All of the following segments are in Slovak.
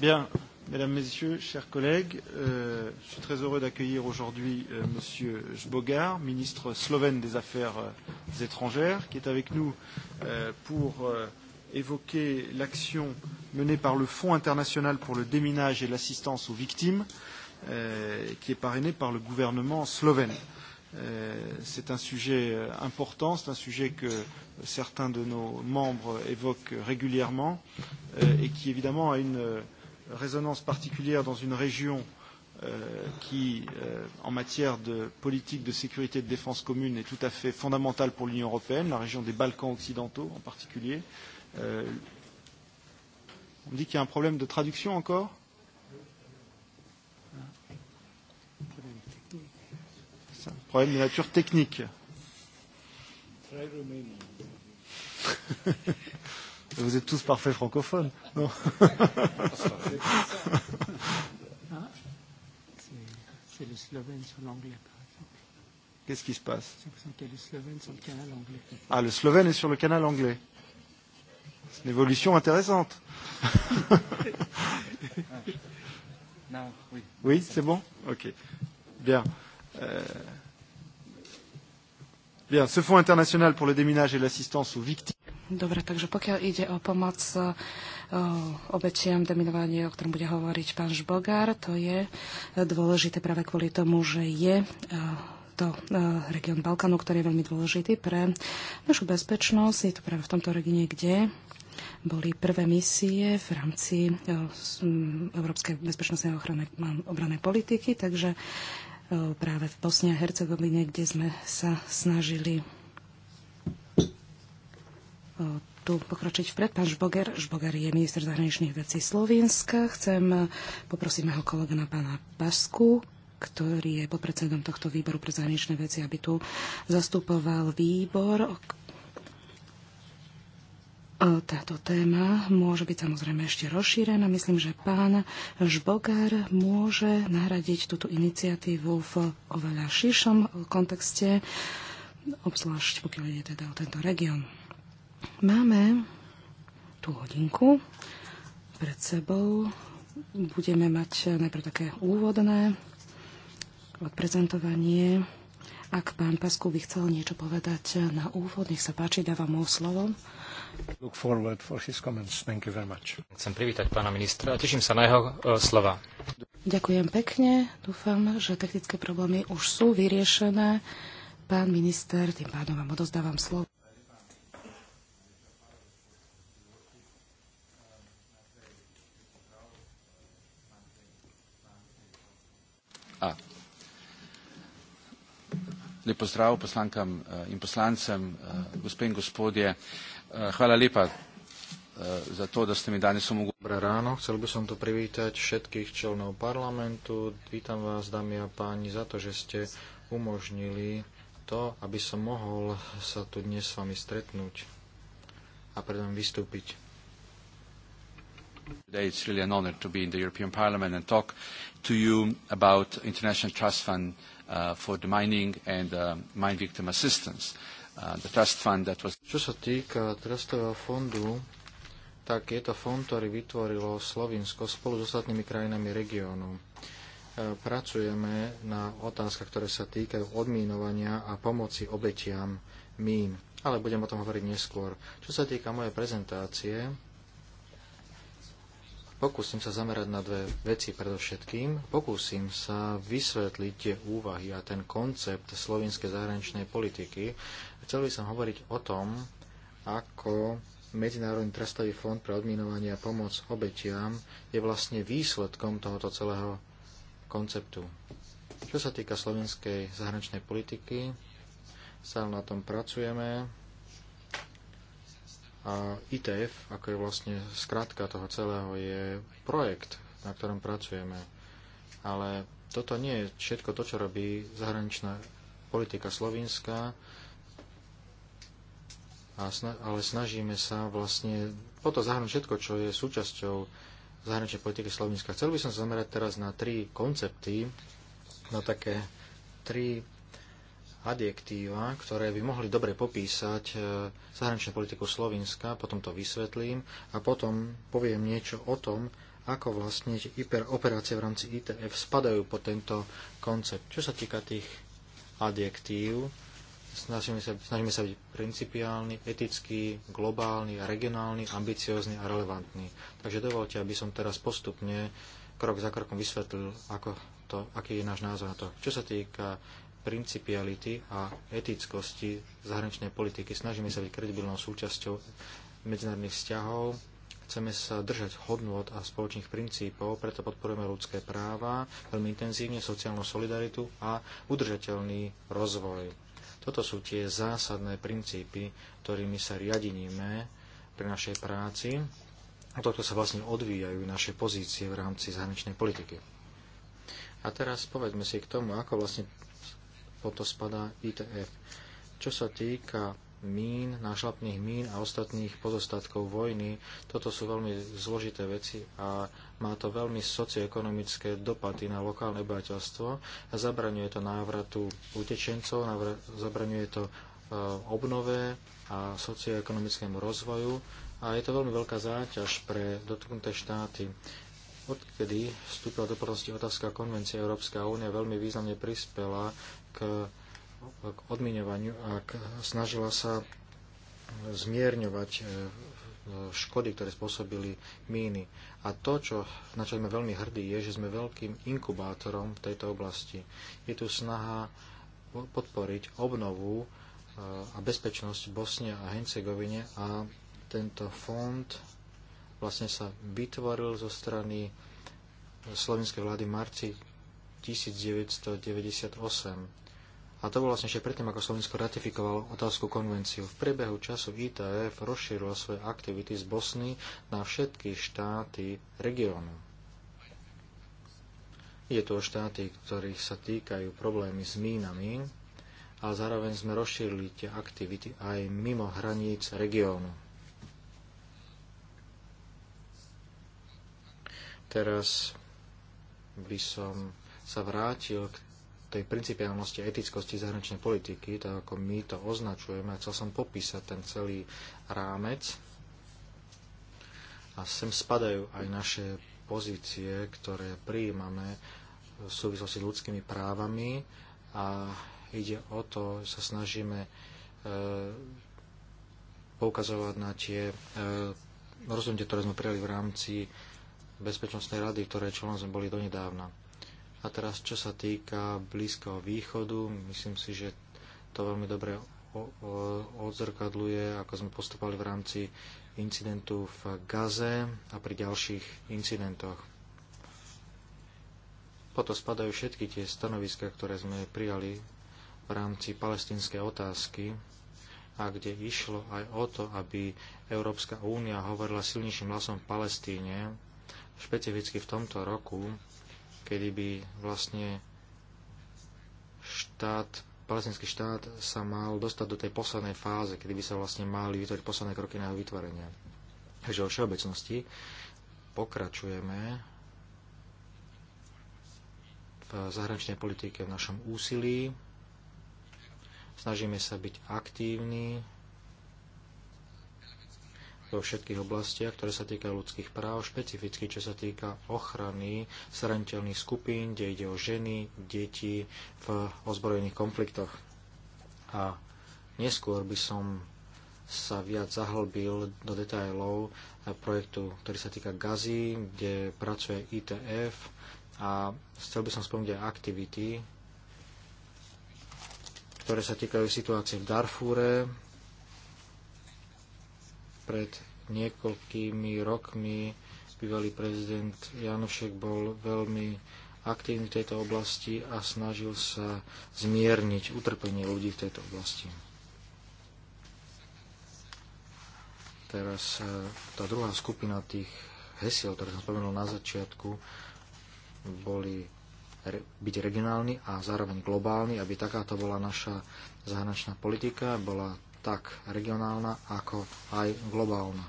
Bien, mesdames, messieurs, chers collègues, euh, je suis très heureux d'accueillir aujourd'hui euh, Monsieur Jbogar, ministre slovène des Affaires euh, étrangères, qui est avec nous euh, pour euh, évoquer l'action menée par le Fonds international pour le déminage et l'assistance aux victimes, euh, qui est parrainé par le gouvernement slovène. Euh, c'est un sujet euh, important, c'est un sujet que certains de nos membres évoquent régulièrement euh, et qui évidemment a une euh, résonance particulière dans une région euh, qui, euh, en matière de politique de sécurité et de défense commune, est tout à fait fondamentale pour l'Union européenne, la région des Balkans occidentaux en particulier. Euh, on dit qu'il y a un problème de traduction encore C'est un problème de nature technique. Vous êtes tous parfaits francophones, non C'est le slovène sur l'anglais, par exemple. Qu'est-ce qui se passe le slovène sur le canal anglais. Ah, le slovène est sur le canal anglais. C'est une évolution intéressante. oui, oui c'est bon Ok. Bien. Euh... Bien, ce Fonds international pour le déminage et l'assistance aux victimes. Dobre, takže pokiaľ ide o pomoc e, obetiam deminovania, o ktorom bude hovoriť pán Žbogár, to je e, dôležité práve kvôli tomu, že je e, to región Balkánu, ktorý je veľmi dôležitý pre našu bezpečnosť. Je to práve v tomto regióne, kde boli prvé misie v rámci Európskej bezpečnostnej ochrany obranej politiky, takže práve v Bosne a Hercegovine, kde sme sa snažili tu pokročiť vpred. Pán Žboger, Žboger je minister zahraničných vecí Slovenska. Chcem e, poprosiť mého kolega na pána Pasku, ktorý je podpredsedom tohto výboru pre zahraničné veci, aby tu zastupoval výbor. Táto téma môže byť samozrejme ešte rozšírená. Myslím, že pán Žbogár môže nahradiť túto iniciatívu v oveľa širšom kontexte, obzvlášť pokiaľ ide teda o tento región. Máme tú hodinku pred sebou. Budeme mať najprv také úvodné odprezentovanie. Ak pán Pasku by chcel niečo povedať na úvod, nech sa páči, dávam mu slovo. Look forward for his comments. Thank you very much. Chcem privítať pána ministra a teším sa na jeho e, slova. Ďakujem pekne. Dúfam, že technické problémy už sú vyriešené. Pán minister, tým pádom vám odozdávam slovo. Lep pozdrav poslankam eh, in poslancem, eh, gospe in gospodje. Eh, hvala lepa za to, da ste mi danes omogočili. Dobro rano, chcel by som tu privítať všetkých členov parlamentu. Vítam vás, dámy a páni, za to, že ste umožnili to, aby som mohol sa tu dnes s vami stretnúť a pred vami vystúpiť. Today it's really an honor to be in the European Parliament and talk to you about International Trust Fund Uh, for the mining and uh, mine victim assistance. Uh, the trust fund that was... Čo sa týka trustového fondu, tak je to fond, ktorý vytvorilo Slovinsko spolu s ostatnými krajinami regiónu. Uh, pracujeme na otázkach, ktoré sa týkajú odmínovania a pomoci obetiam mín, ale budem o tom hovoriť neskôr. Čo sa týka mojej prezentácie, Pokúsim sa zamerať na dve veci predovšetkým. Pokúsim sa vysvetliť tie úvahy a ten koncept slovinskej zahraničnej politiky. Chcel by som hovoriť o tom, ako Medzinárodný trestový fond pre odminovanie a pomoc obetiam je vlastne výsledkom tohoto celého konceptu. Čo sa týka slovenskej zahraničnej politiky, stále na tom pracujeme. A ITF, ako je vlastne skratka toho celého, je projekt, na ktorom pracujeme. Ale toto nie je všetko to, čo robí zahraničná politika Slovenska, ale snažíme sa vlastne potom zahrnúť všetko, čo je súčasťou zahraničnej politiky Slovenska. Chcel by som sa zamerať teraz na tri koncepty, na také tri adjektíva, ktoré by mohli dobre popísať e, zahraničnú politiku Slovenska, potom to vysvetlím a potom poviem niečo o tom, ako vlastne operácie v rámci ITF spadajú pod tento koncept. Čo sa týka tých adjektív, snažíme sa, snažíme sa byť principiálny, etický, globálny, regionálny, ambiciózny a relevantný. Takže dovolte, aby som teraz postupne krok za krokom vysvetlil, ako to, aký je náš názor na to. Čo sa týka principiality a etickosti zahraničnej politiky. Snažíme sa byť kredibilnou súčasťou medzinárodných vzťahov, chceme sa držať hodnot a spoločných princípov, preto podporujeme ľudské práva, veľmi intenzívne sociálnu solidaritu a udržateľný rozvoj. Toto sú tie zásadné princípy, ktorými sa riadiníme pri našej práci a toto sa vlastne odvíjajú naše pozície v rámci zahraničnej politiky. A teraz povedzme si k tomu, ako vlastne pod to spadá ITF. Čo sa týka mín, nášlapných mín a ostatných pozostatkov vojny. Toto sú veľmi zložité veci a má to veľmi socioekonomické dopady na lokálne obyvateľstvo a zabraňuje to návratu utečencov, zabraňuje to e, obnove a socioekonomickému rozvoju a je to veľmi veľká záťaž pre dotknuté štáty. Odkedy vstúpila do platnosti otázka konvencia Európska únia veľmi významne prispela k, k odmiňovaniu a k, snažila sa zmierňovať e, e, škody, ktoré spôsobili míny. A to, čo, na čo sme veľmi hrdí, je, že sme veľkým inkubátorom v tejto oblasti. Je tu snaha podporiť obnovu e, a bezpečnosť Bosne a Hencegovine a tento fond vlastne sa vytvoril zo strany slovenskej vlády v marci 1998. A to bolo vlastne ešte predtým, ako Slovensko ratifikovalo otázku konvenciu. V priebehu času ITF rozšírila svoje aktivity z Bosny na všetky štáty regiónu. Je to štáty, ktorých sa týkajú problémy s mínami, ale zároveň sme rozšírili tie aktivity aj mimo hraníc regiónu. Teraz by som sa vrátil k tej principiálnosti etickosti zahraničnej politiky, tak ako my to označujeme. Chcel som popísať ten celý rámec a sem spadajú aj naše pozície, ktoré prijímame v súvislosti s ľudskými právami a ide o to, že sa snažíme e, poukazovať na tie e, rozhodnutie, ktoré sme prijali v rámci Bezpečnostnej rady, ktoré členom sme boli donedávna. A teraz, čo sa týka Blízkeho východu, myslím si, že to veľmi dobre odzrkadluje, ako sme postupovali v rámci incidentu v Gaze a pri ďalších incidentoch. Potom spadajú všetky tie stanoviska, ktoré sme prijali v rámci palestinskej otázky a kde išlo aj o to, aby Európska únia hovorila silnejším hlasom v Palestíne, špecificky v tomto roku kedy by vlastne štát, palestinský štát sa mal dostať do tej poslednej fáze, kedy by sa vlastne mali vytvoriť posledné kroky na jeho vytvorenie. Takže o všeobecnosti pokračujeme v zahraničnej politike v našom úsilí. Snažíme sa byť aktívni vo všetkých oblastiach, ktoré sa týkajú ľudských práv, špecificky čo sa týka ochrany zraniteľných skupín, kde ide o ženy, deti v ozbrojených konfliktoch. A neskôr by som sa viac zahlbil do detajlov projektu, ktorý sa týka Gazi, kde pracuje ITF a chcel by som spomínať aj aktivity, ktoré sa týkajú situácie v Darfúre, pred niekoľkými rokmi bývalý prezident Janošek bol veľmi aktívny v tejto oblasti a snažil sa zmierniť utrpenie ľudí v tejto oblasti. Teraz e, tá druhá skupina tých hesiel, ktoré som spomenul na začiatku, boli byť regionálny a zároveň globálny, aby takáto bola naša zahraničná politika, bola tak regionálna, ako aj globálna.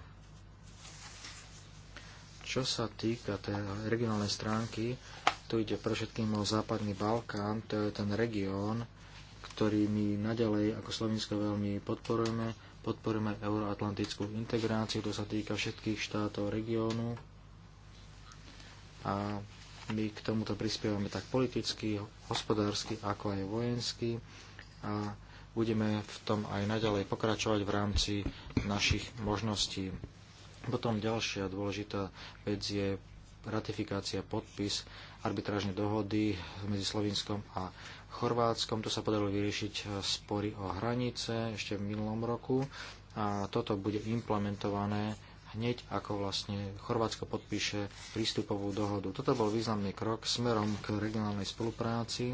Čo sa týka tej regionálnej stránky, tu ide pre všetkým o Západný Balkán, to je ten región, ktorý my naďalej ako Slovensko veľmi podporujeme. Podporujeme euroatlantickú integráciu, to sa týka všetkých štátov regiónu. A my k tomuto prispievame tak politicky, hospodársky, ako aj vojensky. A budeme v tom aj naďalej pokračovať v rámci našich možností. Potom ďalšia dôležitá vec je ratifikácia, podpis arbitrážnej dohody medzi Slovinskom a Chorvátskom. To sa podarilo vyriešiť eh, spory o hranice ešte v minulom roku a toto bude implementované hneď ako vlastne Chorvátsko podpíše prístupovú dohodu. Toto bol významný krok smerom k regionálnej spolupráci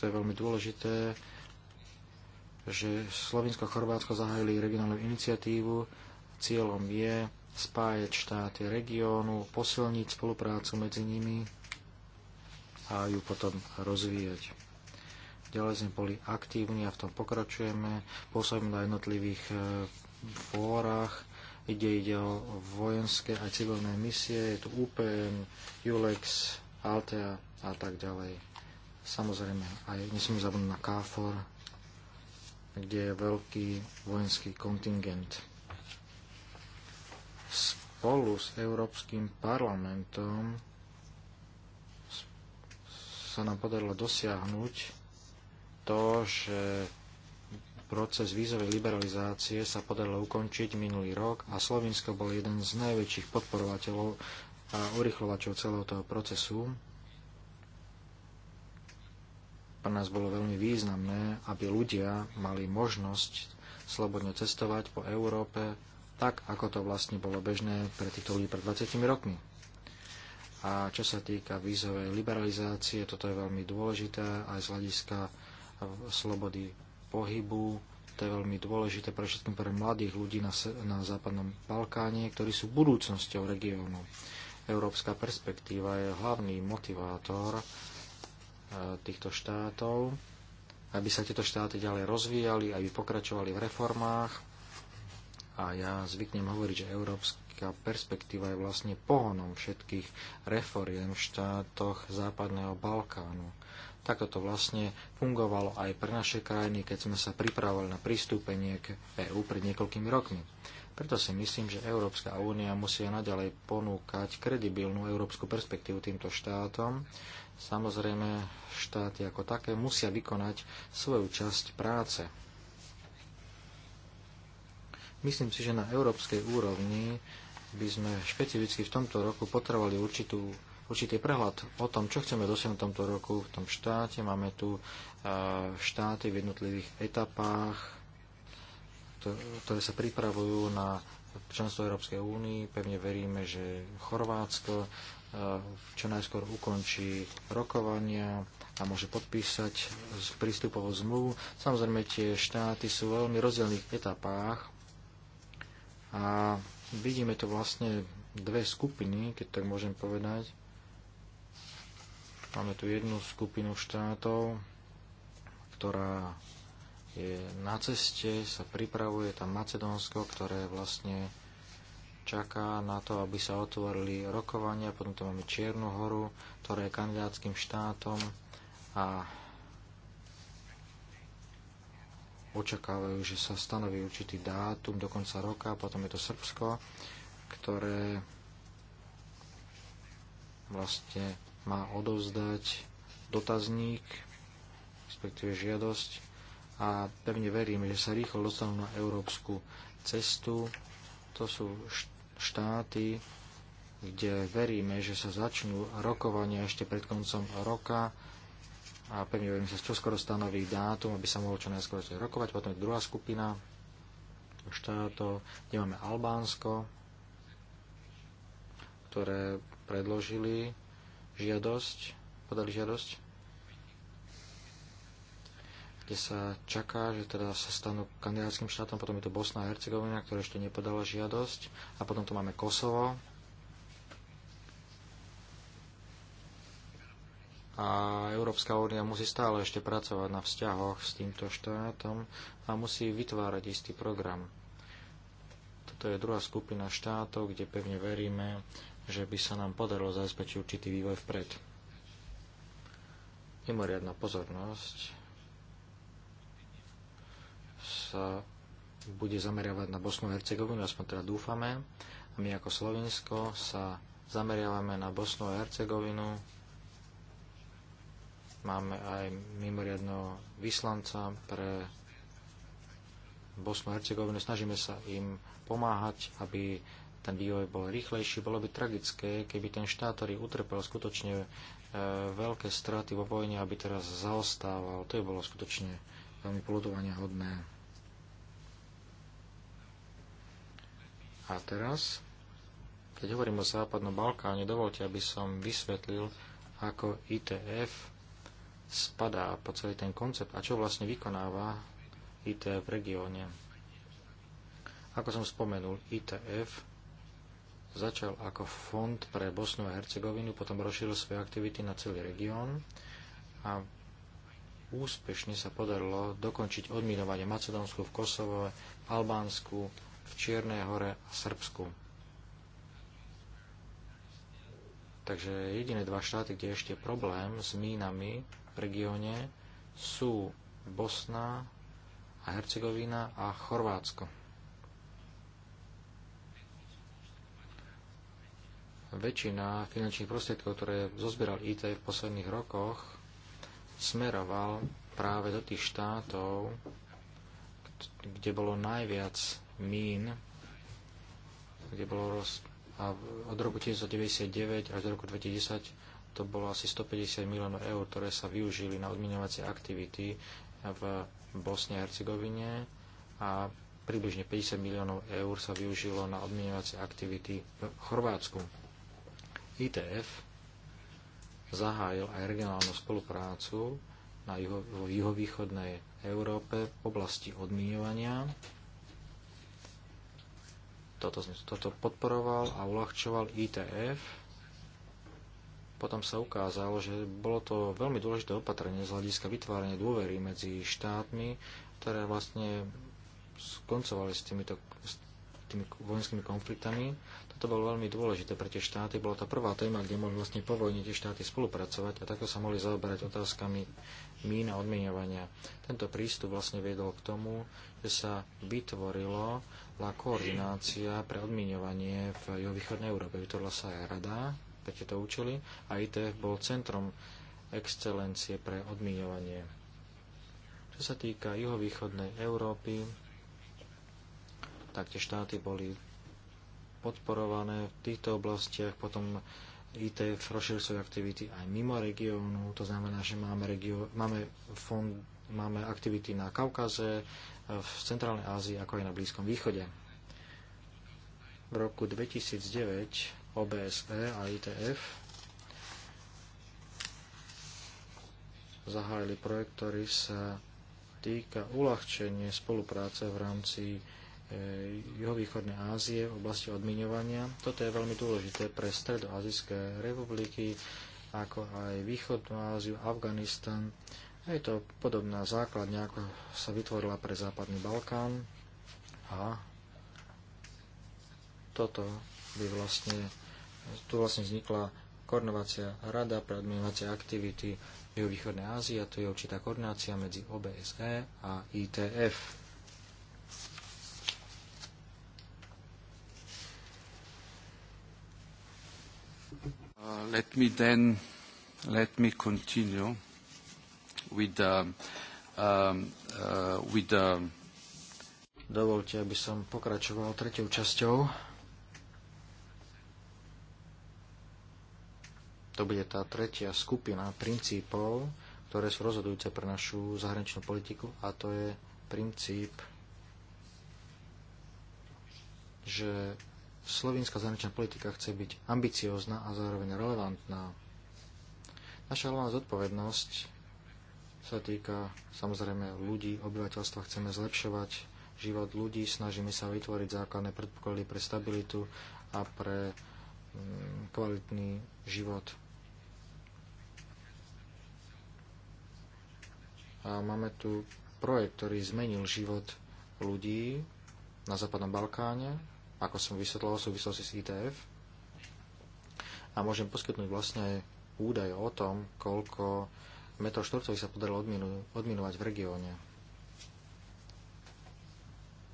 to je veľmi dôležité, že Slovinsko a Chorvátsko zahájili regionálnu iniciatívu. Cieľom je spájať štáty regiónu, posilniť spoluprácu medzi nimi a ju potom rozvíjať. Ďalej sme boli aktívni a v tom pokračujeme. Pôsobíme na jednotlivých e, fórach, ide, ide o vojenské a civilné misie, je tu UPM, ULEX, Altea a tak ďalej. Samozrejme, aj nesmieme zabudnúť na KFOR, kde je veľký vojenský kontingent. Spolu s Európskym parlamentom sa nám podarilo dosiahnuť to, že proces vízovej liberalizácie sa podarilo ukončiť minulý rok a Slovinsko bol jeden z najväčších podporovateľov a urychlovačov celého toho procesu pre nás bolo veľmi významné, aby ľudia mali možnosť slobodne cestovať po Európe, tak ako to vlastne bolo bežné pre týchto ľudí pred 20 rokmi. A čo sa týka vízovej liberalizácie, toto je veľmi dôležité aj z hľadiska slobody pohybu. To je veľmi dôležité pre všetkým pre mladých ľudí na, na západnom Balkáne, ktorí sú budúcnosťou regiónu. Európska perspektíva je hlavný motivátor E, týchto štátov, aby sa tieto štáty ďalej rozvíjali, aby pokračovali v reformách. A ja zvyknem hovoriť, že európska perspektíva je vlastne pohonom všetkých reforiem v štátoch Západného Balkánu. Takto to vlastne fungovalo aj pre naše krajiny, keď sme sa pripravovali na pristúpenie k EÚ pred niekoľkými rokmi. Preto si myslím, že Európska únia musí naďalej ponúkať kredibilnú európsku perspektívu týmto štátom. Samozrejme, štáty ako také musia vykonať svoju časť práce. Myslím si, že na európskej úrovni by sme špecificky v tomto roku potrebovali určitú, určitý prehľad o tom, čo chceme dosiahnuť v tomto roku v tom štáte. Máme tu eh, štáty v jednotlivých etapách, ktoré sa pripravujú na členstvo Európskej únii. Pevne veríme, že Chorvátsko e, čo najskôr ukončí rokovania a môže podpísať prístupovú zmluvu. Samozrejme, tie štáty sú v veľmi rozdielných etapách a vidíme tu vlastne dve skupiny, keď tak môžem povedať. Máme tu jednu skupinu štátov, ktorá je na ceste, sa pripravuje tam Macedónsko, ktoré vlastne čaká na to, aby sa otvorili rokovania. Potom tu máme Čiernu horu, ktorá je kandidátským štátom a očakávajú, že sa stanoví určitý dátum do konca roka. Potom je to Srbsko, ktoré vlastne má odovzdať dotazník, respektíve žiadosť a pevne veríme, že sa rýchlo dostanú na európsku cestu. To sú štáty, kde veríme, že sa začnú rokovania ešte pred koncom roka a pevne verím, že sa čoskoro stanoví dátum, aby sa mohlo čo najskôr rokovať. Potom je druhá skupina štátov, kde máme Albánsko, ktoré predložili žiadosť, podali žiadosť kde sa čaká, že teda sa stanú kandidátským štátom, potom je to Bosna a Hercegovina, ktorá ešte nepodala žiadosť a potom tu máme Kosovo. A Európska únia musí stále ešte pracovať na vzťahoch s týmto štátom a musí vytvárať istý program. Toto je druhá skupina štátov, kde pevne veríme, že by sa nám podarilo zabezpečiť určitý vývoj vpred. Mimoriadná pozornosť sa bude zameriavať na Bosnu a Hercegovinu, aspoň teda dúfame. A my ako Slovensko sa zameriavame na Bosnu a Hercegovinu. Máme aj mimoriadného vyslanca pre Bosnu a Hercegovinu. Snažíme sa im pomáhať, aby ten vývoj bol rýchlejší. Bolo by tragické, keby ten štát, ktorý utrpel skutočne e, veľké straty vo vojne, aby teraz zaostával. To je bolo skutočne veľmi polutovania hodné. A teraz, keď hovorím o Západnom Balkáne, dovolte, aby som vysvetlil, ako ITF spadá po celý ten koncept a čo vlastne vykonáva ITF v regióne. Ako som spomenul, ITF začal ako fond pre Bosnu a Hercegovinu, potom rozšíril svoje aktivity na celý región a úspešne sa podarilo dokončiť odminovanie Macedónsku v Kosovo, Albánsku, v Čiernej hore a Srbsku. Takže jediné dva štáty, kde je ešte problém s mínami v regióne, sú Bosna a Hercegovina a Chorvátsko. Väčšina finančných prostriedkov, ktoré zozbieral IT v posledných rokoch, smeroval práve do tých štátov, kde bolo najviac mín, kde bolo roz... a od roku 1999 až do roku 2010 to bolo asi 150 miliónov eur, ktoré sa využili na odmiňovacie aktivity v Bosne a Hercegovine a približne 50 miliónov eur sa využilo na odmiňovacie aktivity v Chorvátsku. ITF zahájil aj regionálnu spoluprácu na juho, v juhovýchodnej Európe v oblasti odmiňovania toto, toto podporoval a uľahčoval ITF. Potom sa ukázalo, že bolo to veľmi dôležité opatrenie z hľadiska vytvárania dôvery medzi štátmi, ktoré vlastne skoncovali s týmito s tými vojenskými konfliktami. Toto bolo veľmi dôležité pre tie štáty. Bola to prvá téma, kde mohli vlastne po vojne tie štáty spolupracovať a takto sa mohli zaoberať otázkami mína a odmienovania. Tento prístup vlastne viedol k tomu, že sa vytvorilo bola koordinácia pre odmiňovanie v juhovýchodnej Európe. Vytvorila sa aj rada pre tieto účely a ITF bol centrom excelencie pre odmiňovanie. Čo sa týka juhovýchodnej Európy, tak tie štáty boli podporované v týchto oblastiach, potom ITF rozšíril svoje aktivity aj mimo regiónu, to znamená, že máme, regio- máme fond Máme aktivity na Kaukaze, v Centrálnej Ázii, ako aj na Blízkom východe. V roku 2009 OBSE a ITF zahájili projekt, ktorý sa týka uľahčenie spolupráce v rámci e, juhovýchodnej Ázie v oblasti odmiňovania. Toto je veľmi dôležité pre stredoazijské republiky, ako aj východnú Áziu, Afganistan, je to podobná základňa, ako sa vytvorila pre Západný Balkán a toto by vlastne, tu vlastne vznikla koordinovacia rada pre odmienovacie aktivity v Východnej Ázii a to je určitá koordinácia medzi OBSE a ITF. Uh, let me then, let me continue with, um, um, uh, with um, Dovolte, aby som pokračoval tretou časťou. To bude tá tretia skupina princípov, ktoré sú rozhodujúce pre našu zahraničnú politiku a to je princíp, že slovinská zahraničná politika chce byť ambiciózna a zároveň relevantná. Naša hlavná zodpovednosť sa týka samozrejme ľudí, obyvateľstva, chceme zlepšovať život ľudí, snažíme sa vytvoriť základné predpoklady pre stabilitu a pre mm, kvalitný život. A máme tu projekt, ktorý zmenil život ľudí na Západnom Balkáne, ako som vysvetlal v súvislosti s ITF. A môžem poskytnúť vlastne údaje údaj o tom, koľko Metro štvorcových sa podarilo odminovať v regióne.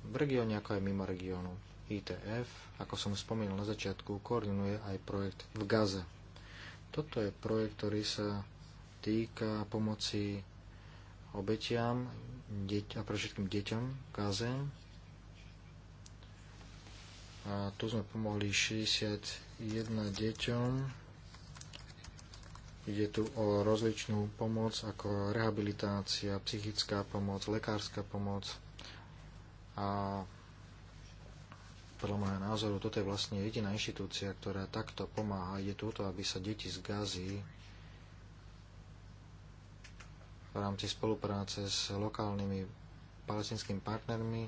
V regióne ako aj mimo regiónu. ITF, ako som spomínal na začiatku, koordinuje aj projekt v Gaze. Toto je projekt, ktorý sa týka pomoci obetiam deť, a pre všetkým deťom v Gaze. A tu sme pomohli 61 deťom Ide tu o rozličnú pomoc ako rehabilitácia, psychická pomoc, lekárska pomoc a podľa môjho názoru toto je vlastne jediná inštitúcia, ktorá takto pomáha. Ide tu to, aby sa deti z Gazy v rámci spolupráce s lokálnymi palestinskými partnermi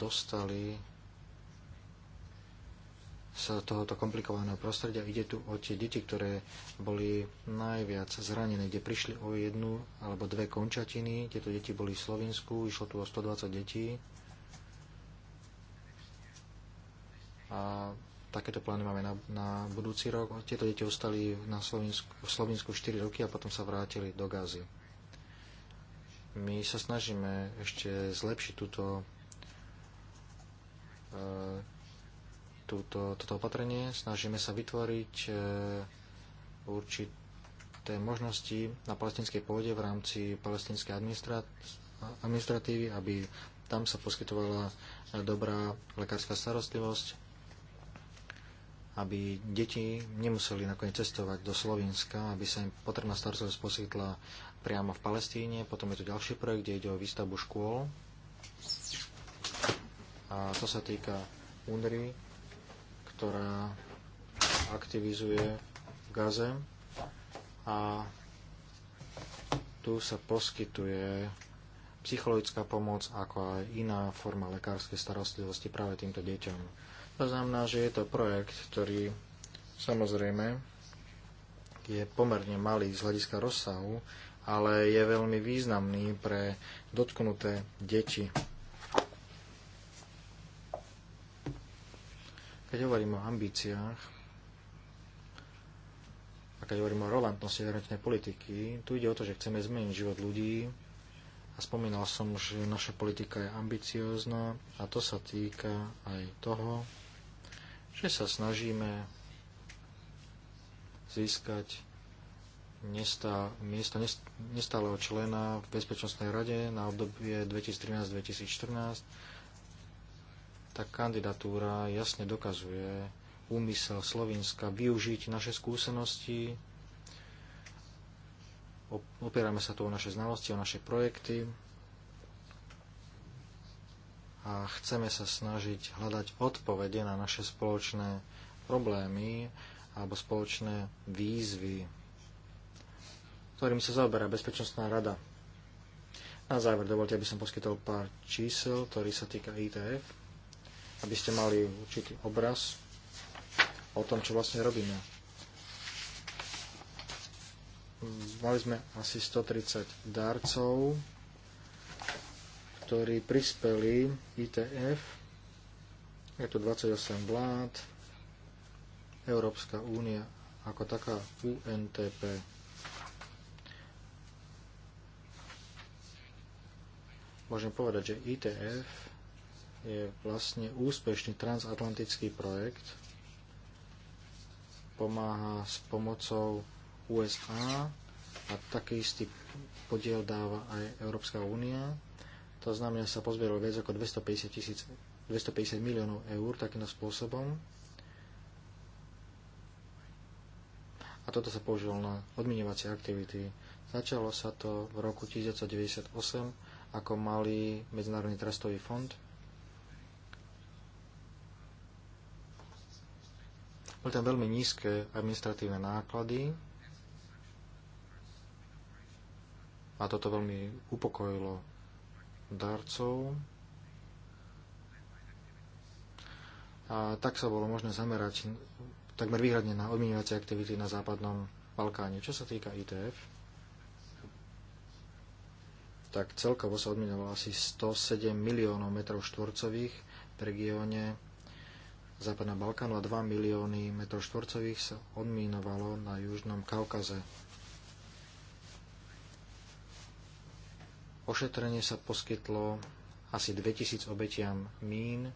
dostali z tohoto komplikovaného prostredia. Ide tu o tie deti, ktoré boli najviac zranené, kde prišli o jednu alebo dve končatiny. Tieto deti boli v Slovensku, išlo tu o 120 detí. A takéto plány máme na, na budúci rok. Tieto deti ostali na Slovensku, v Slovensku 4 roky a potom sa vrátili do Gazy. My sa snažíme ešte zlepšiť túto e, túto, toto opatrenie. Snažíme sa vytvoriť e, určité možnosti na palestinskej pôde v rámci palestinskej administratívy, aby tam sa poskytovala dobrá lekárska starostlivosť, aby deti nemuseli nakoniec cestovať do Slovenska, aby sa im potrebná starostlivosť poskytla priamo v Palestíne. Potom je tu ďalší projekt, kde ide o výstavbu škôl. A to sa týka UNRI, ktorá aktivizuje v Gaze a tu sa poskytuje psychologická pomoc, ako aj iná forma lekárskej starostlivosti práve týmto deťom. To znamená, že je to projekt, ktorý samozrejme je pomerne malý z hľadiska rozsahu, ale je veľmi významný pre dotknuté deti Keď hovorím o ambíciách a keď hovorím o rolantnosti zahraničnej politiky, tu ide o to, že chceme zmeniť život ľudí a spomínal som že naša politika je ambiciózna a to sa týka aj toho, že sa snažíme získať nestá, miesto nestáleho člena v Bezpečnostnej rade na obdobie 2013-2014 tá kandidatúra jasne dokazuje úmysel Slovenska využiť naše skúsenosti. Opierame sa tu o naše znalosti, o naše projekty a chceme sa snažiť hľadať odpovede na naše spoločné problémy alebo spoločné výzvy, ktorým sa zaoberá Bezpečnostná rada na záver dovolte, aby som poskytol pár čísel, ktorý sa týka ITF aby ste mali určitý obraz o tom, čo vlastne robíme. Mali sme asi 130 darcov, ktorí prispeli ITF. Je tu 28 vlád, Európska únia ako taká UNTP. Môžem povedať, že ITF je vlastne úspešný transatlantický projekt. Pomáha s pomocou USA a taký istý podiel dáva aj Európska únia. To znamená, že sa pozbieralo viac ako 250, tisíc, 250 miliónov eur takýmto spôsobom. A toto sa použilo na odmiňovacie aktivity. Začalo sa to v roku 1998 ako malý medzinárodný trastový fond, Boli tam veľmi nízke administratívne náklady a toto veľmi upokojilo darcov. A tak sa bolo možné zamerať takmer výhradne na odmiňovacie aktivity na západnom Balkáne. Čo sa týka ITF, tak celkovo sa odmiňovalo asi 107 miliónov metrov štvorcových v regióne Západného Balkánu a 2 milióny m2 sa odmínovalo na Južnom Kaukaze. Ošetrenie sa poskytlo asi 2000 obetiam mín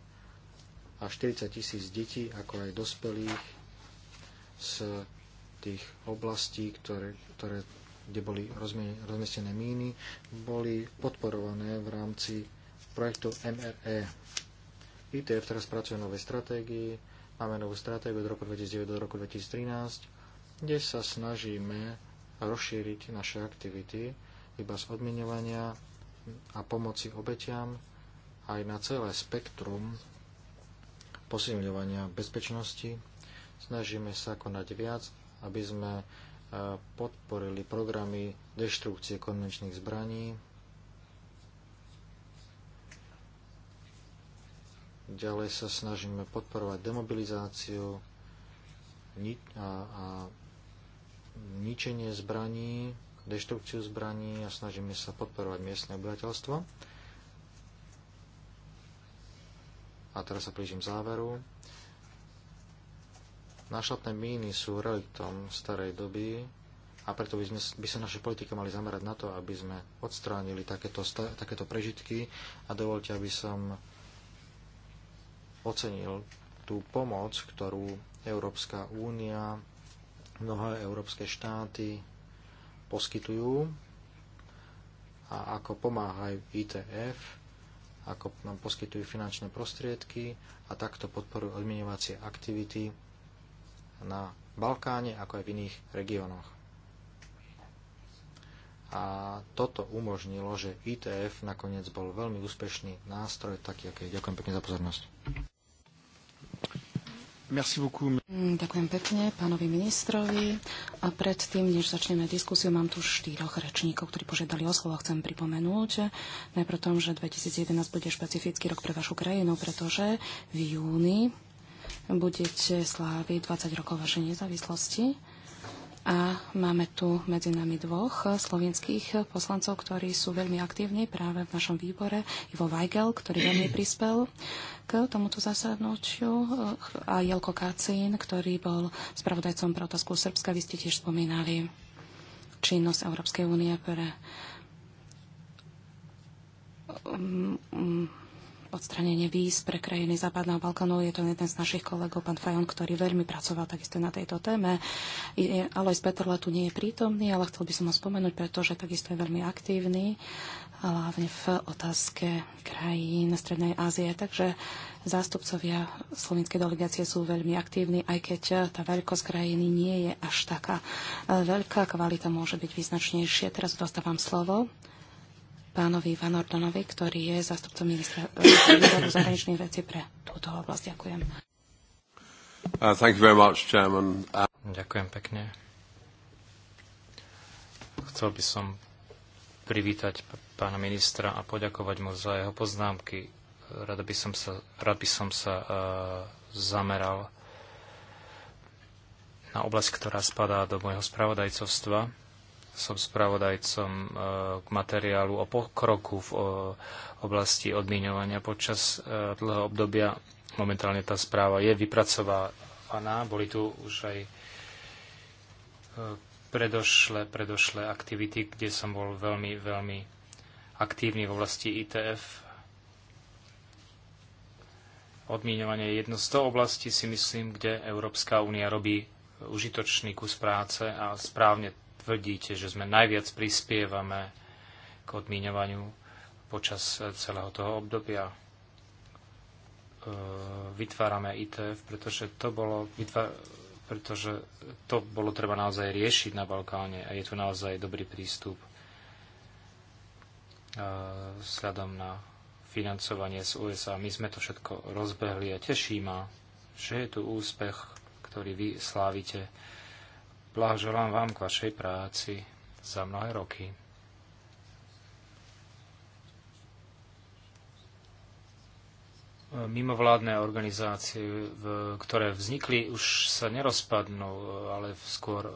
a 40 tisíc detí, ako aj dospelých z tých oblastí, ktoré, ktoré, kde boli rozmiestnené míny, boli podporované v rámci projektu MRE. ITF teraz pracuje na novej stratégii, máme novú stratégiu od roku 2009 do roku 2013, kde sa snažíme rozšíriť naše aktivity iba z odmiňovania a pomoci obetiam aj na celé spektrum posilňovania bezpečnosti. Snažíme sa konať viac, aby sme eh, podporili programy deštrukcie konvenčných zbraní, Ďalej sa snažíme podporovať demobilizáciu a, a ničenie zbraní, deštrukciu zbraní a snažíme sa podporovať miestne obyvateľstvo. A teraz sa blížim záveru. Našlapné míny sú reliktom starej doby, a preto by, sme, by sa naše politika mali zamerať na to, aby sme odstránili takéto, takéto prežitky a dovolte, aby som ocenil tú pomoc, ktorú Európska únia, mnohé európske štáty poskytujú a ako pomáhajú ITF, ako nám poskytujú finančné prostriedky a takto podporujú odmienovacie aktivity na Balkáne ako aj v iných regiónoch. A toto umožnilo, že ITF nakoniec bol veľmi úspešný nástroj, taký aký. Ďakujem pekne za pozornosť. Merci beaucoup. Mm, ďakujem pekne pánovi ministrovi. A predtým, než začneme diskusiu, mám tu štyroch rečníkov, ktorí požiadali o slovo. Chcem pripomenúť najprv tom, že 2011 bude špecifický rok pre vašu krajinu, pretože v júni budete sláviť 20 rokov vašej nezávislosti a máme tu medzi nami dvoch eh, slovenských eh, poslancov, ktorí sú veľmi aktívni práve v našom výbore. Ivo Weigel, ktorý veľmi prispel k tomuto zasadnutiu eh, a Jelko Kacín, ktorý bol spravodajcom pre otázku Srbska. Vy ste tiež spomínali činnosť Európskej únie pre mm, mm, odstranenie víz pre krajiny Západného Balkánu. Je to jeden z našich kolegov, pán Fajon, ktorý veľmi pracoval takisto na tejto téme. Je, Alois Petrola tu nie je prítomný, ale chcel by som ho spomenúť, pretože takisto je veľmi aktívny, hlavne v otázke krajín Strednej Ázie. Takže zástupcovia slovenskej delegácie sú veľmi aktívni, aj keď tá veľkosť krajiny nie je až taká e, veľká. Kvalita môže byť význačnejšia. Teraz dostávam slovo pánovi Van Ordonovi, ktorý je zastupcom ministra eh, výboru zahraničných vecí pre túto oblasť. Ďakujem. Uh, thank you very much, Chairman. Uh... Ďakujem pekne. Chcel by som privítať pána ministra a poďakovať mu za jeho poznámky. Rád by som sa, by som sa uh, eh, zameral na oblasť, ktorá spadá do môjho spravodajcovstva som spravodajcom eh, k materiálu o pokroku v eh, oblasti odmiňovania počas eh, dlhého obdobia. Momentálne tá správa je vypracovaná. Boli tu už aj predošle, predošle aktivity, kde som bol veľmi, veľmi aktívny v oblasti ITF. Odmíňovanie je jedno z toho oblasti, si myslím, kde Európska únia robí užitočný kus práce a správne tvrdíte, že sme najviac prispievame k odmíňovaniu počas celého toho obdobia. E, vytvárame ITF, pretože to bolo, pretože to bolo treba naozaj riešiť na Balkáne a je tu naozaj dobrý prístup e, vzhľadom na financovanie z USA. My sme to všetko rozbehli a teší ma, že je tu úspech, ktorý vy slávite Blahoželám vám k vašej práci za mnohé roky. Mimovládne organizácie, ktoré vznikli, už sa nerozpadnú, ale skôr e,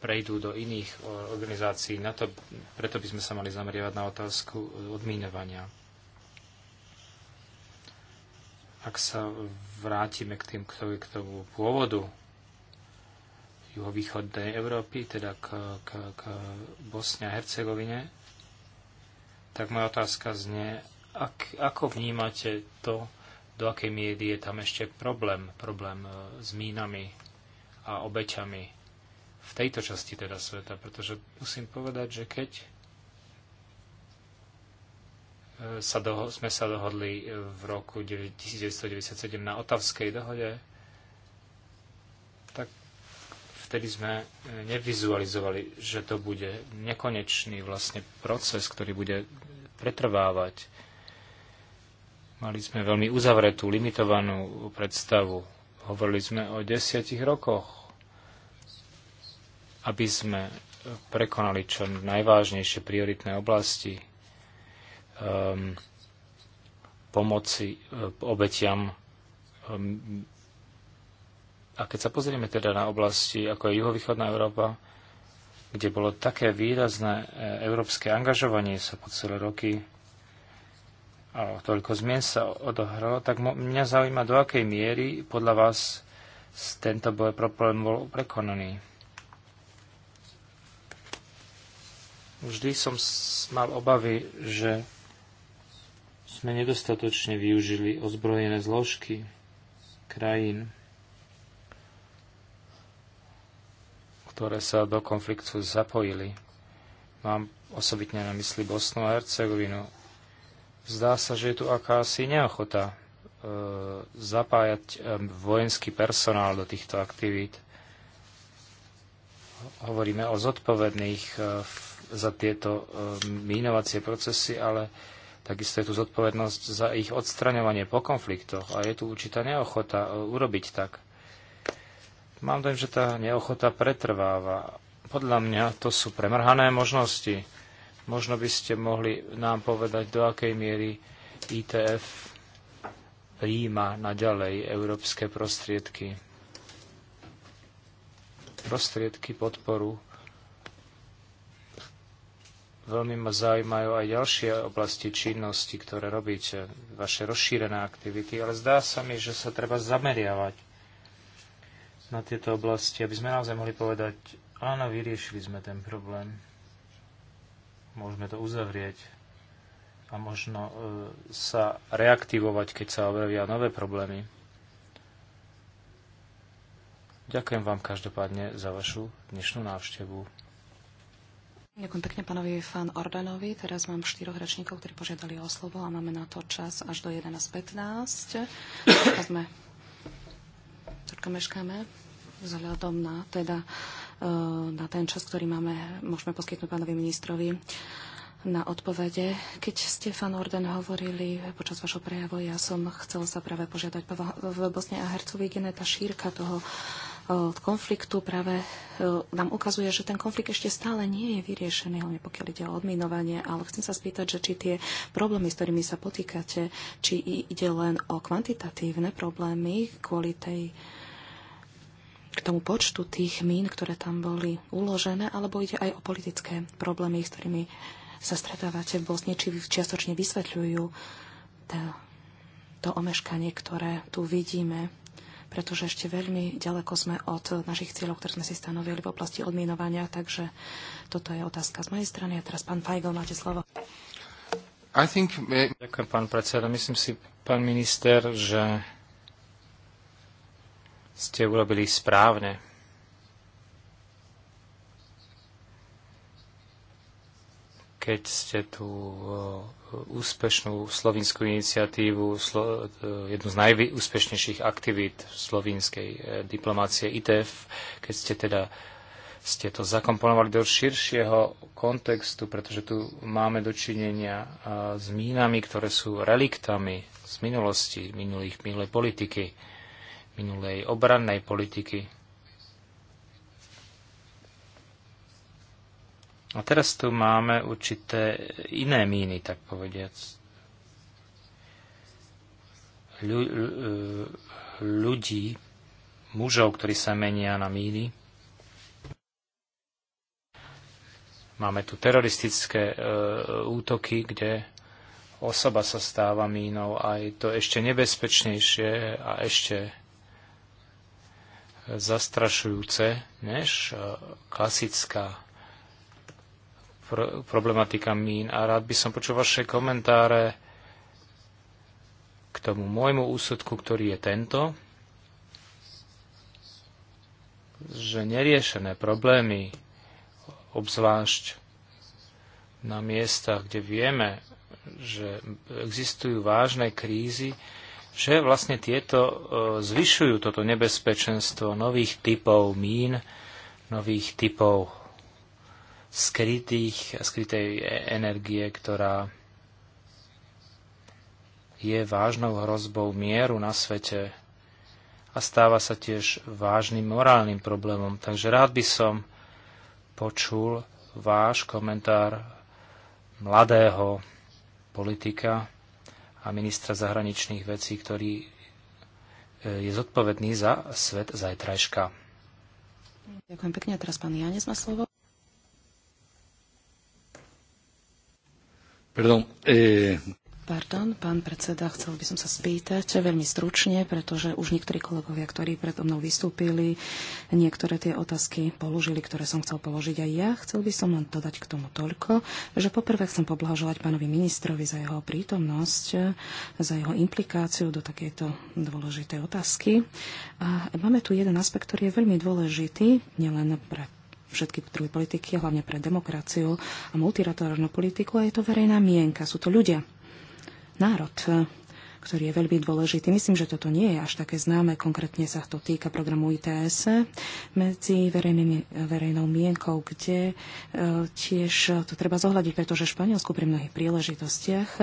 prejdú do iných organizácií. Na to, preto by sme sa mali zameriavať na otázku odmínovania. Ak sa vrátime k, tým, k tomu pôvodu juhovýchodnej Európy, teda k, k, k Bosne a Hercegovine, tak moja otázka znie, ak, ako vnímate to, do akej miery je tam ešte problém, problém e, s mínami a obeťami v tejto časti teda sveta, pretože musím povedať, že keď e, sa doho- sme sa dohodli e, v roku 1997 na Otavskej dohode, vtedy sme e, nevizualizovali, že to bude nekonečný vlastne proces, ktorý bude pretrvávať. Mali sme veľmi uzavretú, limitovanú predstavu. Hovorili sme o desiatich rokoch, aby sme prekonali čo najvážnejšie prioritné oblasti um, pomoci e, obetiam um, a keď sa pozrieme teda na oblasti ako je juhovýchodná Európa, kde bolo také výrazné e, európske angažovanie sa po celé roky a toľko zmien sa odohralo, tak mňa zaujíma, do akej miery podľa vás tento boj problém bol prekonaný. Vždy som mal obavy, že sme nedostatočne využili ozbrojené zložky krajín ktoré sa do konfliktu zapojili. Mám osobitne na mysli Bosnu a Hercegovinu. Zdá sa, že je tu akási neochota e, zapájať e, vojenský personál do týchto aktivít. Hovoríme o zodpovedných e, za tieto e, mínovacie procesy, ale takisto je tu zodpovednosť za ich odstraňovanie po konfliktoch a je tu určitá neochota e, urobiť tak. Mám dojem, že tá neochota pretrváva. Podľa mňa to sú premrhané možnosti. Možno by ste mohli nám povedať, do akej miery ITF príjima naďalej európske prostriedky. Prostriedky podporu. Veľmi ma zaujímajú aj ďalšie oblasti činnosti, ktoré robíte, vaše rozšírené aktivity, ale zdá sa mi, že sa treba zameriavať na tieto oblasti, aby sme naozaj mohli povedať, áno, vyriešili sme ten problém. Môžeme to uzavrieť a možno e, sa reaktivovať, keď sa objavia nové problémy. Ďakujem vám každopádne za vašu dnešnú návštevu. Ďakujem pekne pánovi Fan Ordanovi. Teraz mám štyroch rečníkov, ktorí požiadali o slovo a máme na to čas až do 11.15. Sme troška meškáme vzhľadom na, teda, e, na ten čas, ktorý máme, môžeme poskytnúť pánovi ministrovi na odpovede. Keď ste, pán Orden, hovorili počas vašho prejavu, ja som chcela sa práve požiadať v Bosne a Hercovigine, tá šírka toho e, konfliktu práve e, nám ukazuje, že ten konflikt ešte stále nie je vyriešený, hlavne pokiaľ ide o odminovanie, ale chcem sa spýtať, že či tie problémy, s ktorými sa potýkate, či ide len o kvantitatívne problémy kvôli tej k tomu počtu tých mín, ktoré tam boli uložené, alebo ide aj o politické problémy, s ktorými sa stretávate v Bosne, či čiastočne vysvetľujú to, to omeškanie, ktoré tu vidíme, pretože ešte veľmi ďaleko sme od našich cieľov, ktoré sme si stanovili v oblasti odmínovania, takže toto je otázka z mojej strany. A teraz pán Feigl, máte slovo. I think... Eh, Ďakujem, pán predseda. Myslím si, pán minister, že ste urobili správne. Keď ste tú úspešnú slovinskú iniciatívu, jednu z najúspešnejších aktivít slovinskej e, diplomácie ITF, keď ste teda ste to zakomponovali do širšieho kontextu, pretože tu máme dočinenia s mínami, ktoré sú reliktami z minulosti, minulých, minulej politiky minulej obrannej politiky. A teraz tu máme určité iné míny, tak povediac. Ľu, ľudí, mužov, ktorí sa menia na míny. Máme tu teroristické e, útoky, kde osoba sa stáva mínou a je to ešte nebezpečnejšie a ešte zastrašujúce než e, klasická problematika mín. A rád by som počul vaše komentáre k tomu môjmu úsudku, ktorý je tento, že neriešené problémy, obzvlášť na miestach, kde vieme, že existujú vážne krízy, že vlastne tieto e, zvyšujú toto nebezpečenstvo nových typov mín, nových typov skrytých, skrytej e, energie, ktorá je vážnou hrozbou mieru na svete a stáva sa tiež vážnym morálnym problémom. Takže rád by som počul váš komentár mladého politika, a ministra zahraničných vecí, ktorý e, je zodpovedný za svet zajtrajška. Ďakujem pekne. A teraz pán Janec má slovo. Perdón. Eh... Pardon, pán predseda, chcel by som sa spýtať veľmi stručne, pretože už niektorí kolegovia, ktorí predo mnou vystúpili, niektoré tie otázky položili, ktoré som chcel položiť aj ja. Chcel by som len dodať k tomu toľko, že poprvé chcem poblahoželať pánovi ministrovi za jeho prítomnosť, za jeho implikáciu do takejto dôležitej otázky. A máme tu jeden aspekt, ktorý je veľmi dôležitý, nielen pre všetky druhy politiky, hlavne pre demokraciu a multilaterálnu politiku, a je to verejná mienka, sú to ľudia národ, e, ktorý je veľmi dôležitý. Myslím, že toto nie je až také známe. Konkrétne sa to týka programu ITS medzi verejnými, verejnou mienkou, kde e, tiež to treba zohľadiť, pretože v Španielsku pri mnohých príležitostiach e,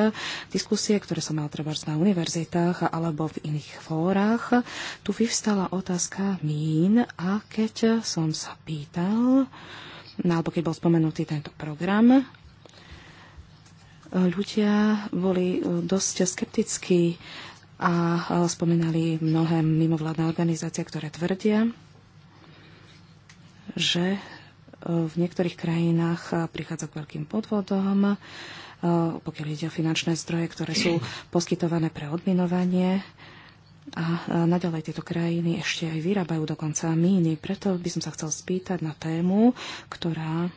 diskusie, ktoré som mal treba na univerzitách alebo v iných fórach, tu vyvstala otázka mín a keď som sa pýtal, no, alebo keď bol spomenutý tento program, Ľudia boli e, dosť skeptickí a e, spomínali mnohé mimovládne organizácie, ktoré tvrdia, že e, v niektorých krajinách prichádza k veľkým podvodom, pokiaľ ide o finančné zdroje, ktoré sú poskytované pre odminovanie. A naďalej tieto krajiny ešte aj vyrábajú dokonca míny. Preto by som sa chcel spýtať na tému, ktorá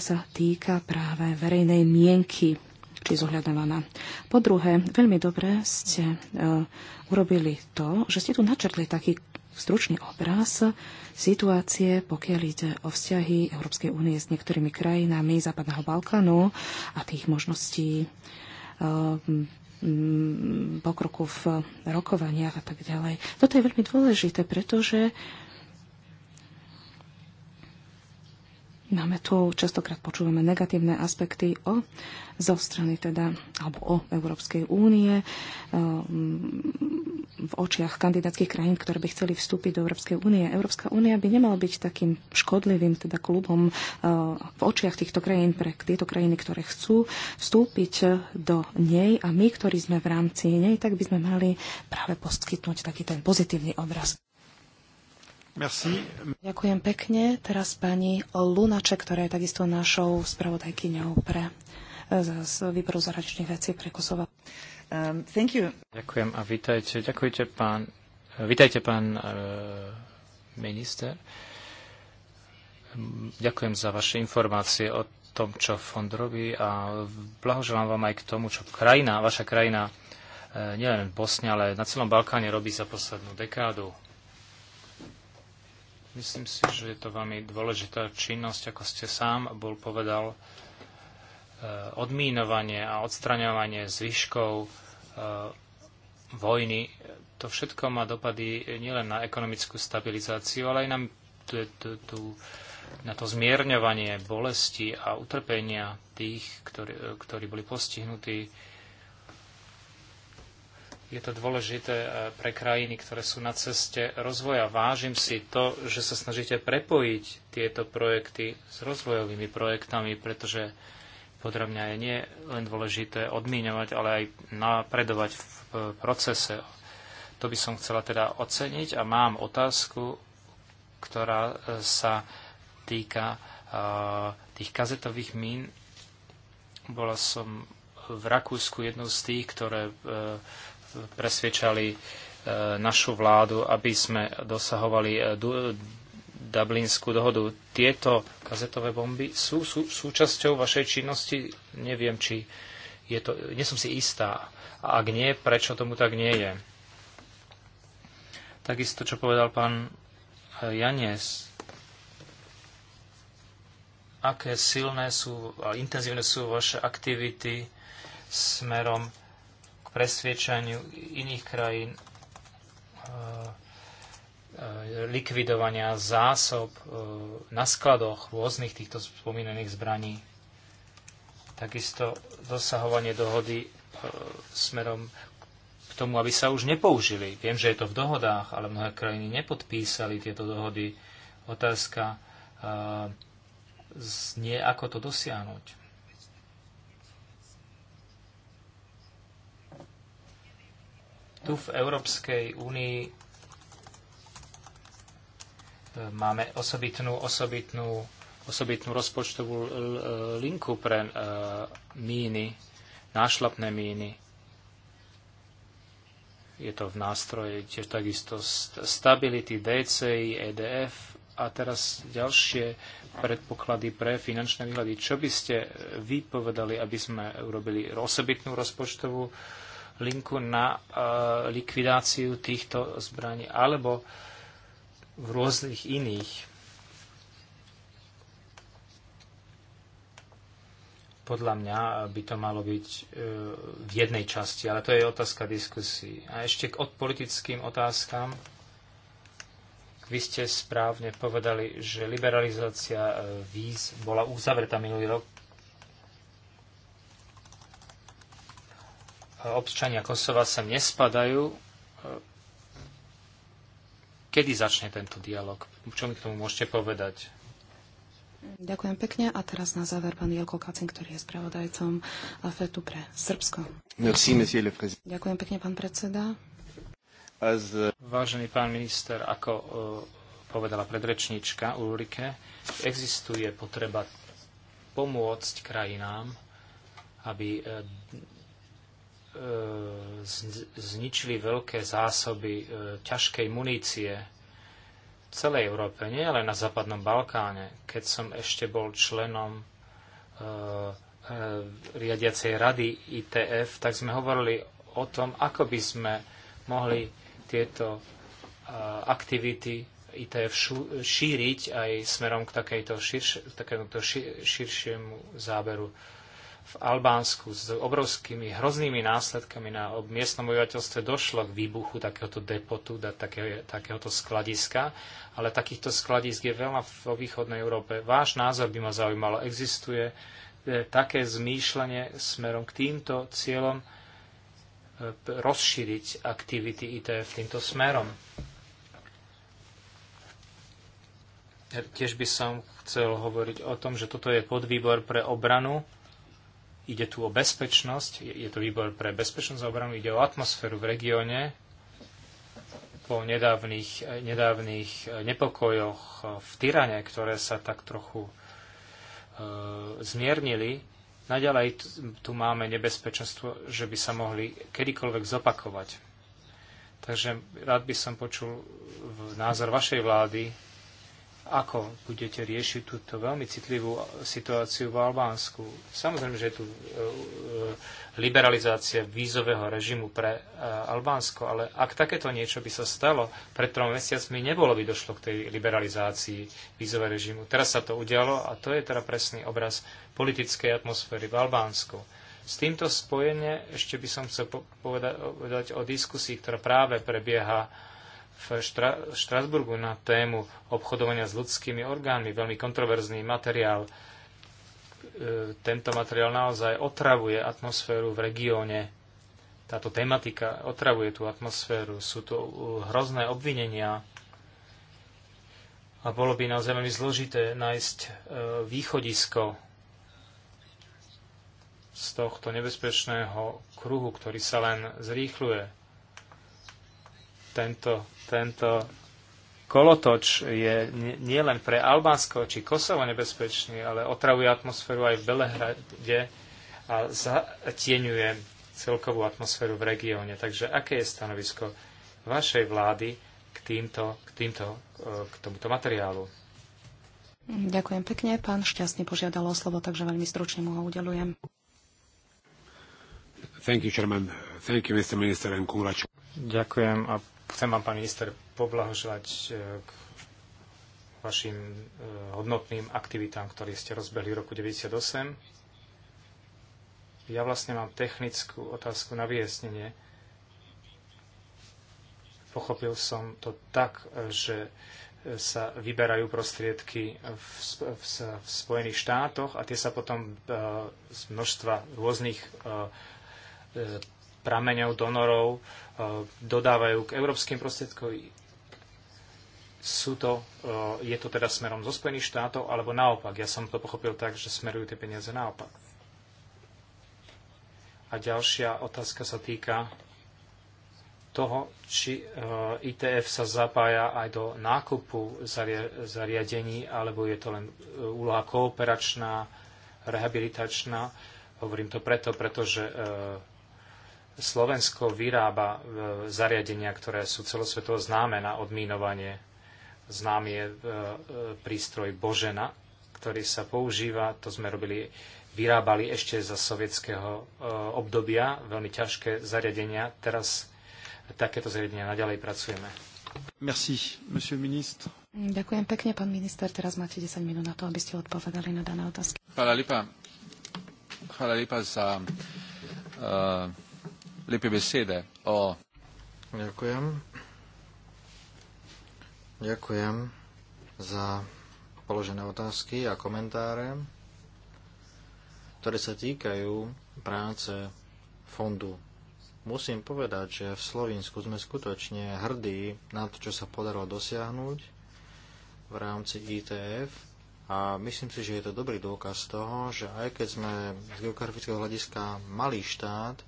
sa týka práve verejnej mienky či zohľadovaná. Po druhé, veľmi dobre ste uh, urobili to, že ste tu načrtli taký stručný obraz situácie, pokiaľ ide o vzťahy Európskej únie s niektorými krajinami Západného Balkánu a tých možností uh, pokroku v rokovaniach a tak ďalej. Toto je veľmi dôležité, pretože Máme tu, častokrát počúvame negatívne aspekty o, zo strany teda, alebo o Európskej únie eh, mm, v očiach kandidátskych krajín, ktoré by chceli vstúpiť do Európskej únie. Európska únia by nemala byť takým škodlivým teda klubom eh, v očiach týchto krajín pre tieto krajiny, ktoré chcú vstúpiť eh, do nej a my, ktorí sme v rámci nej, tak by sme mali práve poskytnúť taký ten pozitívny obraz. Merci. Ďakujem pekne. Teraz pani Lunaček, ktorá je takisto našou spravodajkyňou pre e, z výboru zahraničných vecí pre Kosovo. Um, thank you. Ďakujem a vítajte. Ďakujte pán, vítajte pán e, minister. Ďakujem za vaše informácie o tom, čo fond robí a blahoželám vám aj k tomu, čo krajina, vaša krajina, e, nielen v Bosne, ale na celom Balkáne robí za poslednú dekádu Myslím si, že je to veľmi dôležitá činnosť, ako ste sám bol povedal, e, odmínovanie a odstraňovanie zvyškov e, vojny. To všetko má dopady nielen na ekonomickú stabilizáciu, ale aj na, tú, tú, na to zmierňovanie bolesti a utrpenia tých, ktorí, e, ktorí boli postihnutí je to dôležité eh, pre krajiny, ktoré sú na ceste rozvoja. Vážim si to, že sa snažíte prepojiť tieto projekty s rozvojovými projektami, pretože podľa mňa je nie len dôležité odmíňovať, ale aj napredovať v procese. To by som chcela teda oceniť a mám otázku, ktorá eh, sa týka eh, tých kazetových mín. Bola som v Rakúsku jednou z tých, ktoré presviečali e, našu vládu, aby sme dosahovali e, Dublinskú dohodu. Tieto kazetové bomby sú, sú súčasťou vašej činnosti? Neviem, či je to... Nie som si istá. A ak nie, prečo tomu tak nie je? Takisto, čo povedal pán e, Janes, aké silné sú a intenzívne sú vaše aktivity smerom presviečaniu iných krajín, e, e, likvidovania zásob e, na skladoch rôznych týchto spomínaných zbraní. Takisto dosahovanie dohody smerom k tomu, aby sa už nepoužili. Viem, že je to v dohodách, ale mnohé krajiny nepodpísali tieto dohody. Otázka znie, ako to dosiahnuť. Tu v Európskej únii e, máme osobitnú, osobitnú, osobitnú rozpočtovú linku pre e, míny, nášlapné míny. Je to v nástroji tiež takisto Stability, DCI, EDF a teraz ďalšie predpoklady pre finančné výhľady. Čo by ste vy povedali, aby sme urobili osobitnú rozpočtovú linku na e, likvidáciu týchto zbraní alebo v rôznych iných. Podľa mňa by to malo byť e, v jednej časti, ale to je otázka diskusí. A ešte k politickým otázkam. Vy ste správne povedali, že liberalizácia e, víz bola uzavretá minulý rok občania Kosova sem nespadajú. Kedy začne tento dialog? Čo mi k tomu môžete povedať? Ďakujem pekne. A teraz na záver pán Jelko Kacin, ktorý je spravodajcom FETu pre Srbsko. Merci, monsieur le président. Ďakujem pekne, pán predseda. Z... Eh, Vážený pán minister, ako eh, povedala predrečníčka Ulrike, existuje potreba pomôcť krajinám, aby eh, E, zničili veľké zásoby e, ťažkej munície v celej Európe, nie len na Západnom Balkáne. Keď som ešte bol členom e, riadiacej rady ITF, tak sme hovorili o tom, ako by sme mohli tieto aktivity ITF šíriť aj smerom k, takejto širšiemu záberu v Albánsku s obrovskými hroznými následkami na miestnom obyvateľstve došlo k výbuchu takéhoto depotu, takéhoto skladiska, ale takýchto skladisk je veľa vo východnej Európe. Váš názor by ma zaujímalo. Existuje e, také zmýšľanie smerom k týmto cieľom e, rozšíriť aktivity ITF týmto smerom. Tiež by som chcel hovoriť o tom, že toto je podvýbor pre obranu Ide tu o bezpečnosť, je to výbor pre bezpečnosť a obranu, ide o atmosféru v regióne po nedávnych, nedávnych nepokojoch e, v Tyrane, ktoré sa tak trochu e, zmiernili. Naďalej tu máme nebezpečenstvo, že by sa mohli kedykoľvek zopakovať. Takže rád by som počul názor vašej vlády ako budete riešiť túto veľmi citlivú situáciu v Albánsku. Samozrejme, že je tu e, e, liberalizácia vízového režimu pre e, Albánsko, ale ak takéto niečo by sa stalo, pred trom mesiacmi nebolo by došlo k tej liberalizácii vízového režimu. Teraz sa to udialo a to je teda presný obraz politickej atmosféry v Albánsku. S týmto spojenie ešte by som chcel povedať o diskusii, ktorá práve prebieha v Štrasburgu na tému obchodovania s ľudskými orgánmi. Veľmi kontroverzný materiál. E, tento materiál naozaj otravuje atmosféru v regióne. Táto tematika otravuje tú atmosféru. Sú to e, hrozné obvinenia. A bolo by naozaj veľmi zložité nájsť e, východisko z tohto nebezpečného kruhu, ktorý sa len zrýchluje tento, tento kolotoč je nielen pre Albánsko či Kosovo nebezpečný, ale otravuje atmosféru aj v Belehrade a zatieňuje celkovú atmosféru v regióne. Takže aké je stanovisko vašej vlády k, týmto, k, týmto, e, k tomuto materiálu? Ďakujem pekne. Pán Šťastný požiadal o slovo, takže veľmi stručne mu ho udelujem. Thank you, Chairman. Thank you, Mr. Minister, and Ďakujem a Chcem vám, pán minister, poblahoželať e, k vašim e, hodnotným aktivitám, ktoré ste rozbehli v roku 1998. Ja vlastne mám technickú otázku na vyjasnenie. Pochopil som to tak, že sa vyberajú prostriedky v, v, v Spojených štátoch a tie sa potom e, z množstva rôznych prameňov, donorov e, dodávajú k európskym prostriedkom. Sú to, e, je to teda smerom zo Spojených štátov, alebo naopak. Ja som to pochopil tak, že smerujú tie peniaze naopak. A ďalšia otázka sa týka toho, či e, ITF sa zapája aj do nákupu zariadení, alebo je to len úloha kooperačná, rehabilitačná. Hovorím to preto, pretože Slovensko vyrába e, zariadenia, ktoré sú celosvetovo známe na odmínovanie. Známy je e, e, prístroj Božena, ktorý sa používa, to sme robili, vyrábali ešte za sovietského obdobia, veľmi ťažké zariadenia. Teraz takéto zariadenia naďalej pracujeme. Merci, monsieur ministre. Ďakujem pekne, pán minister. Teraz máte 10 minút na to, aby ste odpovedali na dané otázky. Hvala lepa. Hvala lepa za uh lepe besede o... Ďakujem. Ďakujem za položené otázky a komentáre, ktoré sa týkajú práce fondu. Musím povedať, že v Slovensku sme skutočne hrdí na to, čo sa podarilo dosiahnuť v rámci ITF a myslím si, že je to dobrý dôkaz toho, že aj keď sme z geografického hľadiska malý štát,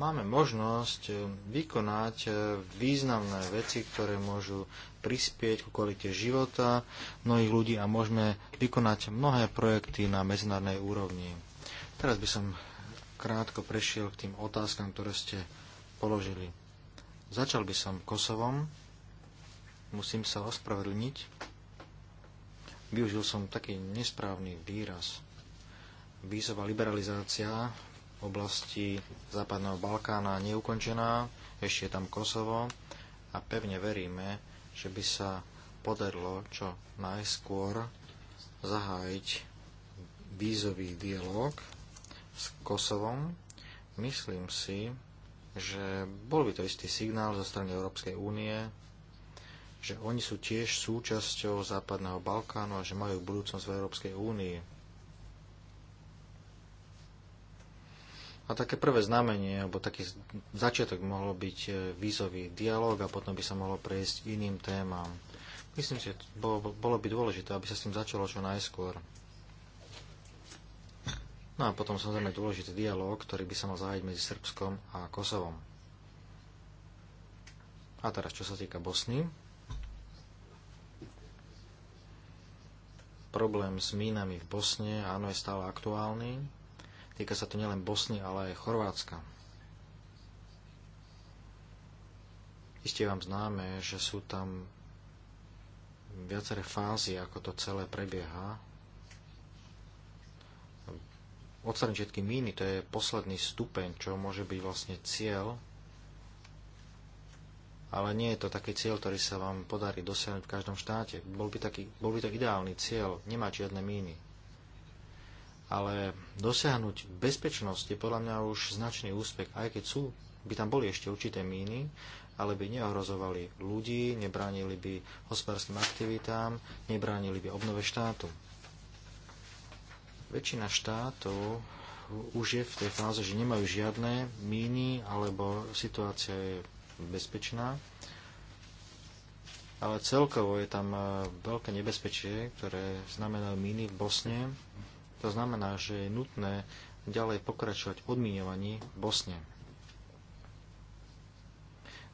máme možnosť eh, vykonať eh, významné veci, ktoré môžu prispieť ku kvalite života mnohých ľudí a môžeme vykonať mnohé projekty na medzinárodnej úrovni. Teraz by som krátko prešiel k tým otázkam, ktoré ste položili. Začal by som Kosovom. Musím sa ospravedlniť. Využil som taký nesprávny výraz. Vízová liberalizácia oblasti Západného Balkána neukončená, ešte je tam Kosovo a pevne veríme, že by sa podarilo čo najskôr zahájiť vízový dialog s Kosovom. Myslím si, že bol by to istý signál zo strany Európskej únie, že oni sú tiež súčasťou Západného Balkánu a že majú budúcnosť v Európskej únii. A také prvé znamenie, alebo taký začiatok mohlo byť e, vízový dialog a potom by sa mohlo prejsť iným témam. Myslím si, že bolo, bolo by dôležité, aby sa s tým začalo čo najskôr. No a potom samozrejme dôležitý dialog, ktorý by sa mal zahájiť medzi Srbskom a Kosovom. A teraz čo sa týka Bosny. Problém s mínami v Bosne, áno, je stále aktuálny. Týka sa to nielen Bosny, ale aj Chorvátska. Isté vám známe, že sú tam viaceré fázy, ako to celé prebieha. Odstraniť všetky míny, to je posledný stupeň, čo môže byť vlastne cieľ, ale nie je to taký cieľ, ktorý sa vám podarí dosiahnuť v každom štáte. Bol by, taký, bol by to ideálny cieľ, nemá žiadne míny ale dosiahnuť bezpečnosť je podľa mňa už značný úspech, aj keď sú, by tam boli ešte určité míny, ale by neohrozovali ľudí, nebránili by hospodárskym aktivitám, nebránili by obnove štátu. Väčšina štátov už je v tej fáze, že nemajú žiadne míny, alebo situácia je bezpečná. Ale celkovo je tam eh, veľké nebezpečie, ktoré znamenajú míny v Bosne, to znamená, že je nutné ďalej pokračovať v odmiňovaní v Bosne.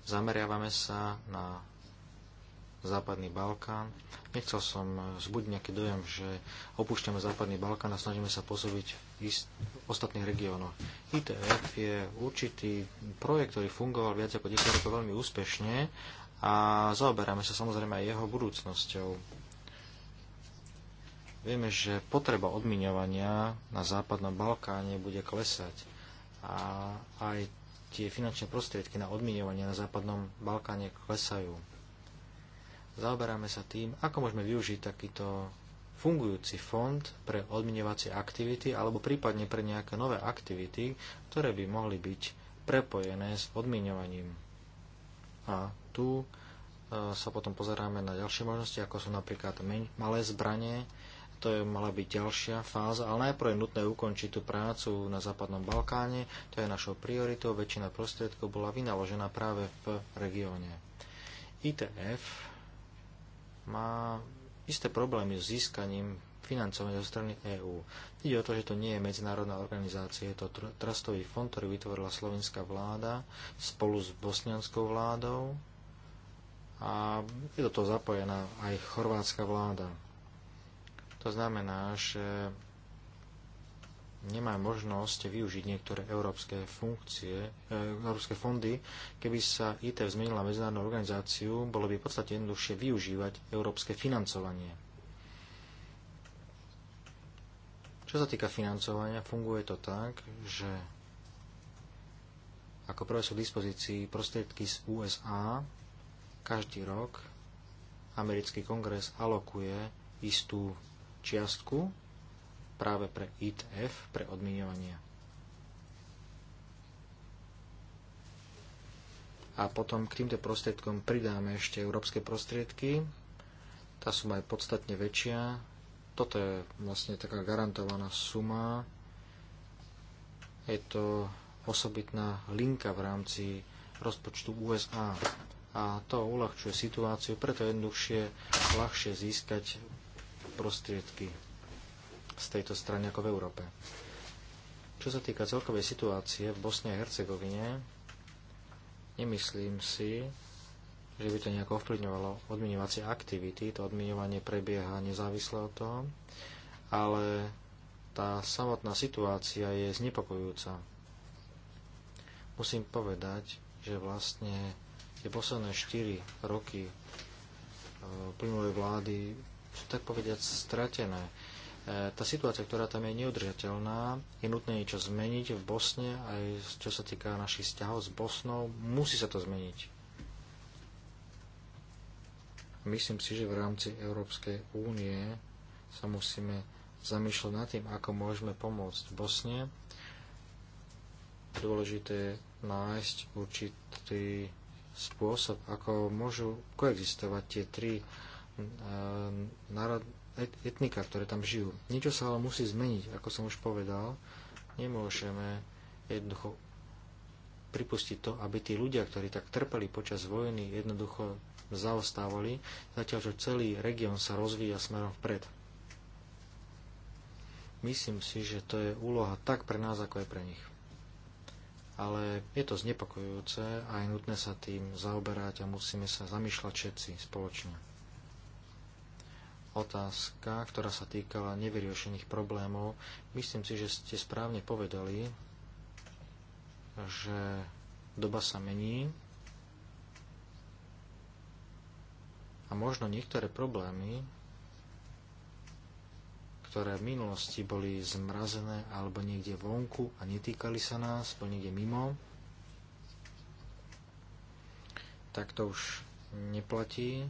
Zameriavame sa na Západný Balkán. Nechcel som zbudiť nejaký dojem, že opúšťame Západný Balkán a snažíme sa pozoviť v ostatných regiónoch. ITF je určitý projekt, ktorý fungoval viac ako 10 rokov veľmi úspešne a zaoberáme sa samozrejme aj jeho budúcnosťou Vieme, že potreba odmiňovania na Západnom Balkáne bude klesať a aj tie finančné prostriedky na odmiňovanie na Západnom Balkáne klesajú. Zaoberáme sa tým, ako môžeme využiť takýto fungujúci fond pre odmiňovacie aktivity alebo prípadne pre nejaké nové aktivity, ktoré by mohli byť prepojené s odmiňovaním. A tu e, sa potom pozeráme na ďalšie možnosti, ako sú napríklad malé zbranie, to je mala byť ďalšia fáza, ale najprv je nutné ukončiť tú prácu na Západnom Balkáne, to je našou prioritou, väčšina prostriedkov bola vynaložená práve v regióne. ITF má isté problémy s získaním financovania zo strany EÚ. Ide o to, že to nie je medzinárodná organizácia, je to tr- trustový fond, ktorý vytvorila slovenská vláda spolu s bosnianskou vládou a je do toho zapojená aj chorvátska vláda. To znamená, že nemá možnosť využiť niektoré európske funkcie, eh, európske fondy. Keby sa ITF e zmenila medzinárodnú organizáciu, bolo by v podstate jednoduchšie využívať európske financovanie. Čo sa týka financovania, funguje to tak, že ako prvé sú k dispozícii prostriedky z USA, každý rok americký kongres alokuje istú čiastku práve pre ITF, pre odmiňovanie. A potom k týmto prostriedkom pridáme ešte európske prostriedky. Tá suma je podstatne väčšia. Toto je vlastne taká garantovaná suma. Je to osobitná linka v rámci rozpočtu USA a to uľahčuje situáciu, preto je jednoduchšie ľahšie získať prostriedky z tejto strany ako v Európe. Čo sa týka celkovej situácie v Bosne a Hercegovine, nemyslím si, že by to nejako ovplyvňovalo odmiňovacie aktivity. To odmiňovanie prebieha nezávisle od toho, ale tá samotná situácia je znepokojujúca. Musím povedať, že vlastne tie posledné 4 roky e, plynovej vlády sú tak povediať stratené. E, tá situácia, ktorá tam je neudržateľná, je nutné niečo zmeniť v Bosne, aj čo sa týka našich vzťahov s Bosnou, musí sa to zmeniť. Myslím si, že v rámci Európskej únie sa musíme zamýšľať nad tým, ako môžeme pomôcť Bosne. Dôležité je nájsť určitý spôsob, ako môžu koexistovať tie tri Ehm, národ, etnika, ktoré tam žijú. Niečo sa ale musí zmeniť, ako som už povedal. Nemôžeme jednoducho pripustiť to, aby tí ľudia, ktorí tak trpeli počas vojny, jednoducho zaostávali, zatiaľ čo celý región sa rozvíja smerom vpred. Myslím si, že to je úloha tak pre nás, ako aj pre nich. Ale je to znepokojujúce a je nutné sa tým zaoberať a musíme sa zamýšľať všetci spoločne otázka, ktorá sa týkala nevyriešených problémov. Myslím si, že ste správne povedali, že doba sa mení a možno niektoré problémy, ktoré v minulosti boli zmrazené alebo niekde vonku a netýkali sa nás, boli niekde mimo, tak to už neplatí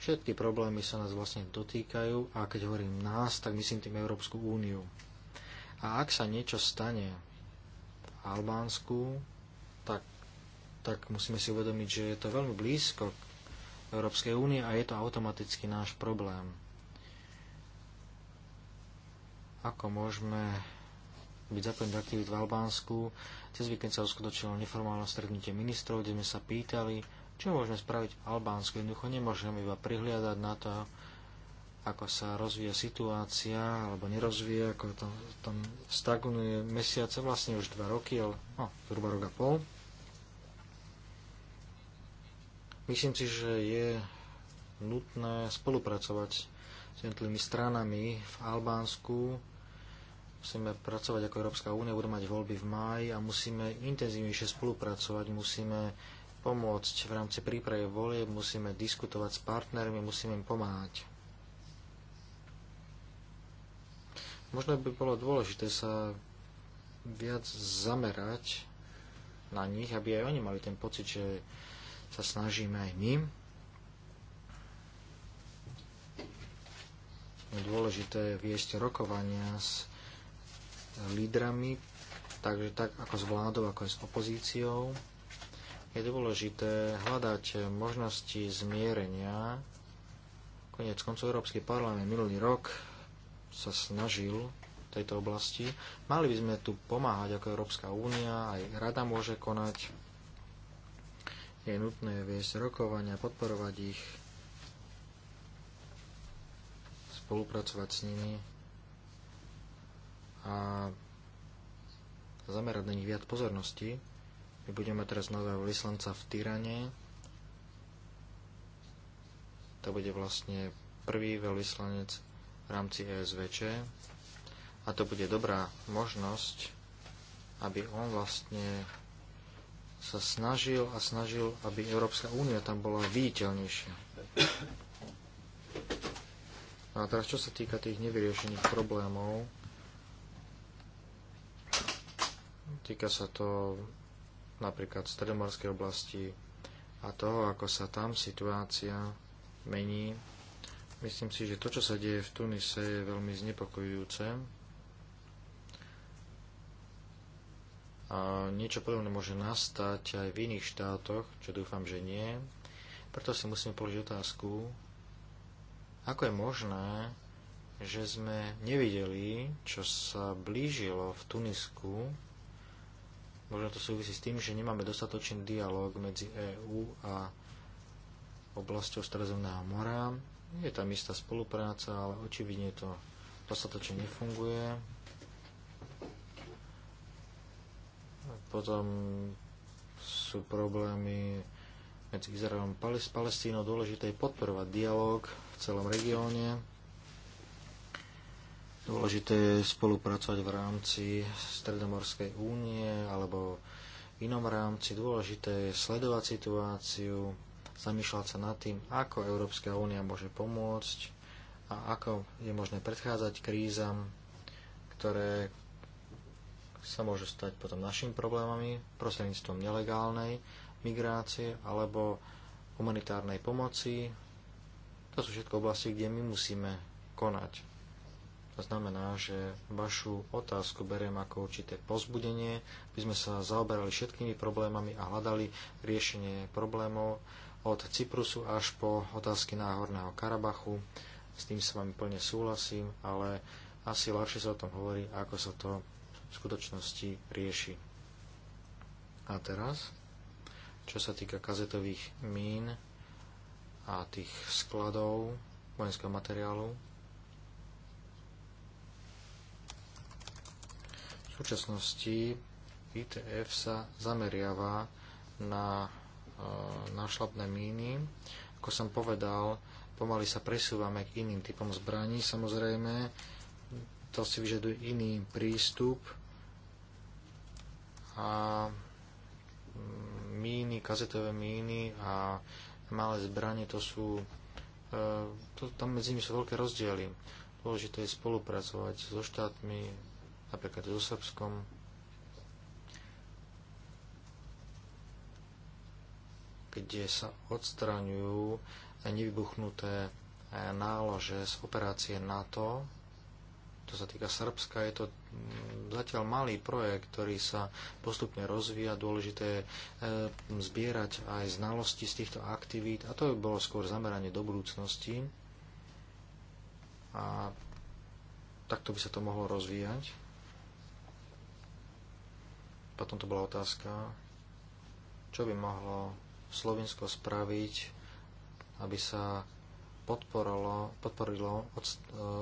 Všetky problémy sa nás vlastne dotýkajú a keď hovorím nás, tak myslím tým Európsku úniu. A ak sa niečo stane v Albánsku, tak, tak musíme si uvedomiť, že je to veľmi blízko k Európskej únie a je to automaticky náš problém. Ako môžeme byť zapojení do aktivít v Albánsku? Cez víkend sa uskutočilo neformálne stretnutie ministrov, kde sme sa pýtali, čo môžeme spraviť v Albánsku? Jednoducho nemôžeme iba prihliadať na to, ako sa rozvíja situácia, alebo nerozvíja, ako tam, tam stagnuje mesiace, vlastne už dva roky, ale no, zhruba rok a pol. Myslím si, že je nutné spolupracovať s jednotlivými stranami v Albánsku. Musíme pracovať ako Európska únia, budeme mať voľby v máji a musíme intenzívnejšie spolupracovať, musíme pomôcť v rámci prípravy volie, musíme diskutovať s partnermi, musíme im pomáhať. Možno by bolo dôležité sa viac zamerať na nich, aby aj oni mali ten pocit, že sa snažíme aj my. Dôležité Je viesť rokovania s lídrami, takže tak ako s vládou, ako aj s opozíciou je dôležité hľadať možnosti zmierenia. Konec koncov Európsky parlament minulý rok sa snažil v tejto oblasti. Mali by sme tu pomáhať ako Európska únia, aj rada môže konať. Je nutné viesť rokovania, podporovať ich, spolupracovať s nimi a zamerať na nich viac pozornosti, my budeme mať teraz nového vyslanca v Tyrane. To bude vlastne prvý veľvyslanec v rámci ESVČ. A to bude dobrá možnosť, aby on vlastne sa snažil a snažil, aby Európska únia tam bola viditeľnejšia. No a teraz čo sa týka tých nevyriešených problémov, týka sa to napríklad v stredomorskej oblasti a toho, ako sa tam situácia mení. Myslím si, že to, čo sa deje v Tunise, je veľmi znepokojujúce. A niečo podobné môže nastať aj v iných štátoch, čo dúfam, že nie. Preto si musíme položiť otázku, ako je možné, že sme nevideli, čo sa blížilo v Tunisku Možno to súvisí s tým, že nemáme dostatočný dialog medzi EÚ a oblasťou Stredozemného mora. Je tam istá spolupráca, ale očividne to dostatočne nefunguje. Potom sú problémy medzi Izraelom a Palestínou. Dôležité je podporovať dialog v celom regióne. Dôležité je spolupracovať v rámci Stredomorskej únie alebo v inom rámci. Dôležité je sledovať situáciu, zamýšľať sa nad tým, ako Európska únia môže pomôcť a ako je možné predchádzať krízam, ktoré sa môžu stať potom našimi problémami prostredníctvom nelegálnej migrácie alebo humanitárnej pomoci. To sú všetko oblasti, kde my musíme konať. To znamená, že vašu otázku beriem ako určité pozbudenie, by sme sa zaoberali všetkými problémami a hľadali riešenie problémov od Cyprusu až po otázky Náhorného Karabachu. S tým sa vami plne súhlasím, ale asi ľahšie sa o tom hovorí, ako sa to v skutočnosti rieši. A teraz, čo sa týka kazetových mín a tých skladov vojenského materiálu, súčasnosti ITF sa zameriava na e, nášlapné míny. Ako som povedal, pomaly sa presúvame k iným typom zbraní. Samozrejme, to si vyžaduje iný prístup a mm, míny, kazetové míny a malé zbranie, to sú e, to, tam medzi nimi sú veľké rozdiely. Dôležité je spolupracovať so štátmi napríklad so Srbskom. kde sa odstraňujú nevybuchnuté eh, nálože z operácie NATO. To sa týka Srbska. Je to mm, zatiaľ malý projekt, ktorý sa postupne rozvíja. Dôležité je eh, zbierať aj znalosti z týchto aktivít a to by bolo skôr zameranie do budúcnosti. A takto by sa to mohlo rozvíjať. Potom to bola otázka, čo by mohlo Slovinsko spraviť, aby sa podporilo, podporilo eh,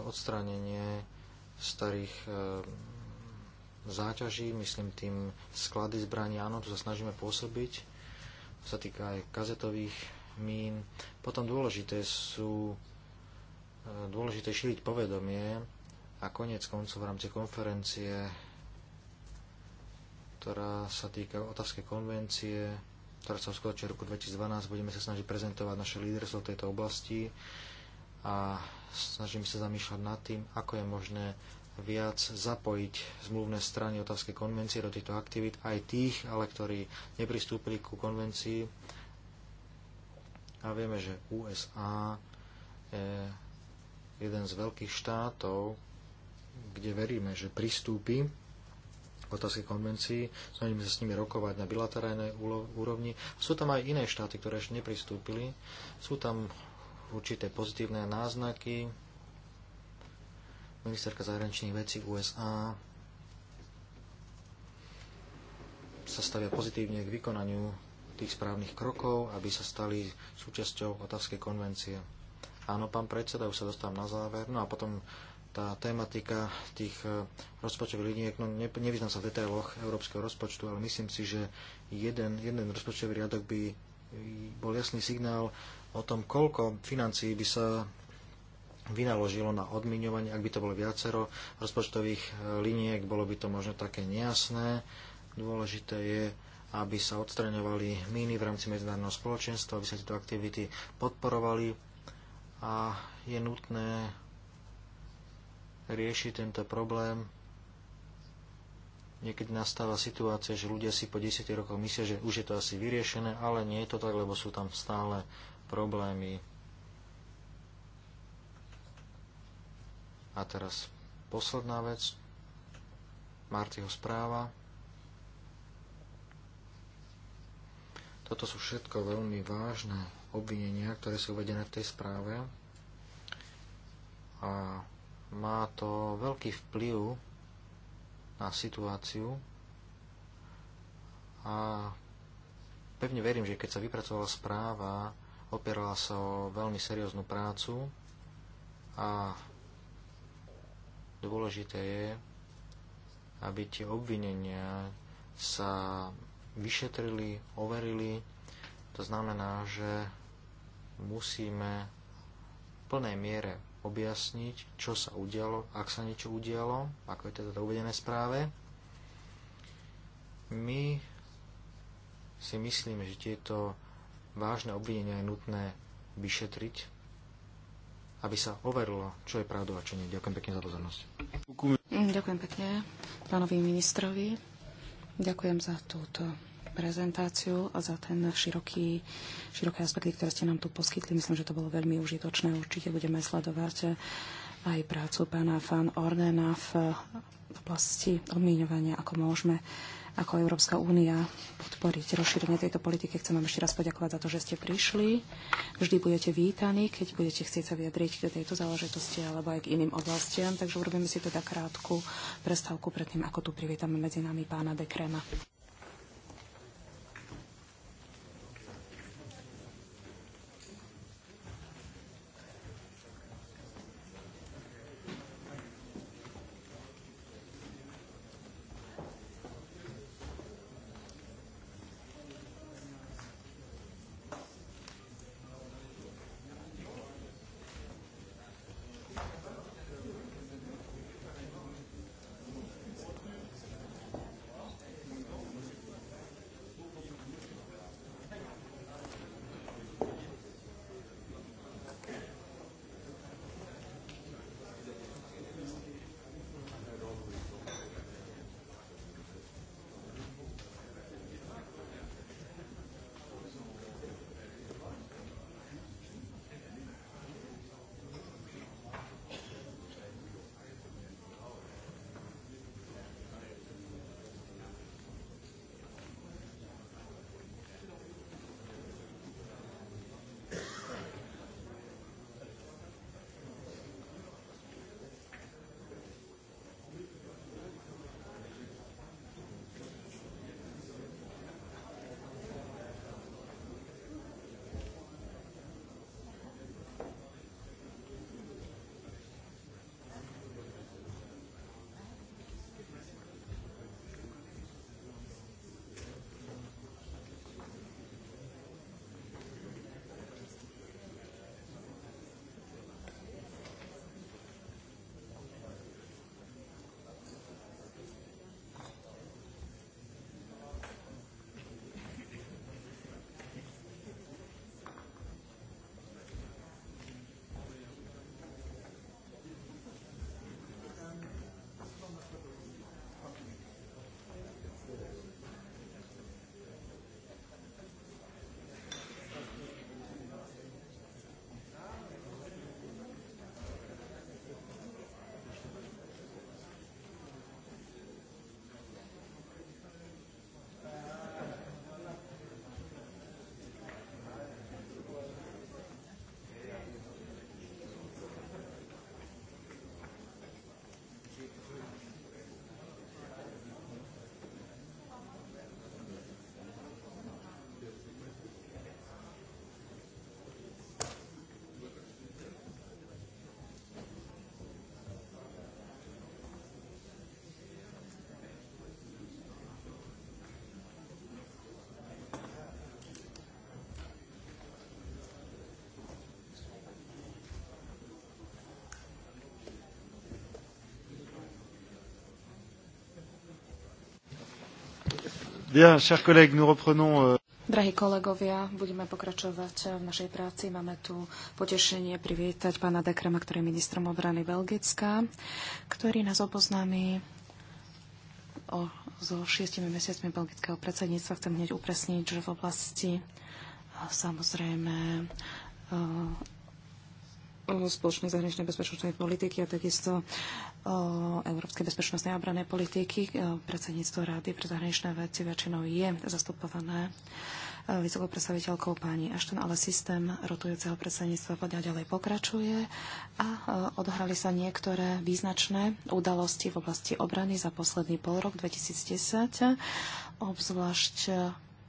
odstránenie starých e, záťaží, myslím tým sklady zbraní, áno, tu sa snažíme pôsobiť, to sa týka aj kazetových mín. Potom dôležité sú e, dôležité šíriť povedomie a konec koncov v rámci konferencie ktorá sa týka Otavskej konvencie, ktorá sa uskutočí v roku 2012. Budeme sa snažiť prezentovať naše líderstvo v tejto oblasti a snažíme sa zamýšľať nad tým, ako je možné viac zapojiť zmluvné strany Otavskej konvencie do týchto aktivít, aj tých, ale ktorí nepristúpili ku konvencii. A vieme, že USA je jeden z veľkých štátov, kde veríme, že pristúpi otázke konvencií, snažíme sa s nimi rokovať na bilaterálnej úrovni. Sú tam aj iné štáty, ktoré ešte nepristúpili. Sú tam určité pozitívne náznaky. Ministerka zahraničných vecí USA sa stavia pozitívne k vykonaniu tých správnych krokov, aby sa stali súčasťou otázkej konvencie. Áno, pán predseda, už sa dostávam na záver. No a potom tá tematika tých e, rozpočtových liniek, no ne, nevyznam sa v detailoch európskeho rozpočtu, ale myslím si, že jeden, jeden rozpočtový riadok by bol jasný signál o tom, koľko financií by sa vynaložilo na odmiňovanie, ak by to bolo viacero rozpočtových e, liniek, bolo by to možno také nejasné. Dôležité je, aby sa odstraňovali míny v rámci medzinárodného spoločenstva, aby sa tieto aktivity podporovali a je nutné rieši tento problém. Niekedy nastáva situácia, že ľudia si po 10 rokoch myslia, že už je to asi vyriešené, ale nie je to tak, lebo sú tam stále problémy. A teraz posledná vec, Martyho správa. Toto sú všetko veľmi vážne obvinenia, ktoré sú uvedené v tej správe. A má to veľký vplyv na situáciu a pevne verím, že keď sa vypracovala správa, opierala sa o veľmi serióznu prácu a dôležité je, aby tie obvinenia sa vyšetrili, overili. To znamená, že musíme v plnej miere objasniť, čo sa udialo, ak sa niečo udialo, ako je teda uvedené správe. My si myslíme, že tieto vážne obvinenia je nutné vyšetriť, aby sa overilo, čo je pravdou a čo nie. Ďakujem pekne za pozornosť. Ďakujem pekne pánovi ministrovi. Ďakujem za túto prezentáciu a za ten široký, široké aspekty, ktoré ste nám tu poskytli. Myslím, že to bolo veľmi užitočné. Určite budeme sledovať aj prácu pána Fan Ordena v oblasti odmieňovania, ako môžeme ako Európska únia podporiť rozšírenie tejto politiky. Chcem vám ešte raz poďakovať za to, že ste prišli. Vždy budete vítaní, keď budete chcieť sa vyjadriť k tejto záležitosti alebo aj k iným oblastiam. Takže urobíme si teda krátku prestávku predtým, ako tu privítame medzi nami pána Dekrema. Bien, chers collègues, nous reprenons... Euh, Drahí kolegovia, budeme pokračovať v našej práci. Máme tu potešenie privítať pána Dekrema, ktorý je ministrom obrany Belgická, ktorý nás oboznámi o, so šiestimi mesiacmi belgického predsedníctva. Chcem hneď upresniť, že v oblasti samozrejme e, spoločnej zahraničnej bezpečnostnej politiky a takisto európskej bezpečnostnej a obranej politiky. E, predsedníctvo Rady pre zahraničné veci väčšinou je zastupované e, vysokou predstaviteľkou pani Ashton, ale systém rotujúceho predsedníctva podľa ďalej pokračuje a e, odohrali sa niektoré význačné udalosti v oblasti obrany za posledný pol rok 2010, obzvlášť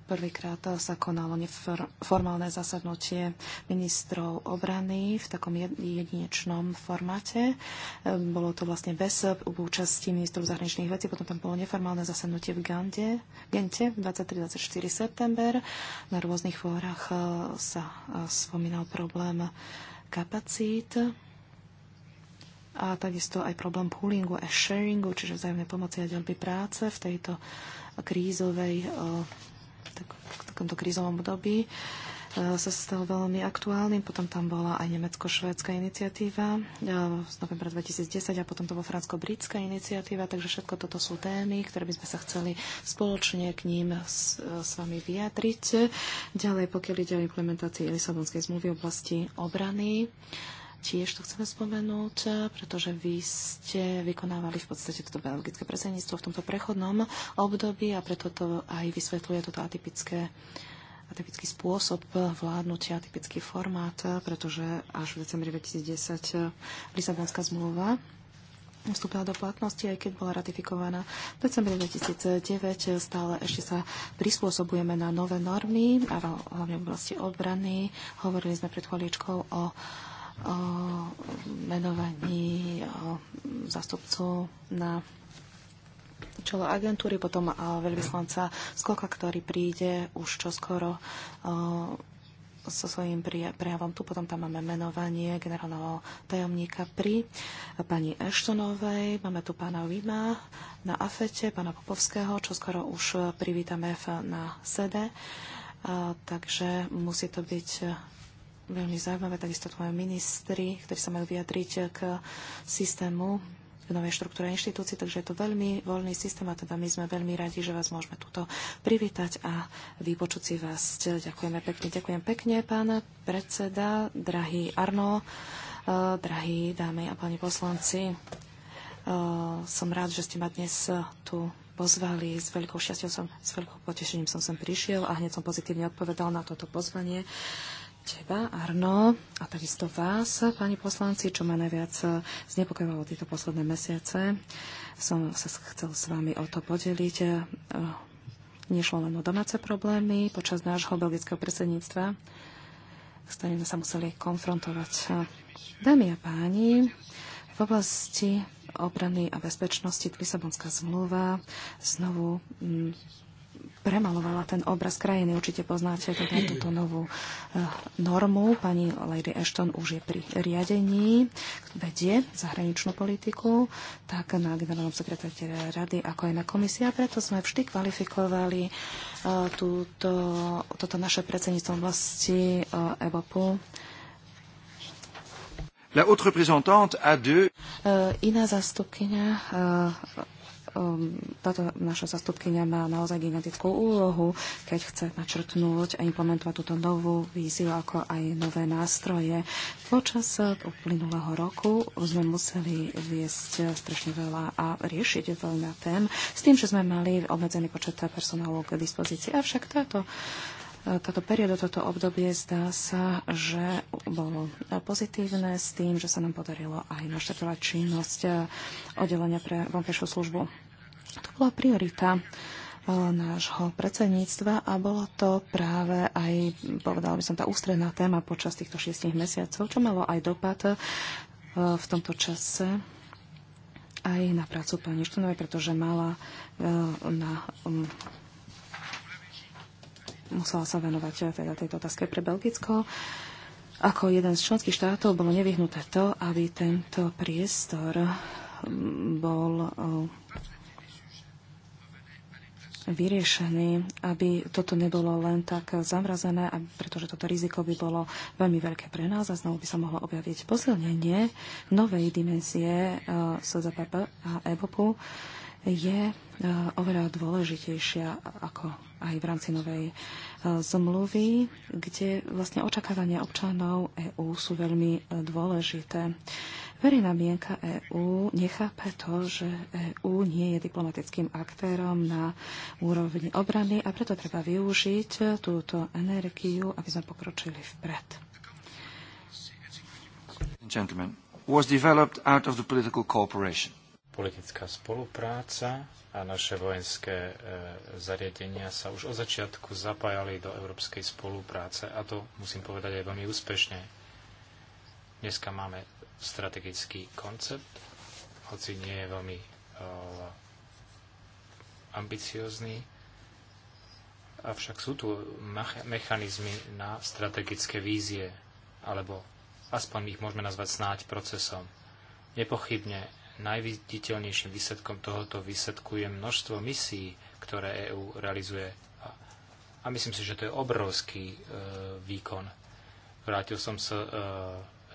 Prvýkrát sa konalo formálne zasadnutie ministrov obrany v takom jedinečnom formáte. Ehm, bolo to vlastne bez účasti ministrov zahraničných vecí, potom tam bolo neformálne zasadnutie v Gande, Gente 23-24 september. Na rôznych fórach e, sa e, spomínal problém kapacít a takisto aj problém poolingu a sharingu, čiže vzájomnej pomoci a ďalby práce v tejto krízovej e, tak, v takomto krízovom období e, sa stal veľmi aktuálnym. Potom tam bola aj nemecko-švédska iniciatíva e, z novembra 2010 a potom to bola fransko-britská iniciatíva. Takže všetko toto sú témy, ktoré by sme sa chceli spoločne k ním s, e, s vami vyjadriť. Ďalej, pokiaľ ide o implementácii Lisabonskej zmluvy v oblasti obrany, Tiež to chceme spomenúť, pretože vy ste vykonávali v podstate toto belgické predsedníctvo v tomto prechodnom období a preto to aj vysvetľuje toto atypické atypický spôsob vládnutia, atypický formát, pretože až v decembri 2010 Lisabonská zmluva vstúpila do platnosti, aj keď bola ratifikovaná v decembri 2009. Stále ešte sa prispôsobujeme na nové normy, a hlavne v oblasti obrany. Hovorili sme pred chvíľičkou o o menovaní zastupcov na čelo agentúry, potom veľvyslanca Skoka, ktorý príde už čoskoro so svojím prejavom. Tu potom tam máme menovanie generálneho tajomníka pri pani Eštonovej, máme tu pána Vima na Afete, pána Popovského, čo skoro už privítame na sede. takže musí to byť veľmi zaujímavé, takisto tu majú ministri, ktorí sa majú vyjadriť k systému, k novej štruktúre inštitúcií, takže je to veľmi voľný systém a teda my sme veľmi radi, že vás môžeme tuto privítať a vypočuť si vás. Ďakujeme pekne, ďakujem pekne, pán predseda, drahý Arno, eh, drahí dámy a páni poslanci. Eh, som rád, že ste ma dnes tu pozvali. S veľkou šťastou som, s veľkou potešením som sem prišiel a hneď som pozitívne odpovedal na toto pozvanie teba, Arno, a takisto vás, pani poslanci, čo ma najviac znepokojovalo tieto posledné mesiace. Som sa chcel s vami o to podeliť. E, nešlo len o domáce problémy počas nášho belgického predsedníctva, s ktorým sa museli konfrontovať. E, dámy a páni, v oblasti obrany a bezpečnosti Lisabonská zmluva znovu premalovala ten obraz krajiny. Určite poznáte teda túto novú eh, normu. Pani Lady Ashton už je pri riadení, vedie zahraničnú politiku, tak na generálnom sekretáte rady, ako aj na komisia. Preto sme vždy kvalifikovali eh, túto, toto naše predsedníctvo vlasti EBOPu eh, La haute représentante a deux. Iná zastupkynia Um, táto naša zastupkynia má naozaj genetickú úlohu, keď chce načrtnúť a implementovať túto novú víziu, ako aj nové nástroje. Počas uh, uplynulého roku sme museli viesť uh, strašne veľa a riešiť veľa tém, s tým, že sme mali obmedzený počet personálu k dispozícii. Avšak táto táto perióda, toto obdobie zdá sa, že bolo pozitívne s tým, že sa nám podarilo aj naštartovať činnosť eh, oddelenia pre vonkajšiu službu. To bola priorita eh, nášho predsedníctva a bolo to práve aj, povedala by som, tá ústredná téma počas týchto šiestich mesiacov, čo malo aj dopad eh, v tomto čase aj na prácu pani Štunovej, pretože mala na mm, musela sa venovať eh, teda tejto otázke pre Belgicko. Ako jeden z členských štátov bolo nevyhnuté to, aby tento priestor eh, bol eh, vyriešený, aby toto nebolo len tak zamrazené, pretože toto riziko by bolo veľmi veľké pre nás a znovu by sa mohlo objaviť posilnenie novej dimenzie SZPP a EBOPu je e, oveľa dôležitejšia ako aj v rámci novej e, zmluvy, kde vlastne očakávania občanov EÚ sú veľmi e, dôležité. Verejná mienka EÚ nechápe to, že EÚ nie je diplomatickým aktérom na úrovni obrany a preto treba využiť túto energiu, aby sme pokročili vpred. Gentlemen, was developed out of the political cooperation politická spolupráca a naše vojenské e, zariadenia sa už od začiatku zapájali do európskej spolupráce a to musím povedať aj veľmi úspešne. Dneska máme strategický koncept, hoci nie je veľmi e, ambiciózny, avšak sú tu mechanizmy na strategické vízie, alebo aspoň ich môžeme nazvať snáď procesom. Nepochybne Najviditeľnejším výsledkom tohoto výsledku je množstvo misií, ktoré EÚ realizuje. A myslím si, že to je obrovský e, výkon. Vrátil som sa e,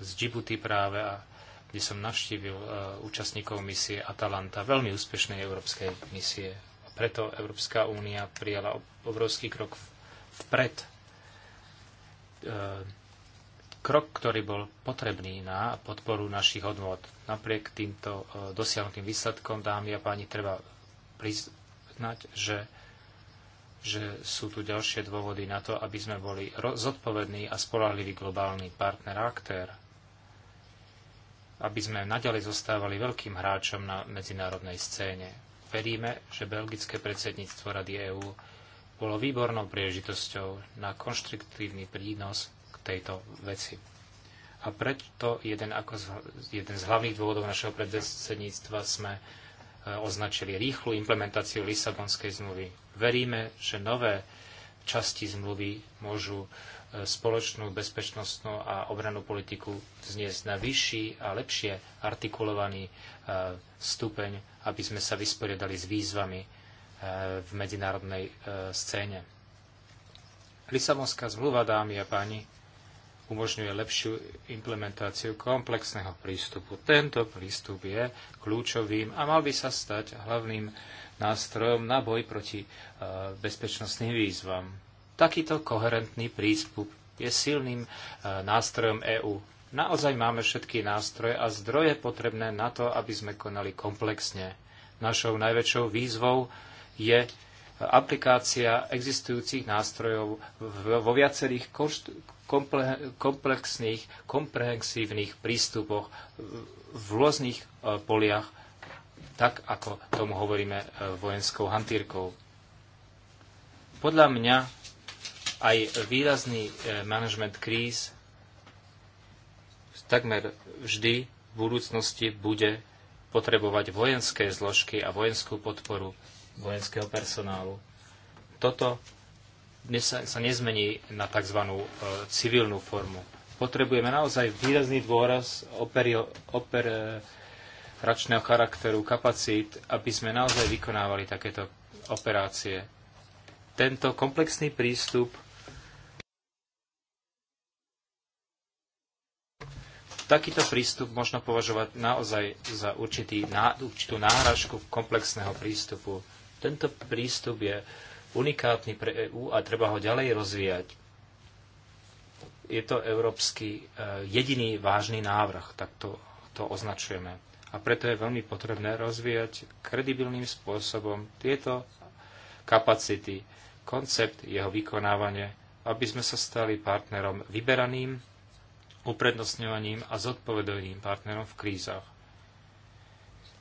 z Djibouti práve, a, kde som navštívil e, účastníkov misie Atalanta, veľmi úspešnej európskej misie. A preto Európska únia prijala obrovský krok vpred. E, krok, ktorý bol potrebný na podporu našich odvod. Napriek týmto e, dosiahnutým výsledkom, dámy a páni, treba priznať, že, že sú tu ďalšie dôvody na to, aby sme boli zodpovední a spolahlivý globálny partner aktér. Aby sme naďalej zostávali veľkým hráčom na medzinárodnej scéne. Veríme, že belgické predsedníctvo Rady EÚ bolo výbornou príležitosťou na konštruktívny prínos tejto veci. A preto jeden, ako z, jeden z hlavných dôvodov našeho predsedníctva sme e, označili rýchlu implementáciu Lisabonskej zmluvy. Veríme, že nové časti zmluvy môžu e, spoločnú bezpečnostnú a obranú politiku vzniesť na vyšší a lepšie artikulovaný e, stupeň, aby sme sa vysporiadali s výzvami v medzinárodnej scéne. Lisabonská zmluva, dámy a páni, umožňuje lepšiu implementáciu komplexného prístupu. Tento prístup je kľúčovým a mal by sa stať hlavným nástrojom na boj proti e, bezpečnostným výzvam. Takýto koherentný prístup je silným e, nástrojom EÚ. Naozaj máme všetky nástroje a zdroje potrebné na to, aby sme konali komplexne. Našou najväčšou výzvou je aplikácia existujúcich nástrojov vo viacerých komplexných, komprehensívnych prístupoch v rôznych e, poliach, tak ako tomu hovoríme e, vojenskou hantírkou. Podľa mňa aj výrazný e, management kríz takmer vždy v budúcnosti bude potrebovať vojenské zložky a vojenskú podporu vojenského personálu. Toto sa, sa nezmení na tzv. E, civilnú formu. Potrebujeme naozaj výrazný dôraz operačného charakteru, kapacít, aby sme naozaj vykonávali takéto operácie. Tento komplexný prístup takýto prístup možno považovať naozaj za určitý, určitú náhražku komplexného prístupu. Tento prístup je unikátny pre EÚ a treba ho ďalej rozvíjať. Je to európsky e, jediný vážny návrh, tak to, to označujeme. A preto je veľmi potrebné rozvíjať kredibilným spôsobom tieto kapacity, koncept, jeho vykonávanie, aby sme sa stali partnerom vyberaným, uprednostňovaným a zodpovedovým partnerom v krízach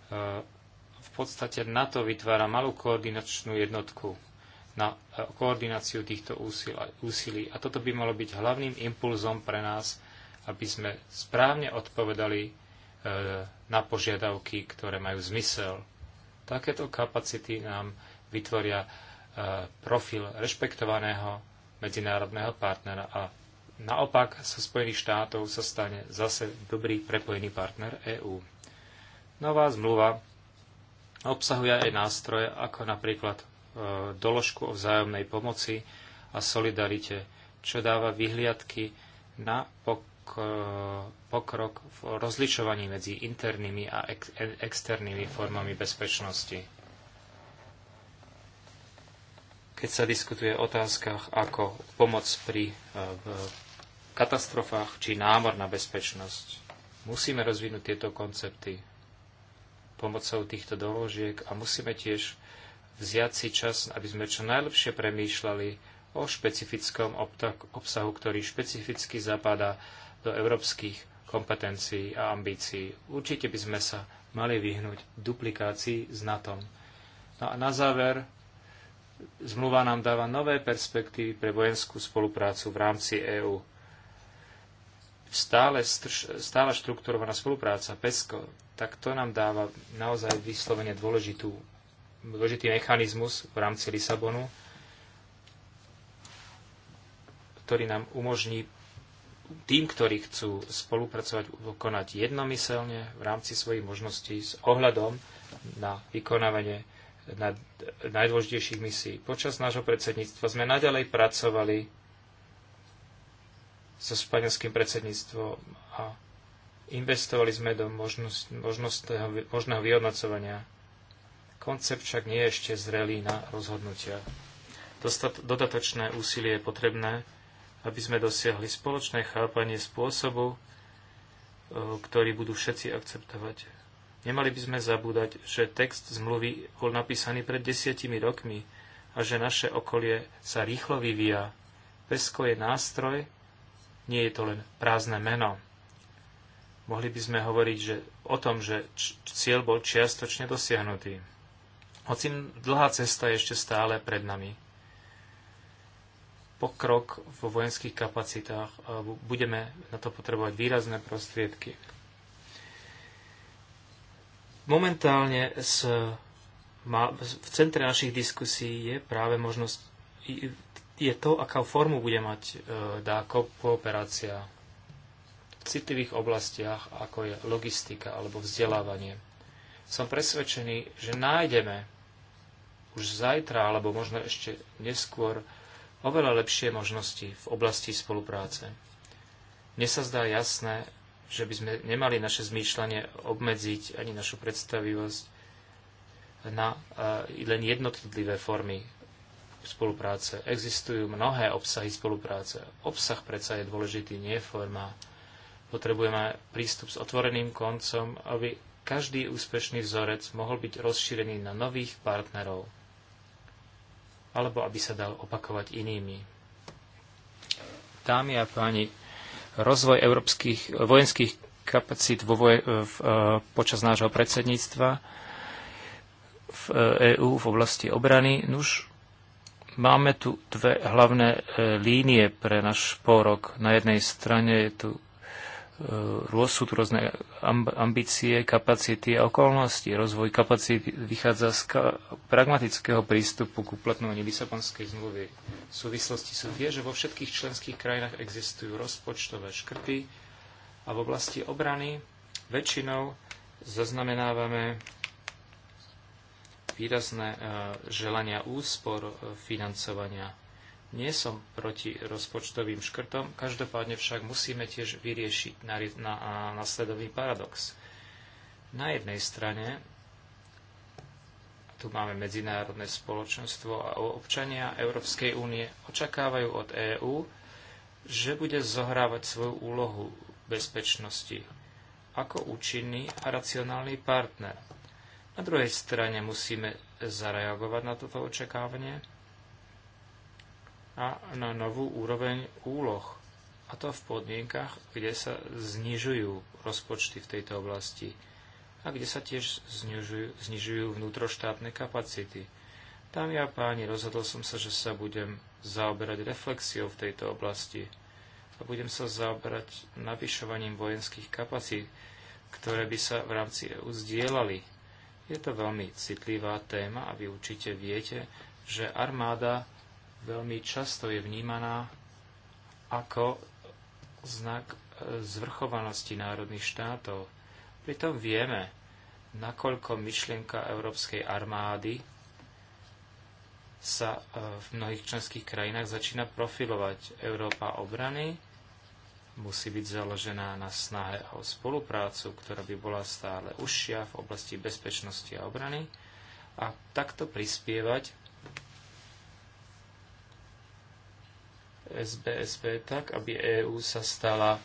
e, podstate NATO vytvára malú koordinačnú jednotku na e, koordináciu týchto úsilí. A toto by malo byť hlavným impulzom pre nás, aby sme správne odpovedali e, na požiadavky, ktoré majú zmysel. Takéto kapacity nám vytvoria e, profil rešpektovaného medzinárodného partnera a naopak zo so Spojených štátov sa stane zase dobrý prepojený partner EÚ. Nová zmluva obsahuje aj nástroje ako napríklad e, doložku o vzájomnej pomoci a solidarite, čo dáva vyhliadky na e, pokrok v rozlišovaní medzi internými a ex e, externými formami bezpečnosti. Keď sa diskutuje o otázkach ako pomoc pri katastrofách či námorná bezpečnosť, musíme rozvinúť tieto koncepty pomocou týchto doložiek a musíme tiež vziať si čas, aby sme čo najlepšie premýšľali o špecifickom obsahu, ktorý špecificky zapadá do európskych kompetencií a ambícií. Určite by sme sa mali vyhnúť duplikácii s NATO. No a na záver, zmluva nám dáva nové perspektívy pre vojenskú spoluprácu v rámci EÚ. Stále, stále štrukturovaná spolupráca PESCO tak to nám dáva naozaj vyslovene dôležitú, dôležitý mechanizmus v rámci Lisabonu, ktorý nám umožní tým, ktorí chcú spolupracovať, konať jednomyselne v rámci svojich možností s ohľadom na vykonávanie na najdôležitejších misií. Počas nášho predsedníctva sme naďalej pracovali so španielským predsedníctvom a Investovali sme do možnosť, možného vyhodnocovania. Koncept však nie je ešte zrelý na rozhodnutia. Dostat, dodatočné úsilie je potrebné, aby sme dosiahli spoločné chápanie spôsobu, ktorý budú všetci akceptovať. Nemali by sme zabúdať, že text zmluvy bol napísaný pred desiatimi rokmi a že naše okolie sa rýchlo vyvíja. Pesko je nástroj, nie je to len prázdne meno mohli by sme hovoriť že, o tom, že cieľ bol čiastočne dosiahnutý. Hoci dlhá cesta je ešte stále pred nami. Pokrok vo vojenských kapacitách budeme na to potrebovať výrazné prostriedky. Momentálne s, ma, v centre našich diskusí je práve možnosť, je to, aká formu bude mať e, dá kooperácia citlivých oblastiach, ako je logistika alebo vzdelávanie. Som presvedčený, že nájdeme už zajtra alebo možno ešte neskôr oveľa lepšie možnosti v oblasti spolupráce. Mne sa zdá jasné, že by sme nemali naše zmýšľanie obmedziť ani našu predstavivosť na e, len jednotlivé formy spolupráce. Existujú mnohé obsahy spolupráce. Obsah predsa je dôležitý, nie forma. Potrebujeme prístup s otvoreným koncom, aby každý úspešný vzorec mohol byť rozšírený na nových partnerov, alebo aby sa dal opakovať inými. Dámy a páni, rozvoj európskych vojenských kapacít vo voje, v, v, eh, počas nášho predsedníctva v EÚ eh, e v oblasti obrany. Nuž, máme tu dve hlavné eh, línie pre náš pôrok. Na jednej strane je tu sú tu rôzne ambície, kapacity a okolnosti. Rozvoj kapacity vychádza z pragmatického prístupu k uplatňovaniu Lisabonskej zmluvy. V súvislosti sú tie, že vo všetkých členských krajinách existujú rozpočtové škrty a v oblasti obrany väčšinou zaznamenávame výrazné e, želania úspor e, financovania nie som proti rozpočtovým škrtom, každopádne však musíme tiež vyriešiť následovný paradox. Na jednej strane tu máme medzinárodné spoločenstvo a občania Európskej únie očakávajú od EÚ, že bude zohrávať svoju úlohu bezpečnosti ako účinný a racionálny partner. Na druhej strane musíme zareagovať na toto očakávanie a na novú úroveň úloh. A to v podmienkach, kde sa znižujú rozpočty v tejto oblasti a kde sa tiež znižujú, znižujú vnútroštátne kapacity. Tam ja páni, rozhodol som sa, že sa budem zaoberať reflexiou v tejto oblasti a budem sa zaoberať navyšovaním vojenských kapacít, ktoré by sa v rámci EU zdieľali. Je to veľmi citlivá téma a vy určite viete, že armáda veľmi často je vnímaná ako znak e, zvrchovanosti národných štátov. Pritom vieme, nakoľko myšlienka Európskej armády sa e, v mnohých členských krajinách začína profilovať. Európa obrany musí byť založená na snahe o spoluprácu, ktorá by bola stále užšia v oblasti bezpečnosti a obrany a takto prispievať SBSV tak, aby EÚ sa stala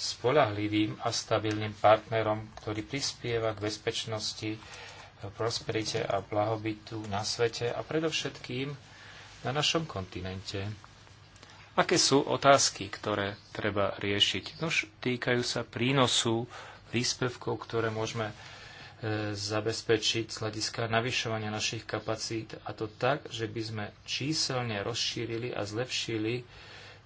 spolahlivým a stabilným partnerom, ktorý prispieva k bezpečnosti, prosperite a blahobytu na svete a predovšetkým na našom kontinente. Aké sú otázky, ktoré treba riešiť? Nož týkajú sa prínosu príspevkov, ktoré môžeme zabezpečiť z hľadiska navyšovania našich kapacít a to tak, že by sme číselne rozšírili a zlepšili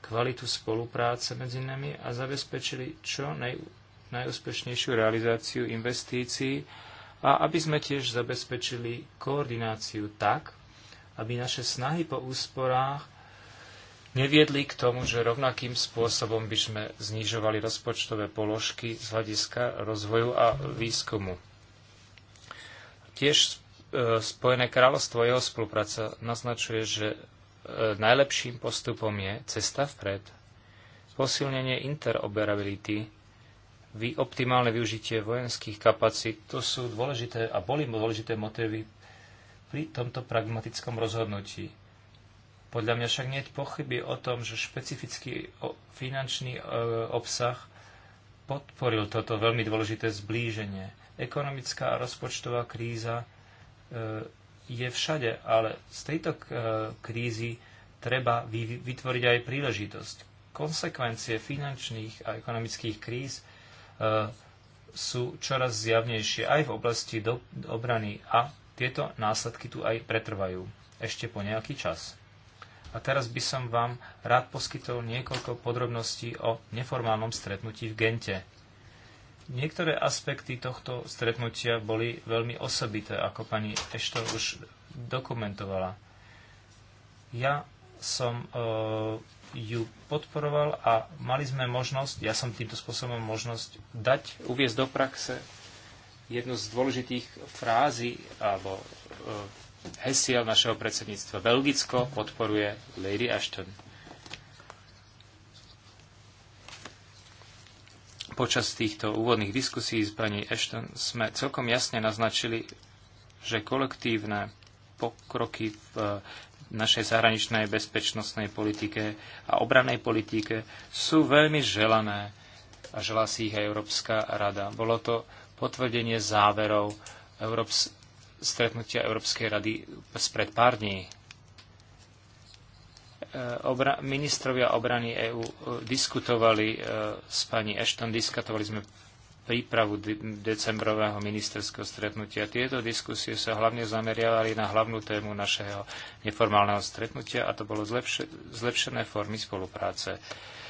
kvalitu spolupráce medzi nami a zabezpečili čo naj, najúspešnejšiu realizáciu investícií a aby sme tiež zabezpečili koordináciu tak, aby naše snahy po úsporách neviedli k tomu, že rovnakým spôsobom by sme znižovali rozpočtové položky z hľadiska rozvoju a výskumu Tiež e, Spojené kráľovstvo, jeho spolupráca naznačuje, že e, najlepším postupom je cesta vpred, posilnenie interoperability, optimálne využitie vojenských kapacít. To sú dôležité a boli dôležité motívy pri tomto pragmatickom rozhodnutí. Podľa mňa však nie je pochyby o tom, že špecifický finančný e, obsah podporil toto veľmi dôležité zblíženie Ekonomická a rozpočtová kríza e, je všade, ale z tejto e, krízy treba vytvoriť aj príležitosť. Konsekvencie finančných a ekonomických kríz e, sú čoraz zjavnejšie aj v oblasti do, obrany a tieto následky tu aj pretrvajú ešte po nejaký čas. A teraz by som vám rád poskytol niekoľko podrobností o neformálnom stretnutí v Gente. Niektoré aspekty tohto stretnutia boli veľmi osobité, ako pani Ešto už dokumentovala. Ja som e, ju podporoval a mali sme možnosť, ja som týmto spôsobom možnosť dať, uviezť do praxe jednu z dôležitých frází alebo e, hesiel našeho predsedníctva. Belgicko podporuje Lady Ashton. Počas týchto úvodných diskusí s pani Ashton sme celkom jasne naznačili, že kolektívne pokroky v eh, našej zahraničnej bezpečnostnej politike a obranej politike sú veľmi želané a želá si ich aj Európska rada. Bolo to potvrdenie záverov Európs- stretnutia Európskej rady spred pár dní Eh, obra- ministrovia obrany EÚ eh, diskutovali eh, s pani Ashton, diskutovali sme prípravu decembrového ministerského stretnutia. Tieto diskusie sa hlavne zameriavali na hlavnú tému našeho neformálneho stretnutia a to bolo zlepš- zlepšené formy spolupráce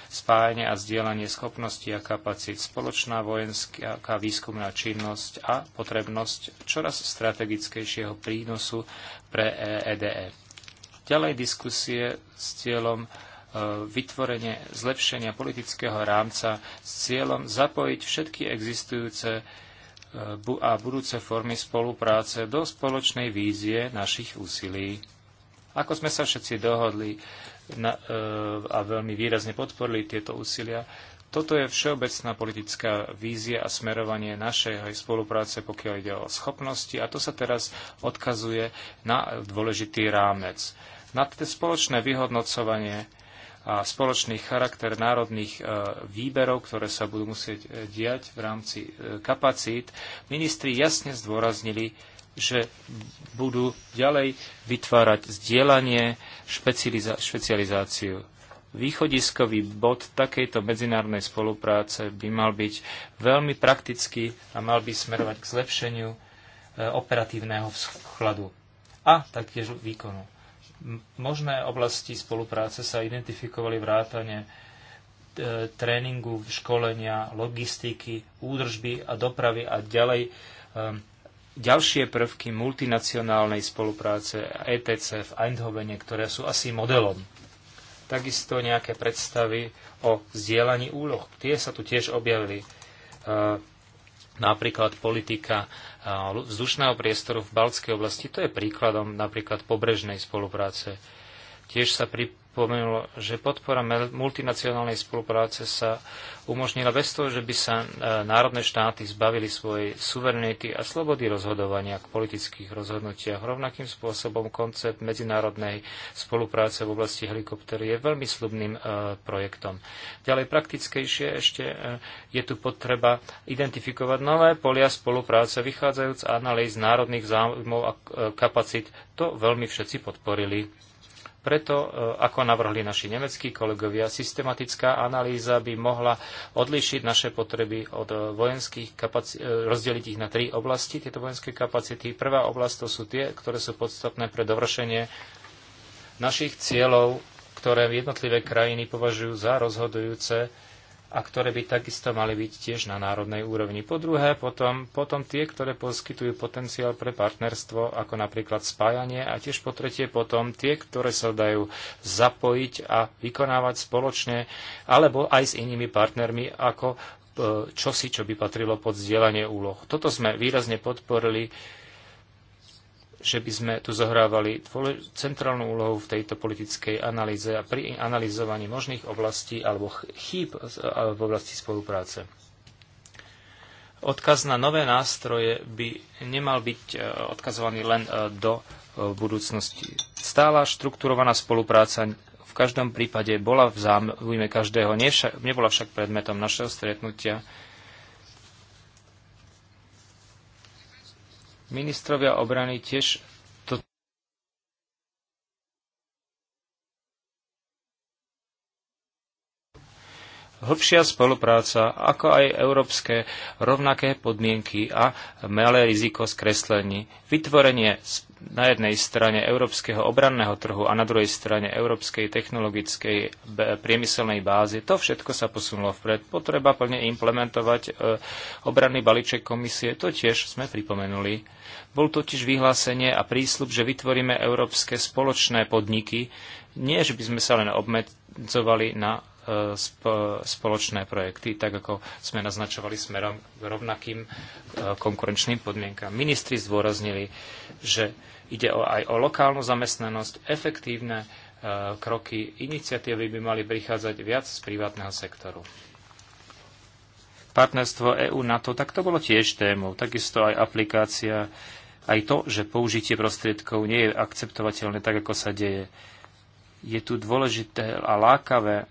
spájanie a zdieľanie schopností a kapacít, spoločná vojenská výskumná činnosť a potrebnosť čoraz strategickejšieho prínosu pre EDF. E e ďalej diskusie s cieľom e, vytvorenie zlepšenia politického rámca s cieľom zapojiť všetky existujúce e, a budúce formy spolupráce do spoločnej vízie našich úsilí. Ako sme sa všetci dohodli na, e, a veľmi výrazne podporili tieto úsilia, toto je všeobecná politická vízia a smerovanie našej spolupráce, pokiaľ ide o schopnosti a to sa teraz odkazuje na dôležitý rámec. Na to spoločné vyhodnocovanie a spoločný charakter národných e, výberov, ktoré sa budú musieť e, diať v rámci e, kapacít, ministri jasne zdôraznili, že budú ďalej vytvárať zdieľanie, špecializáciu Východiskový bod takejto medzinárodnej spolupráce by mal byť veľmi praktický a mal by smerovať k zlepšeniu e, operatívneho vzhľadu a taktiež výkonu. Možné oblasti spolupráce sa identifikovali vrátane e, tréningu, školenia, logistiky, údržby a dopravy a ďalej e, ďalšie prvky multinacionálnej spolupráce ETC v Eindhovene, ktoré sú asi modelom takisto nejaké predstavy o zdieľaní úloh. Tie sa tu tiež objavili. E, napríklad politika e, vzdušného priestoru v Baltskej oblasti, to je príkladom napríklad pobrežnej spolupráce. Tiež sa pri, spomenul, že podpora multinacionálnej spolupráce sa umožnila bez toho, že by sa e, národné štáty zbavili svojej suverenity a slobody rozhodovania k politických rozhodnutiach. Rovnakým spôsobom koncept medzinárodnej spolupráce v oblasti helikoptery je veľmi slubným e, projektom. Ďalej praktickejšie ešte e, je tu potreba identifikovať nové polia spolupráce vychádzajúc analýz národných záujmov a kapacít. To veľmi všetci podporili. Preto, e, ako navrhli naši nemeckí kolegovia, systematická analýza by mohla odlíšiť naše potreby od e, vojenských kapacít, e, rozdeliť ich na tri oblasti, tieto vojenské kapacity. Prvá oblasť to sú tie, ktoré sú podstatné pre dovršenie našich cieľov, ktoré jednotlivé krajiny považujú za rozhodujúce a ktoré by takisto mali byť tiež na národnej úrovni. Po druhé, potom, potom tie, ktoré poskytujú potenciál pre partnerstvo, ako napríklad spájanie a tiež po tretie potom tie, ktoré sa dajú zapojiť a vykonávať spoločne alebo aj s inými partnermi ako e, čosi, čo by patrilo pod zdieľanie úloh. Toto sme výrazne podporili že by sme tu zohrávali centrálnu úlohu v tejto politickej analýze a pri analyzovaní možných oblastí alebo chýb v oblasti spolupráce. Odkaz na nové nástroje by nemal byť e, odkazovaný len e, do e, budúcnosti. Stála štrukturovaná spolupráca v každom prípade bola v záujme každého, nebola však predmetom našeho stretnutia Ministrovia obrany tiež to Hĺbšia spolupráca, ako aj európske rovnaké podmienky a malé riziko skreslení, vytvorenie na jednej strane európskeho obranného trhu a na druhej strane európskej technologickej priemyselnej bázy. To všetko sa posunulo vpred. Potreba plne implementovať e, obranný balíček komisie, to tiež sme pripomenuli. Bol totiž vyhlásenie a prísľub, že vytvoríme európske spoločné podniky, nie že by sme sa len obmedzovali na e, spoločné projekty, tak ako sme naznačovali smerom k rovnakým e, konkurenčným podmienkam. Ministri zdôraznili, že Ide o, aj o lokálnu zamestnanosť, efektívne e, kroky, iniciatívy by mali prichádzať viac z privátneho sektoru. Partnerstvo EU-NATO, tak to bolo tiež témou. Takisto aj aplikácia, aj to, že použitie prostriedkov nie je akceptovateľné tak, ako sa deje. Je tu dôležité a lákavé, e,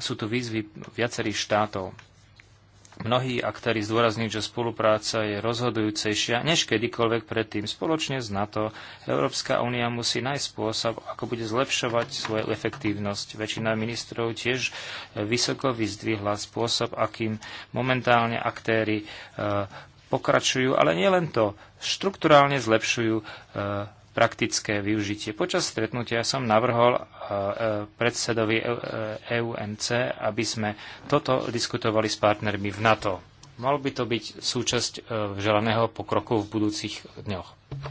sú tu výzvy viacerých štátov. Mnohí aktéry zdôrazňujú, že spolupráca je rozhodujúcejšia než kedykoľvek predtým. Spoločne s NATO Európska únia musí nájsť spôsob, ako bude zlepšovať svoju efektívnosť. Väčšina ministrov tiež eh, vysoko vyzdvihla spôsob, akým momentálne aktéry eh, pokračujú, ale nielen to, štrukturálne zlepšujú eh, praktické využitie. Počas stretnutia som navrhol e, e, predsedovi EUMC, e, aby sme toto diskutovali s partnermi v NATO. Mal by to byť súčasť želaného pokroku v budúcich dňoch.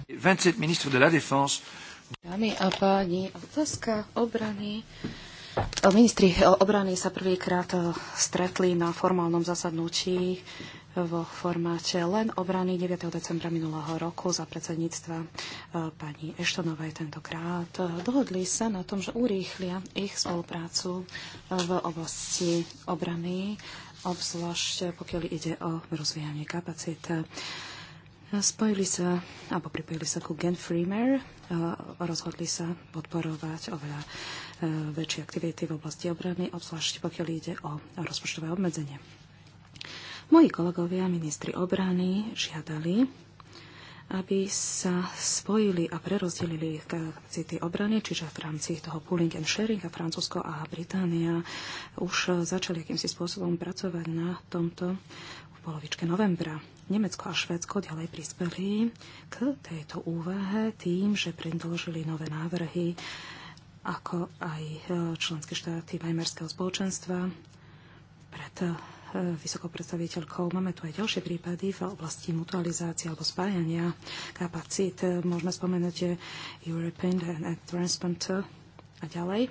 de la Défense. Dámy a páni, otázka obrany. Ministri obrany sa prvýkrát stretli na formálnom zasadnutí vo formáte len obrany 9. decembra minulého roku za predsedníctva e, pani Eštonovej tentokrát. E, dohodli sa na tom, že urýchlia ich spoluprácu e, v oblasti obrany, obzvlášť pokiaľ ide o rozvíjanie kapacít. Spojili sa, alebo pripojili sa ku Freemare rozhodli sa podporovať oveľa väčšie aktivity v oblasti obrany, obzvlášť pokiaľ ide o rozpočtové obmedzenie. Moji kolegovia, ministri obrany, žiadali, aby sa spojili a prerozdelili kapacity obrany, čiže v rámci toho pooling and sharing a Francúzsko a Británia už začali akýmsi spôsobom pracovať na tomto v polovičke novembra. Nemecko a Švédsko ďalej prispeli k tejto úvahe tým, že predložili nové návrhy ako aj členské štáty Weimarského spoločenstva pred E, vysokou predstaviteľkou. Máme tu aj ďalšie prípady v oblasti mutualizácie alebo spájania kapacít. E, môžeme spomenúť e, European Transplant a ďalej.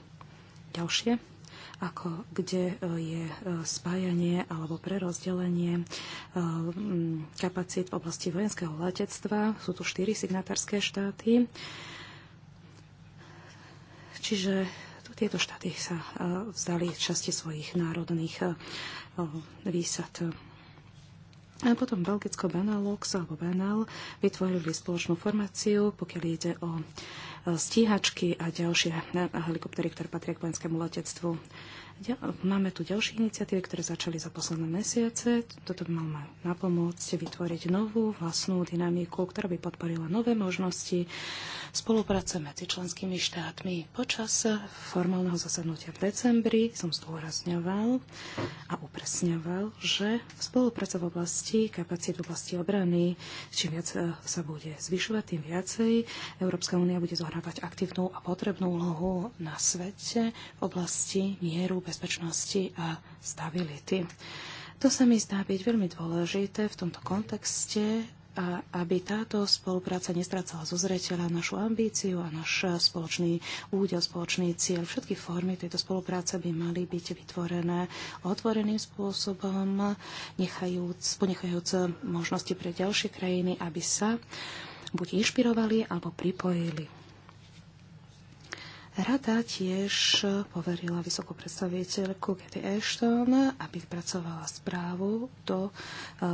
Ďalšie ako kde je spájanie alebo prerozdelenie kapacít v oblasti vojenského letectva. Sú tu štyri signatárske štáty. Čiže tieto štáty sa vzdali časti svojich národných výsad. A potom Belgicko Banalox alebo Banal vytvorili spoločnú formáciu, pokiaľ ide o e, stíhačky a ďalšie e, helikoptery, ktoré patria k vojenskému letectvu. Máme tu ďalšie iniciatívy, ktoré začali za posledné mesiace. Toto by malo na pomôcť vytvoriť novú vlastnú dynamiku, ktorá by podporila nové možnosti spolupráce medzi členskými štátmi. Počas formálneho zasadnutia v decembri som zdôrazňoval a upresňoval, že spolupráca v oblasti kapacít v oblasti obrany, čím viac e, sa bude zvyšovať, tým viacej Európska únia bude zohrávať aktívnu a potrebnú úlohu na svete v oblasti mieru bezpečnosti a stability. To sa mi zdá byť veľmi dôležité v tomto kontexte, a aby táto spolupráca nestracala zo zreteľa našu ambíciu a náš spoločný údel, spoločný cieľ. Všetky formy tejto spolupráce by mali byť vytvorené otvoreným spôsobom, nechajúc, ponechajúc možnosti pre ďalšie krajiny, aby sa buď inšpirovali alebo pripojili Rada tiež poverila vysokú predstaviteľku Cathy Ashton, aby vypracovala správu do e,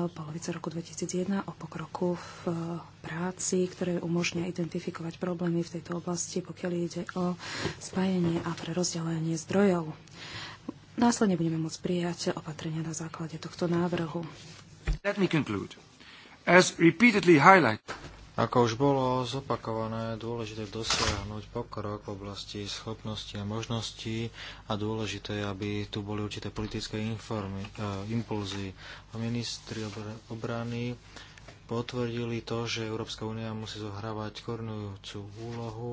polovice roku 2001 o pokroku v e, práci, ktoré umožňuje identifikovať problémy v tejto oblasti, pokiaľ ide o spájenie a prerozdelenie zdrojov. Následne budeme môcť prijať opatrenia na základe tohto návrhu. Let me conclude. As repeatedly highlighted, ako už bolo zopakované, dôležité dosiahnuť pokrok v oblasti schopnosti a možností a dôležité, aby tu boli určité politické informy, e, impulzy. A ministri obrany potvrdili to, že Európska únia musí zohrávať koordinujúcu úlohu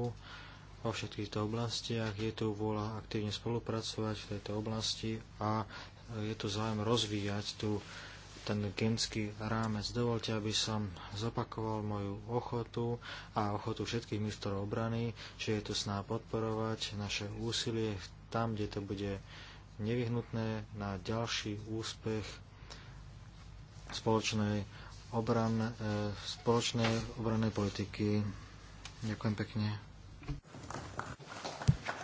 vo všetkých týchto oblastiach. Je tu vôľa aktívne spolupracovať v tejto oblasti a e, je tu záujem rozvíjať tú ten genský rámec. Dovolte, aby som zopakoval moju ochotu a ochotu všetkých ministrov obrany, že je tu sná podporovať naše úsilie tam, kde to bude nevyhnutné na ďalší úspech spoločnej, e, spoločnej obrannej politiky. Ďakujem pekne.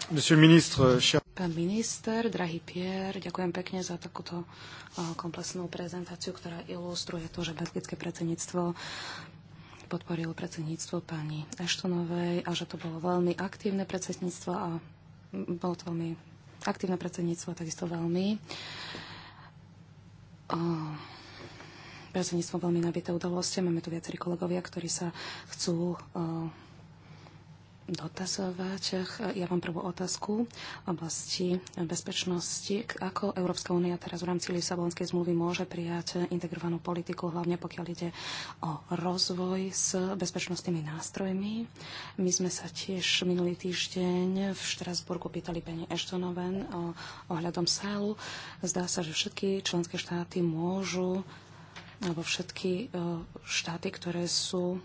Pán minister, drahý Pierre, ďakujem pekne za takúto eh, komplexnú prezentáciu, ktorá ilustruje to, že belgické predsedníctvo podporilo predsedníctvo pani Eštonovej a že to bolo veľmi aktívne predsedníctvo a bolo to veľmi aktívne predsedníctvo a takisto veľmi eh, predsedníctvo veľmi nabité udalosti. Máme tu viacerí kolegovia, ktorí sa chcú eh, dotazovať. Ja mám prvú otázku v oblasti bezpečnosti. Ako Európska únia teraz v rámci Lisabonskej zmluvy môže prijať integrovanú politiku, hlavne pokiaľ ide o rozvoj s bezpečnostnými nástrojmi? My sme sa tiež minulý týždeň v Štrasburgu pýtali pani Eštonoven o ohľadom sálu. Zdá sa, že všetky členské štáty môžu alebo všetky e, štáty, ktoré sú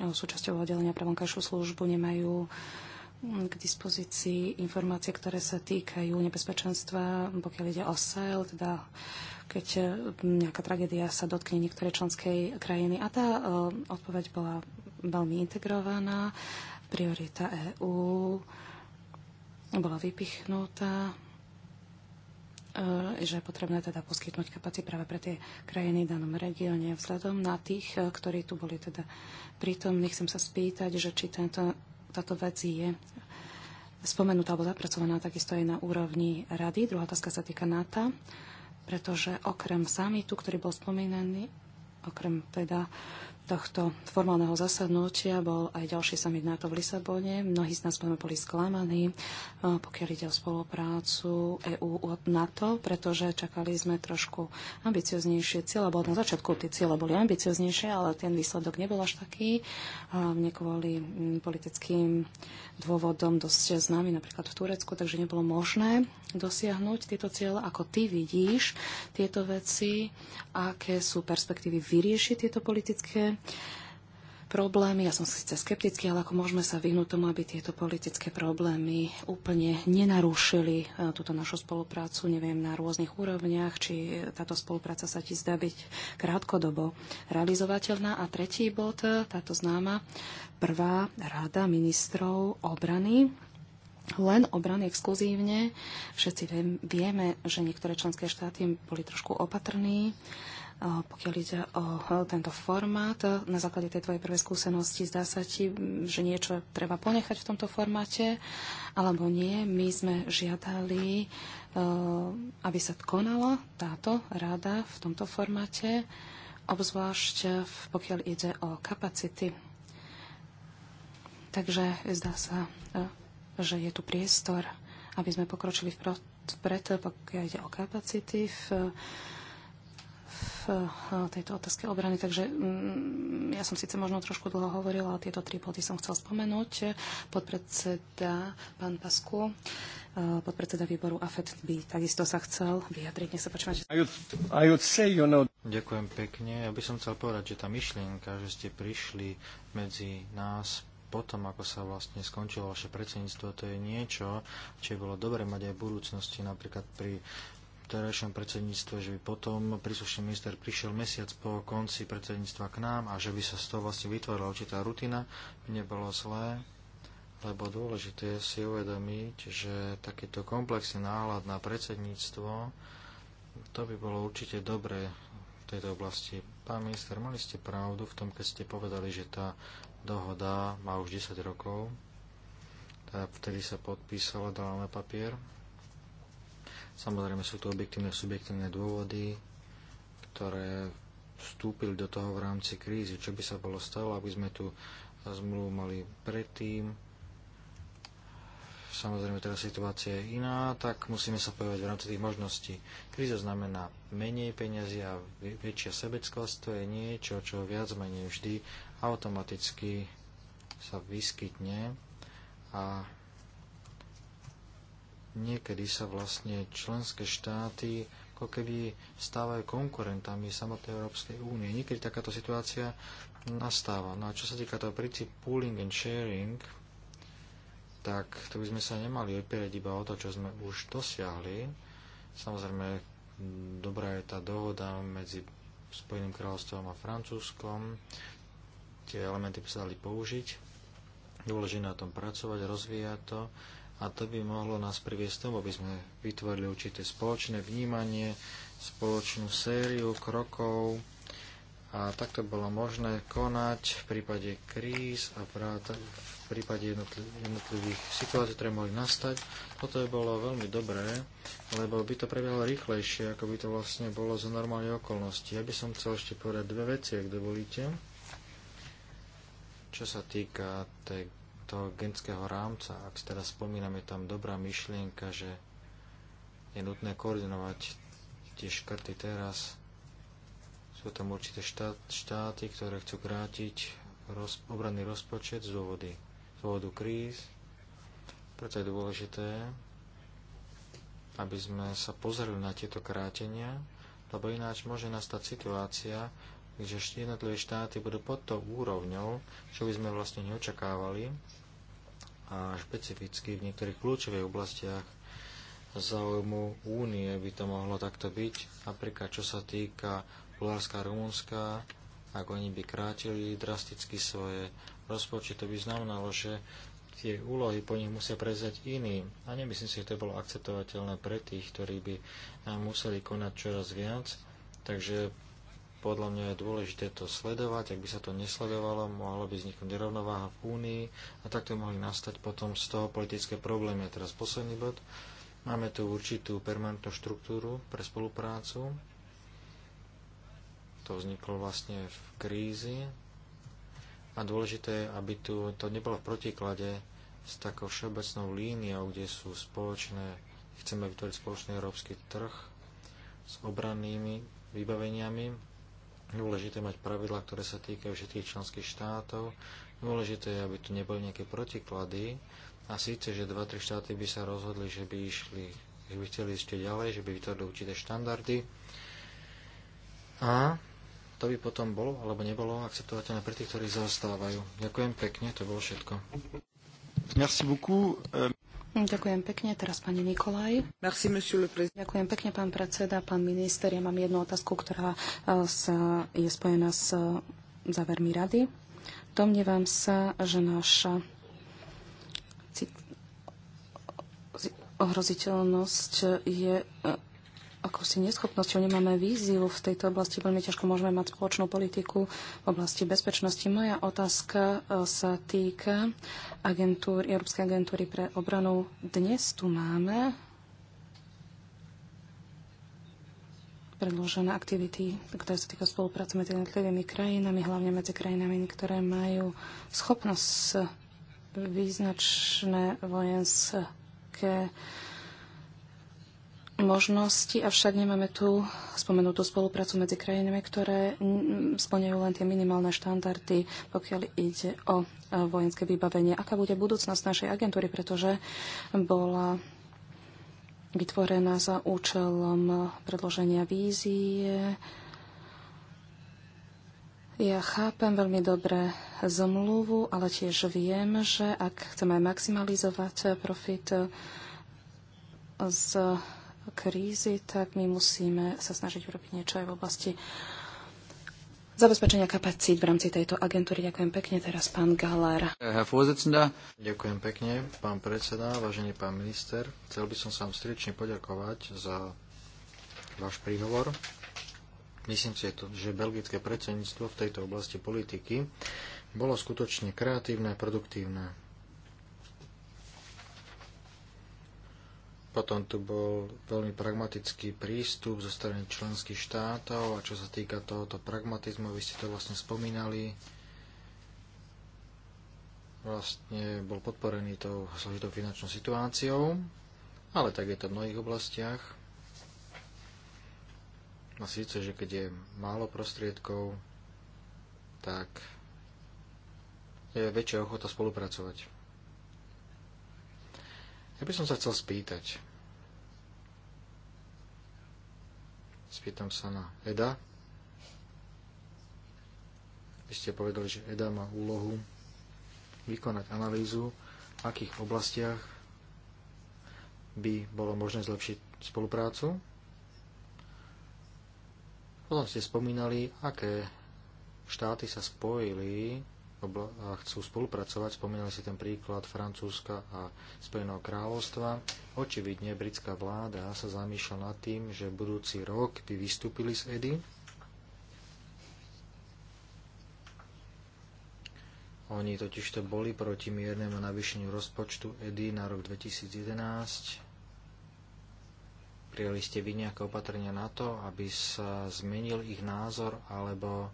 súčasťou oddelenia pre vonkajšiu službu nemajú mm, k dispozícii informácie, ktoré sa týkajú nebezpečenstva, pokiaľ ide o SEL, teda keď e, nejaká tragédia sa dotkne niektorej členskej krajiny. A tá e, odpoveď bola veľmi integrovaná. Priorita EÚ bola vypichnutá E, že je potrebné teda poskytnúť kapacity práve pre tie krajiny v danom regióne. Vzhľadom na tých, e, ktorí tu boli teda prítomní, chcem sa spýtať, že či tento, táto vec je spomenutá alebo zapracovaná takisto aj na úrovni rady. Druhá otázka sa týka NATO, pretože okrem samitu, ktorý bol spomínaný, okrem teda tohto formálneho zasadnutia bol aj ďalší summit NATO v Lisabone. Mnohí z nás sme boli sklamaní, e, pokiaľ ide o spoluprácu EU od NATO, pretože čakali sme trošku ambicioznejšie cieľe, lebo na začiatku tie cieľe boli ambicioznejšie, ale ten výsledok nebol až taký. Mne kvôli politickým dôvodom dosť známy, napríklad v Turecku, takže nebolo možné dosiahnuť tieto cieľe. Ako ty vidíš tieto veci, aké sú perspektívy vyriešiť tieto politické problémy. Ja som síce skeptický, ale ako môžeme sa vyhnúť tomu, aby tieto politické problémy úplne nenarušili e, túto našu spoluprácu, neviem, na rôznych úrovniach, či táto spolupráca sa ti zdá byť krátkodobo realizovateľná. A tretí bod, e, táto známa prvá rada ministrov obrany len obrany exkluzívne. Všetci vieme, že niektoré členské štáty boli trošku opatrní pokiaľ ide o tento formát. Na základe tej tvojej prvej skúsenosti zdá sa ti, že niečo treba ponechať v tomto formáte, alebo nie. My sme žiadali, e, aby sa konala táto rada v tomto formáte, obzvlášť pokiaľ ide o kapacity. Takže zdá sa, e, že je tu priestor, aby sme pokročili v pred, pokiaľ ide o kapacity v v eh, tejto otázke obrany, takže mm, ja som síce možno trošku dlho hovorila, ale tieto tri body som chcel spomenúť. Podpredseda pán Pasku, eh, podpredseda výboru AFET by takisto sa chcel vyjadriť. Nech sa páči. máte... Ďakujem pekne. Ja by som chcel povedať, že tá myšlienka, že ste prišli medzi nás potom, ako sa vlastne skončilo vaše predsedníctvo, to je niečo, čo je bolo dobre mať aj v budúcnosti, napríklad pri terajšom predsedníctve, že by potom príslušný minister prišiel mesiac po konci predsedníctva k nám a že by sa z toho vlastne vytvorila určitá rutina, by nebolo zlé, lebo dôležité je si uvedomiť, že takýto komplexný náhľad na predsedníctvo, to by bolo určite dobré v tejto oblasti. Pán minister, mali ste pravdu v tom, keď ste povedali, že tá dohoda má už 10 rokov, tak vtedy sa podpísala, dala na papier Samozrejme sú tu objektívne a subjektívne dôvody, ktoré vstúpili do toho v rámci krízy. Čo by sa bolo stalo, aby sme tu zmluvu mali predtým. Samozrejme, teraz situácia je iná, tak musíme sa povedať v rámci tých možností. Kríza znamená menej peniazy a väčšia sebeckosť. To je niečo, čo viac menej vždy automaticky sa vyskytne a Niekedy sa vlastne členské štáty ako keby stávajú konkurentami samotnej Európskej únie. Niekedy takáto situácia nastáva. No a čo sa týka toho princíp pooling and sharing, tak to by sme sa nemali opierať iba o to, čo sme už dosiahli. Samozrejme, dobrá je tá dohoda medzi Spojeným kráľovstvom a Francúzskom. Tie elementy by sa dali použiť. Dôležité na tom pracovať, rozvíjať to a to by mohlo nás priviesť tomu, aby sme vytvorili určité spoločné vnímanie, spoločnú sériu krokov a takto bolo možné konať v prípade kríz a v prípade jednotlivých situácií, ktoré mohli nastať. Toto je bolo veľmi dobré, lebo by to prebiehalo rýchlejšie, ako by to vlastne bolo za normálne okolnosti. Ja by som chcel ešte povedať dve veci, ak dovolíte. Čo sa týka tej toho genského rámca, ak si teda spomínam, je tam dobrá myšlienka, že je nutné koordinovať tie škrty teraz. Sú tam určité štát, štáty, ktoré chcú krátiť roz, obranný rozpočet z, dôvody, z dôvodu kríz. Preto je dôležité, aby sme sa pozreli na tieto krátenia, lebo ináč môže nastať situácia, že jednotlivé štáty budú pod tou úrovňou, čo by sme vlastne neočakávali a špecificky v niektorých kľúčových oblastiach záujmu únie by to mohlo takto byť. Napríklad čo sa týka Bulharska a Rumunska, ak oni by krátili drasticky svoje rozpočty, to by znamenalo, že tie úlohy po nich musia prezať iní. A nemyslím si, že to bolo akceptovateľné pre tých, ktorí by museli konať čoraz viac. Takže podľa mňa je dôležité to sledovať. Ak by sa to nesledovalo, mohla by vzniknúť nerovnováha v Únii a takto mohli nastať potom z toho politické problémy. A teraz posledný bod. Máme tu určitú permanentnú štruktúru pre spoluprácu. To vzniklo vlastne v krízi. A dôležité je, aby tu, to nebolo v protiklade s takou všeobecnou líniou, kde sú spoločné, chceme vytvoriť spoločný európsky trh s obrannými vybaveniami, Dôležité mať pravidlá, ktoré sa týkajú všetkých členských štátov. Dôležité je, aby tu neboli nejaké protiklady. A síce, že 2-3 štáty by sa rozhodli, že by išli, že by chceli ešte ďalej, že by vytvorili určité štandardy. A to by potom bolo alebo nebolo akceptovateľné pre tých, ktorí zaostávajú. Ďakujem pekne, to bolo všetko. Merci beaucoup. Euh, Ďakujem pekne. Teraz pani Nikolaj. Merci, monsieur le président. Ďakujem pekne, pán predseda, pán minister. Ja mám jednu otázku, ktorá eh, sa je spojená s eh, závermi rady. Domnievam sa, že naša ohroziteľnosť je eh, ako si neschopnosťou, nemáme víziu v tejto oblasti, veľmi ťažko môžeme mať spoločnú politiku v oblasti bezpečnosti. Moja otázka e, sa týka agentúr, Európskej agentúry pre obranu. Dnes tu máme predložené aktivity, ktoré sa týka spolupráce medzi jednotlivými krajinami, hlavne medzi krajinami, ktoré majú schopnosť e, význačné vojenské možnosti, avšak nemáme tu spomenutú spoluprácu medzi krajinami, ktoré splňajú len tie minimálne štandardy, pokiaľ ide o e, vojenské vybavenie. Aká bude budúcnosť našej agentúry, pretože bola vytvorená za účelom predloženia vízie. Ja chápem veľmi dobre zmluvu, ale tiež viem, že ak chceme maximalizovať profit z krízy, tak my musíme sa snažiť urobiť niečo aj v oblasti zabezpečenia kapacít v rámci tejto agentúry. Ďakujem pekne teraz pán Galár. Ďakujem pekne, pán predseda, vážený pán minister. Chcel by som sa vám striečne poďakovať za váš príhovor. Myslím si, že belgické predsedníctvo v tejto oblasti politiky bolo skutočne kreatívne a produktívne. Potom tu bol veľmi pragmatický prístup zo strany členských štátov a čo sa týka tohoto pragmatizmu, vy ste to vlastne spomínali, vlastne bol podporený tou složitou finančnou situáciou, ale tak je to v mnohých oblastiach. A síce, že keď je málo prostriedkov, tak je väčšia ochota spolupracovať. Ja by som sa chcel spýtať, Spýtam sa na EDA. Vy ste povedali, že EDA má úlohu vykonať analýzu, v akých oblastiach by bolo možné zlepšiť spoluprácu. Potom ste spomínali, aké štáty sa spojili a chcú spolupracovať. Spomínali si ten príklad Francúzska a Spojeného kráľovstva. Očividne britská vláda sa zamýšľa nad tým, že budúci rok by vystúpili z EDI. Oni totiž to boli proti miernemu navýšeniu rozpočtu EDI na rok 2011. Prijali ste vy nejaké opatrenia na to, aby sa zmenil ich názor, alebo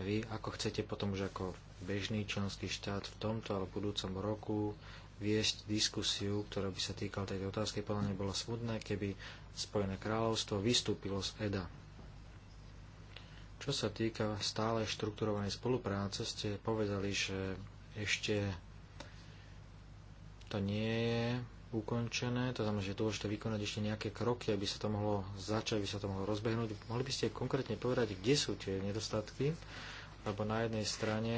vy ako chcete potom už ako bežný členský štát v tomto alebo budúcom roku viesť diskusiu, ktorá by sa týkala tejto otázky. Podľa mňa bolo smutné, keby Spojené kráľovstvo vystúpilo z EDA. Čo sa týka stále štrukturovanej spolupráce, ste povedali, že ešte to nie je ukončené, to znamená, že je dôležité vykonať ešte nejaké kroky, aby sa to mohlo začať, aby sa to mohlo rozbehnúť. Mohli by ste konkrétne povedať, kde sú tie nedostatky, lebo na jednej strane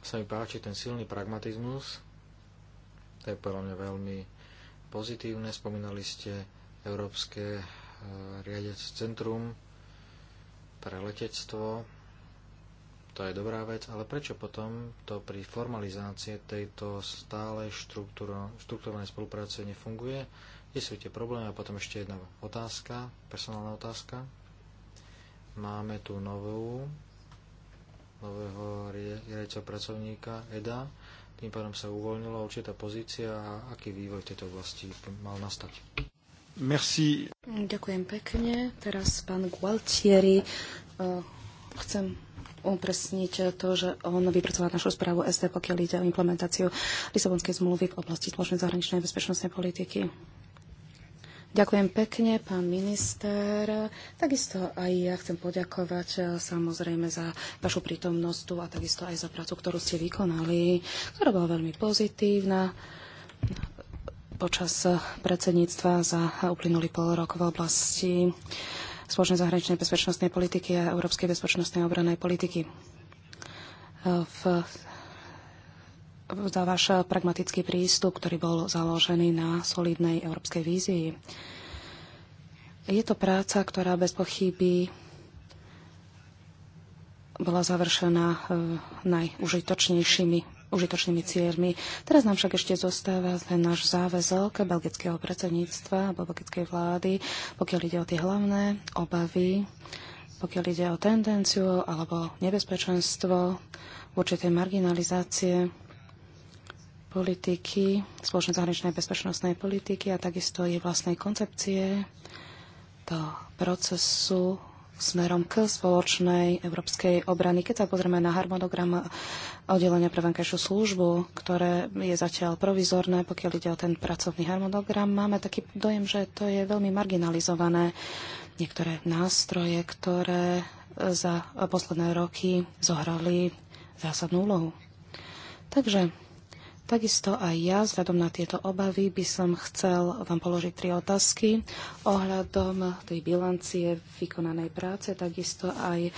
sa mi páči ten silný pragmatizmus, to je podľa mňa veľmi pozitívne. Spomínali ste Európske e, riadec centrum pre letectvo, to je dobrá vec, ale prečo potom to pri formalizácie tejto stále štruktúrovanej spolupráce nefunguje? Kde sú tie problémy? A potom ešte jedna otázka, personálna otázka. Máme tu novú nového riadiaceho pracovníka EDA. Tým pádom sa uvoľnila určitá pozícia a aký vývoj v tejto oblasti mal nastať. Merci. Ďakujem pekne. Teraz pán Gualtieri. Eh, chcem upresniť to, že on vypracoval našu správu SD, pokiaľ ide o implementáciu Lisabonskej zmluvy v oblasti spoločnej zahraničnej bezpečnostnej politiky. Ďakujem pekne, pán minister. Takisto aj ja chcem poďakovať eh, samozrejme za vašu prítomnosť tu a takisto aj za prácu, ktorú ste vykonali, ktorá bola veľmi pozitívna počas eh, predsedníctva za uplynulý pol rok v oblasti spoločnej zahraničnej bezpečnostnej politiky a európskej bezpečnostnej obranej politiky. Eh, v za váš pragmatický prístup, ktorý bol založený na solidnej európskej vízii. Je to práca, ktorá bez pochyby bola završená e, najužitočnejšími užitočnými cieľmi. Teraz nám však ešte zostáva ten náš záväzok belgického predsedníctva alebo belgickej vlády, pokiaľ ide o tie hlavné obavy, pokiaľ ide o tendenciu alebo nebezpečenstvo určitej marginalizácie politiky, spoločnej zahraničnej bezpečnostnej politiky a takisto jej vlastnej koncepcie do procesu smerom k spoločnej európskej obrany. Keď sa pozrieme na harmonogram oddelenia pre vankajšiu službu, ktoré je zatiaľ provizorné, pokiaľ ide o ten pracovný harmonogram, máme taký dojem, že to je veľmi marginalizované. Niektoré nástroje, ktoré za posledné roky zohrali zásadnú úlohu. Takže Takisto aj ja, vzhľadom na tieto obavy, by som chcel vám položiť tri otázky ohľadom tej bilancie vykonanej práce, takisto aj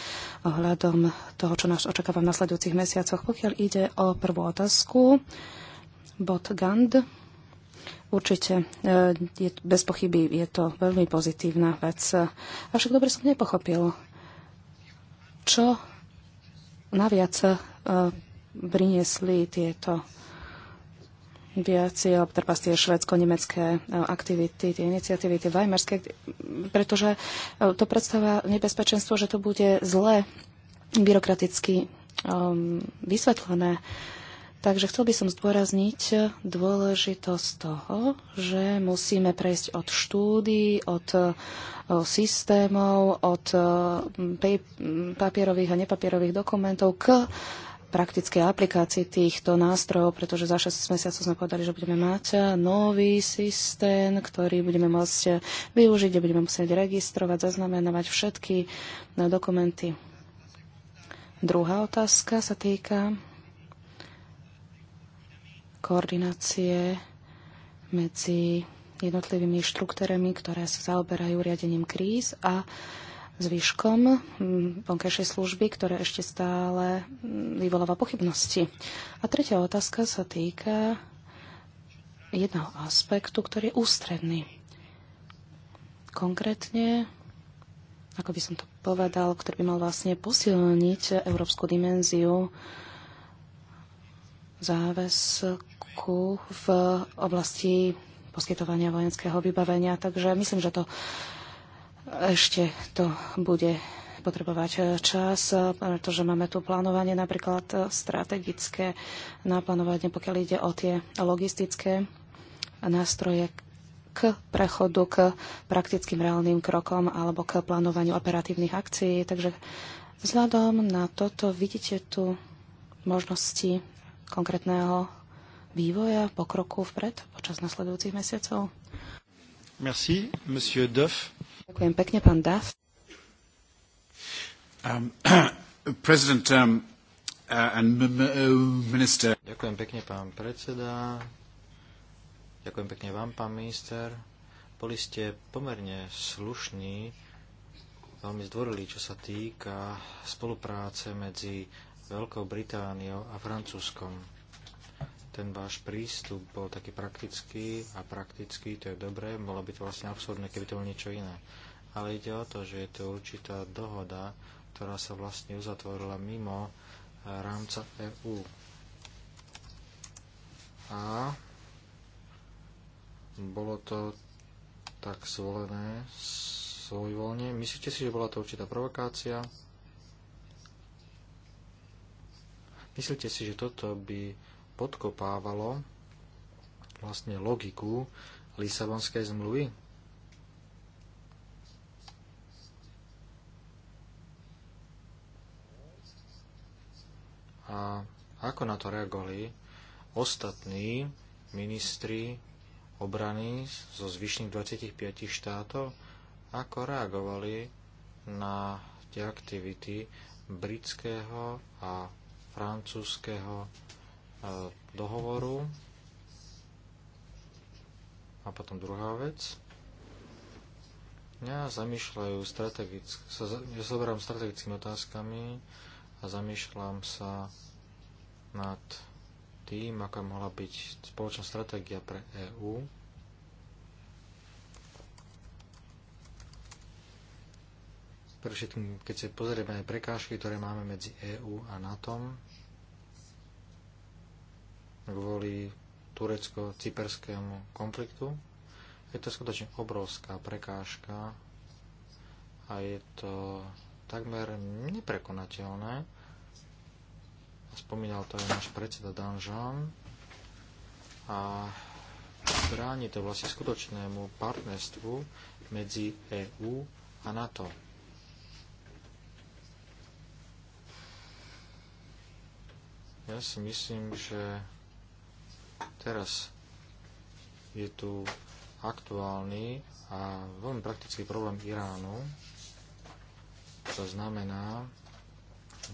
ohľadom toho, čo nás očakáva v nasledujúcich mesiacoch. Pokiaľ ide o prvú otázku, bod Gand, Určite, e, je, bez pochyby je to veľmi pozitívna vec. Avšak dobre som nepochopil, čo naviac e, priniesli tieto viaci, alebo treba tie švedsko-nemecké e, aktivity, tie iniciatívy, tie vajmerské, pretože e, to predstavuje nebezpečenstvo, že to bude zle byrokraticky um, vysvetlené. Takže chcel by som zdôrazniť dôležitosť toho, že musíme prejsť od štúdí, od systémov, od papierových a nepapierových dokumentov k praktickej aplikácii týchto nástrojov, pretože za 6 mesiacov sme povedali, že budeme mať nový systém, ktorý budeme môcť využiť, kde budeme musieť registrovať, zaznamenávať všetky eh, dokumenty. Druhá otázka sa týka koordinácie medzi jednotlivými štruktúrami, ktoré sa zaoberajú riadením kríz a uh, zvyškom mm, vonkajšej služby, ktoré ešte stále mm, vyvoláva pochybnosti. A tretia otázka sa týka jedného aspektu, ktorý je ústredný. Konkrétne, ako by som to povedal, ktorý by mal vlastne posilniť európsku dimenziu záväzku v oblasti poskytovania vojenského vybavenia. Takže myslím, že to ešte to bude potrebovať čas, pretože máme tu plánovanie napríklad strategické naplánovanie, pokiaľ ide o tie logistické nástroje k prechodu k praktickým reálnym krokom alebo k plánovaniu operatívnych akcií. Takže vzhľadom na toto vidíte tu možnosti konkrétneho vývoja, pokroku vpred počas nasledujúcich mesiacov. Merci, monsieur Duff. Ďakujem pekne, pán Duff. Um, president um, uh, and uh, minister. Ďakujem pekne, pán predseda. Ďakujem pekne vám, pán minister. Boli ste pomerne slušní, veľmi zdvorili, čo sa týka spolupráce medzi Veľkou Britániou a Francúzskom ten váš prístup bol taký praktický a praktický, to je dobré, bolo by to vlastne absurdné, keby to bolo niečo iné. Ale ide o to, že je to určitá dohoda, ktorá sa vlastne uzatvorila mimo eh, rámca EÚ. A bolo to tak zvolené svojvoľne. Myslíte si, že bola to určitá provokácia? Myslíte si, že toto by podkopávalo vlastne logiku Lisabonskej zmluvy? A ako na to reagovali ostatní ministri obrany zo zvyšných 25 štátov, ako reagovali na tie aktivity britského a francúzského E, dohovoru. A potom druhá vec. Ja zamýšľajú strategicky, sa, ja zoberám strategickými otázkami a zamýšľam sa nad tým, aká mohla byť spoločná stratégia pre EÚ. Pre všetkým, keď sa pozrieme aj prekážky, ktoré máme medzi EÚ a NATO, kvôli turecko-cyperskému konfliktu. Je to skutočne obrovská prekážka a je to takmer neprekonateľné. Spomínal to aj náš predseda Danžan a bráni to vlastne skutočnému partnerstvu medzi EÚ a NATO. Ja si myslím, že Teraz je tu aktuálny a veľmi praktický problém Iránu. To znamená,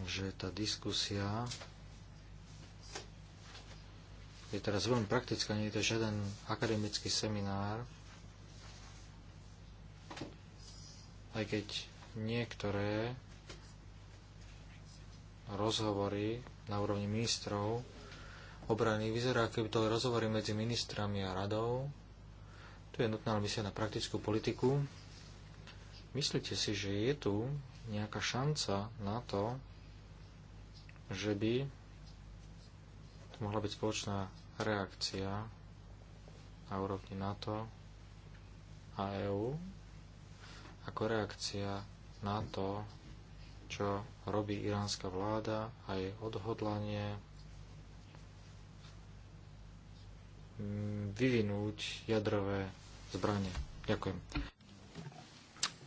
že tá diskusia je teraz veľmi praktická, nie je to žiaden akademický seminár, aj keď niektoré rozhovory na úrovni ministrov obrany vyzerá, keby to rozhovory medzi ministrami a radou. Tu je nutná misia na praktickú politiku. Myslíte si, že je tu nejaká šanca na to, že by to mohla byť spoločná reakcia na úrovni NATO a EÚ ako reakcia na to, čo robí iránska vláda a jej odhodlanie Mm, vyvinúť jadrové zbranie. Ďakujem.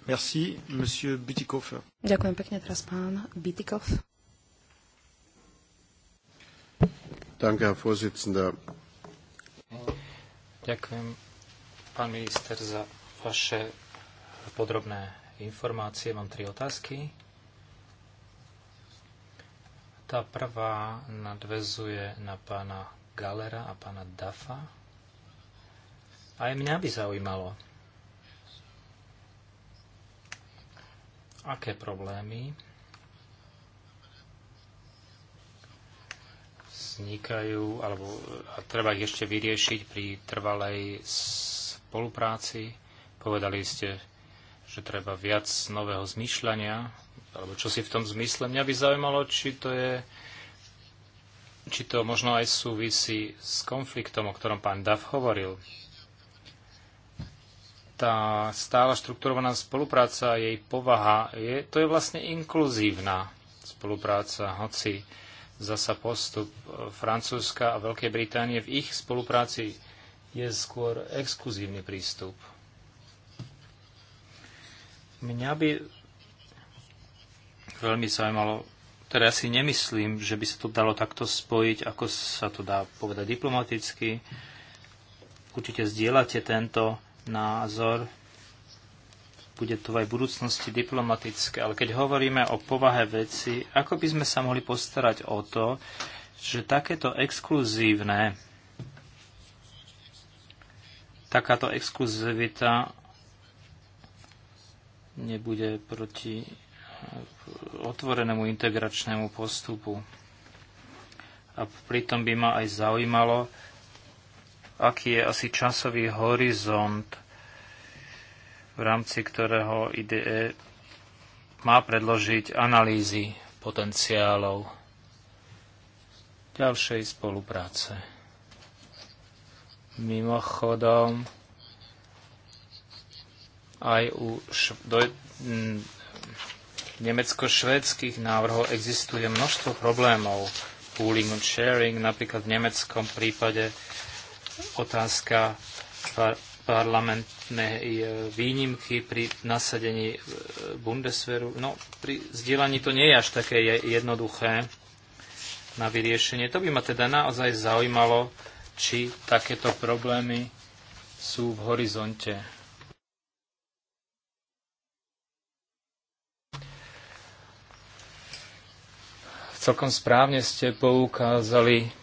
Merci, monsieur Butikov. Ďakujem pekne teraz pán Bitikov. Danke, Herr Vorsitzender. Ďakujem, pán minister, za vaše podrobné informácie. Mám tri otázky. Tá prvá nadvezuje na pána Galera a pána Dafa. Aj mňa by zaujímalo, aké problémy vznikajú, alebo a treba ich ešte vyriešiť pri trvalej spolupráci. Povedali ste, že treba viac nového zmýšľania, alebo čo si v tom zmysle. Mňa by zaujímalo, či to je či to možno aj súvisí s konfliktom, o ktorom pán Duff hovoril. Tá stála štrukturovaná spolupráca, jej povaha, je, to je vlastne inkluzívna spolupráca, hoci zasa postup Francúzska a Veľkej Británie v ich spolupráci je skôr exkluzívny prístup. Mňa by veľmi zaujímalo, ktoré asi si nemyslím, že by sa to dalo takto spojiť, ako sa to dá povedať diplomaticky. Určite zdieľate tento názor. Bude to aj v budúcnosti diplomatické. Ale keď hovoríme o povahe veci, ako by sme sa mohli postarať o to, že takéto exkluzívne takáto exkluzivita nebude proti otvorenému integračnému postupu. A pritom by ma aj zaujímalo, aký je asi časový horizont, v rámci ktorého IDE má predložiť analýzy potenciálov ďalšej spolupráce. Mimochodom, aj u, šv- do, nemecko-švédskych návrhov existuje množstvo problémov. Pooling and sharing, napríklad v nemeckom prípade otázka par parlamentnej e, výnimky pri nasadení e, Bundesveru. No, pri zdieľaní to nie je až také jednoduché na vyriešenie. To by ma teda naozaj zaujímalo, či takéto problémy sú v horizonte. Celkom správne ste poukázali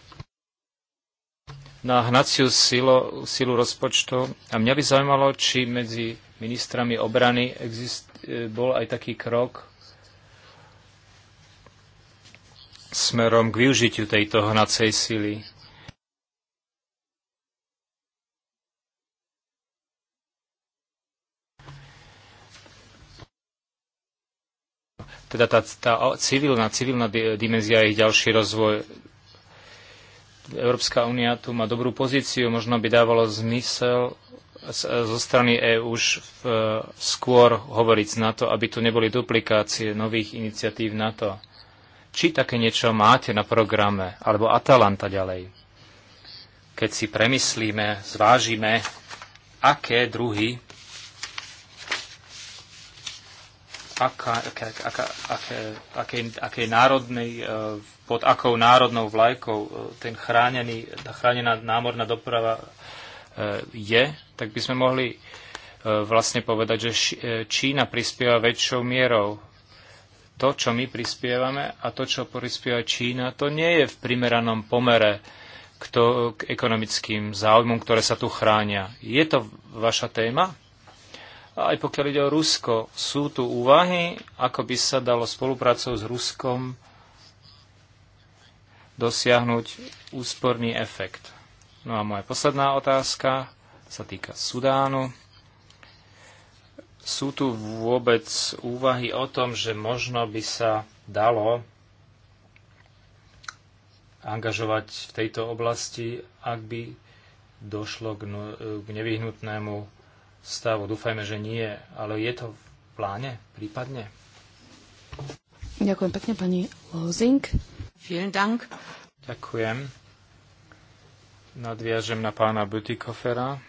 na hnaciu silu, silu rozpočtu a mňa by zaujímalo, či medzi ministrami obrany exist, e, bol aj taký krok smerom k využitiu tejto hnacej sily teda tá, tá civilná, civilná dimenzia ich ďalší rozvoj. Európska únia tu má dobrú pozíciu, možno by dávalo zmysel zo strany EÚ už v, e, skôr hovoriť na to, aby tu neboli duplikácie nových iniciatív NATO. Či také niečo máte na programe, alebo Atalanta ďalej? Keď si premyslíme, zvážime, aké druhy aká, aká, aká, aké, aké, aké národnej, e, pod akou národnou vlajkou e, ten chránený, tá chránená námorná doprava e, je, tak by sme mohli vlastne povedať, že Čína prispieva väčšou mierou. To, čo my prispievame a to, čo prispieva Čína, to nie je v primeranom pomere k, to, k ekonomickým záujmom, ktoré sa tu chránia. Je to vaša téma? Aj pokiaľ ide o Rusko, sú tu úvahy, ako by sa dalo spoluprácou s Ruskom dosiahnuť úsporný efekt. No a moja posledná otázka sa týka Sudánu. Sú tu vôbec úvahy o tom, že možno by sa dalo angažovať v tejto oblasti, ak by došlo k, no- nevyhnutnému stavu. Dúfajme, že nie, ale je to v pláne prípadne? Ďakujem pekne, pani Lozing. Vielen Dank. Ďakujem. Nadviažem na pána Butikofera.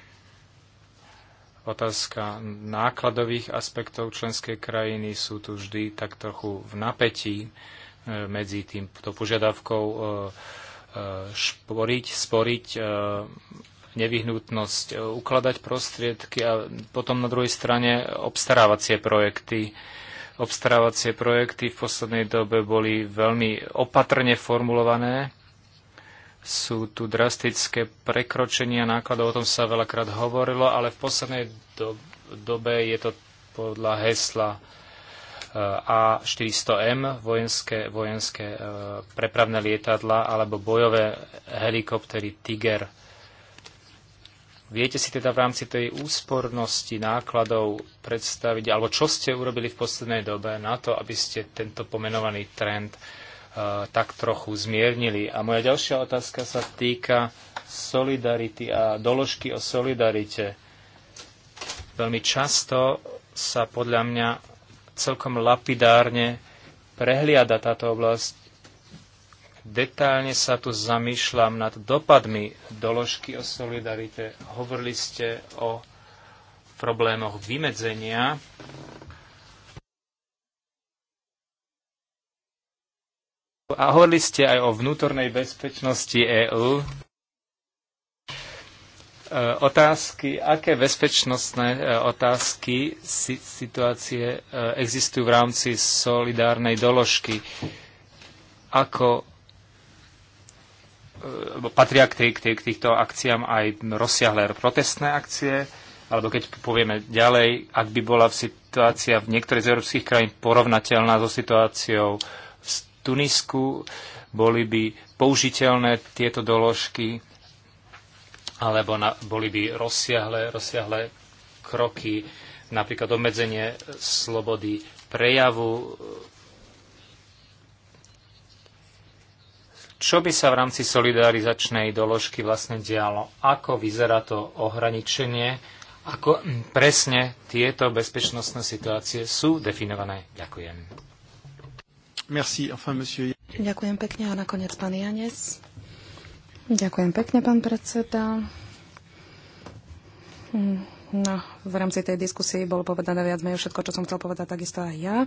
Otázka nákladových aspektov členskej krajiny sú tu vždy tak trochu v napätí e, medzi týmto požiadavkou e, e, šporiť, sporiť nevyhnutnosť e, ukladať prostriedky a potom na druhej strane obstarávacie projekty. Obstarávacie projekty v poslednej dobe boli veľmi opatrne formulované. Sú tu drastické prekročenia nákladov, o tom sa veľakrát hovorilo, ale v poslednej do- dobe je to podľa hesla e, a400M, vojenské, vojenské e, prepravné lietadla alebo bojové helikoptery Tiger Viete si teda v rámci tej úspornosti nákladov predstaviť, alebo čo ste urobili v poslednej dobe na to, aby ste tento pomenovaný trend eh, tak trochu zmiernili? A moja ďalšia otázka sa týka solidarity a doložky o solidarite. Veľmi často sa podľa mňa celkom lapidárne prehliada táto oblasť Detailne sa tu zamýšľam nad dopadmi doložky o solidarite. Hovorili ste o problémoch vymedzenia. A hovorili ste aj o vnútornej bezpečnosti EÚ. E, otázky, aké bezpečnostné e, otázky situácie e, existujú v rámci solidárnej doložky? Ako patria k, tej, k, tej, k týchto akciám aj rozsiahlé protestné akcie, alebo keď povieme ďalej, ak by bola situácia v niektorej z európskych krajín porovnateľná so situáciou v Tunisku, boli by použiteľné tieto doložky, alebo na, boli by rozsiahle, rozsiahle kroky, napríklad obmedzenie slobody prejavu, čo by sa v rámci solidarizačnej doložky vlastne dialo? Ako vyzerá to ohraničenie? Ako presne tieto bezpečnostné situácie sú definované? Ďakujem. Merci, enfin, monsieur... Ďakujem pekne a nakoniec pán Janes. Ďakujem pekne, pán predseda. Hm, no, v rámci tej diskusie bolo povedané viac menej všetko, čo som chcel povedať, takisto aj ja. Uh,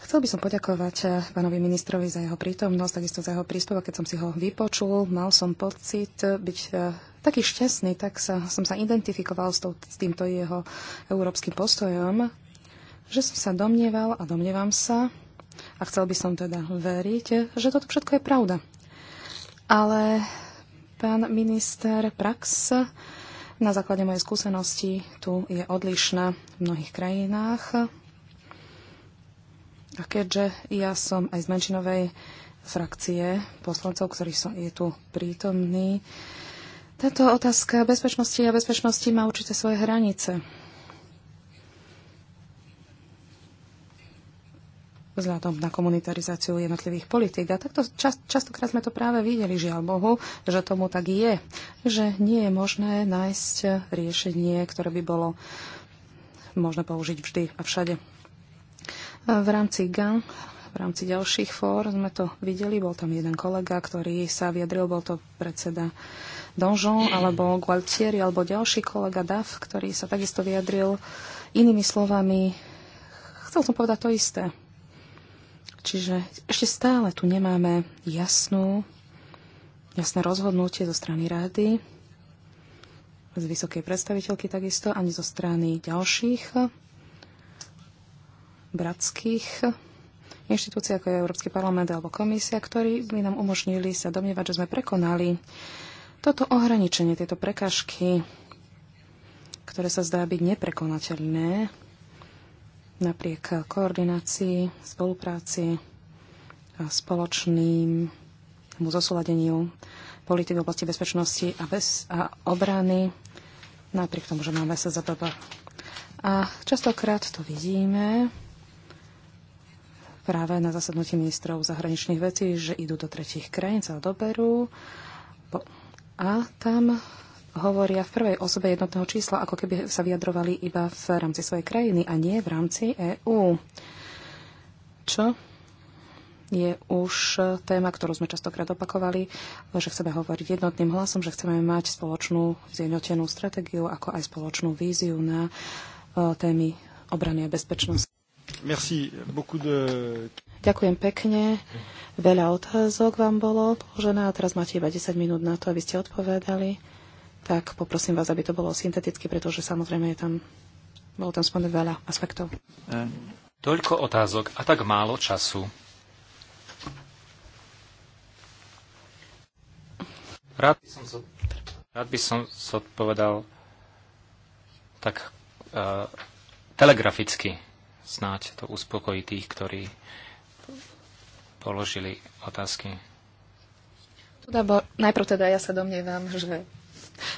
Chcel by som poďakovať eh, pánovi ministrovi za jeho prítomnosť, takisto za jeho prístup a keď som si ho vypočul, mal som pocit eh, byť eh, taký šťastný, tak sa, som sa identifikoval s, tou, s týmto jeho európskym postojom, že som sa domnieval a domnievam sa, a chcel by som teda veriť, že toto všetko je pravda. Ale pán minister Prax na základe mojej skúsenosti tu je odlišná v mnohých krajinách a keďže ja som aj z menšinovej frakcie poslancov, ktorý som, je tu prítomný, táto otázka bezpečnosti a bezpečnosti má určité svoje hranice. vzhľadom na komunitarizáciu jednotlivých politik. A takto čas, častokrát sme to práve videli, žiaľ Bohu, že tomu tak je, že nie je možné nájsť riešenie, ktoré by bolo možné použiť vždy a všade. V rámci GAN, v rámci ďalších fór sme to videli, bol tam jeden kolega, ktorý sa vyjadril, bol to predseda Donjon alebo Gualtieri alebo ďalší kolega Daf, ktorý sa takisto vyjadril inými slovami. Chcel som povedať to isté. Čiže ešte stále tu nemáme jasnú, jasné rozhodnutie zo strany rády, z vysokej predstaviteľky takisto, ani zo strany ďalších bratských inštitúcií, ako je Európsky parlament alebo komisia, ktorí by nám umožnili sa domnievať, že sme prekonali toto ohraničenie, tieto prekažky, ktoré sa zdá byť neprekonateľné, napriek koordinácii, spolupráci a spoločným zosúladeniu politik v oblasti bezpečnosti a, bez, a obrany, napriek tomu, že máme sa za doba. A častokrát to vidíme, práve na zasadnutí ministrov zahraničných vecí, že idú do tretich krajín, sa doberú a tam hovoria v prvej osobe jednotného čísla, ako keby sa vyjadrovali iba v rámci svojej krajiny a nie v rámci EÚ. Čo je už téma, ktorú sme častokrát opakovali, že chceme hovoriť jednotným hlasom, že chceme mať spoločnú zjednotenú stratégiu, ako aj spoločnú víziu na e, témy obrany a bezpečnosti. Merci. Beaucoup de... Ďakujem pekne. Veľa otázok vám bolo položené a teraz máte iba 10 minút na to, aby ste odpovedali. Tak poprosím vás, aby to bolo synteticky, pretože samozrejme je tam, bolo tam spomne veľa aspektov. E, toľko otázok a tak málo času. Rád by som, rád by som zodpovedal tak uh, telegraficky. Snáď to uspokojí tých, ktorí položili otázky. Teda, bo najprv teda ja sa domnievam, že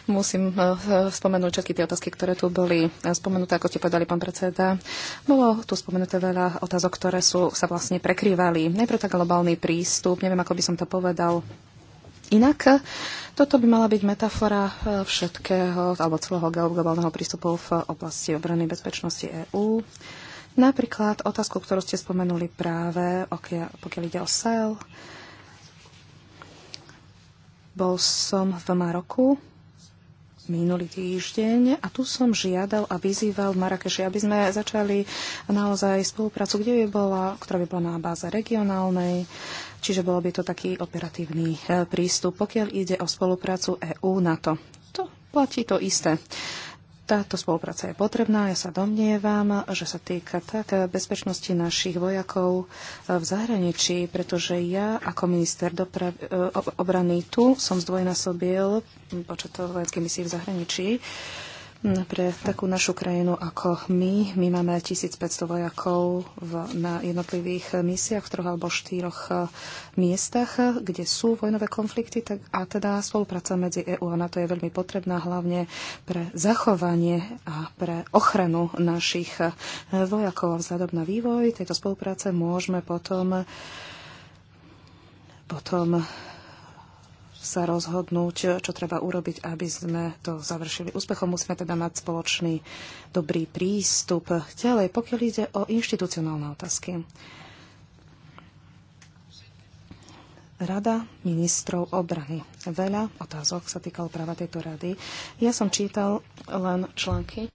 musím eh, eh, spomenúť všetky tie otázky, ktoré tu boli eh, spomenuté, ako ste povedali, pán predseda. Bolo tu spomenuté veľa otázok, ktoré sú, sa vlastne prekrývali. Najprv tak globálny prístup, neviem, ako by som to povedal inak. Toto by mala byť metafora všetkého alebo celého globálneho prístupu v oblasti obrany bezpečnosti EÚ. Napríklad otázku, ktorú ste spomenuli práve, pokiaľ ide o SEL. Bol som v Maroku minulý týždeň a tu som žiadal a vyzýval v Marakeši, aby sme začali naozaj spoluprácu, kde by bola, ktorá by bola na báze regionálnej, čiže bolo by to taký operatívny eh, prístup, pokiaľ ide o spoluprácu EÚ-NATO. To platí to isté. Táto spolupráca je potrebná. Ja sa domnievam, že sa týka tak bezpečnosti našich vojakov eh, v zahraničí, pretože ja ako minister doprav- eh, obrany tu som zdvojnásobil počet vojenských misií v zahraničí pre takú našu krajinu ako my. My máme 1500 vojakov v, na jednotlivých misiách v troch alebo štyroch e, miestach, kde sú vojnové konflikty tak, a teda spolupráca medzi EU a NATO je veľmi potrebná hlavne pre zachovanie a pre ochranu našich e, vojakov a vzhľadom na vývoj tejto spolupráce môžeme potom potom sa rozhodnúť, čo treba urobiť, aby sme to završili úspechom. Musíme teda mať spoločný dobrý prístup. Ďalej, pokiaľ ide o inštitucionálne otázky. Rada ministrov obrany. Veľa otázok sa týkalo práva tejto rady. Ja som čítal len články.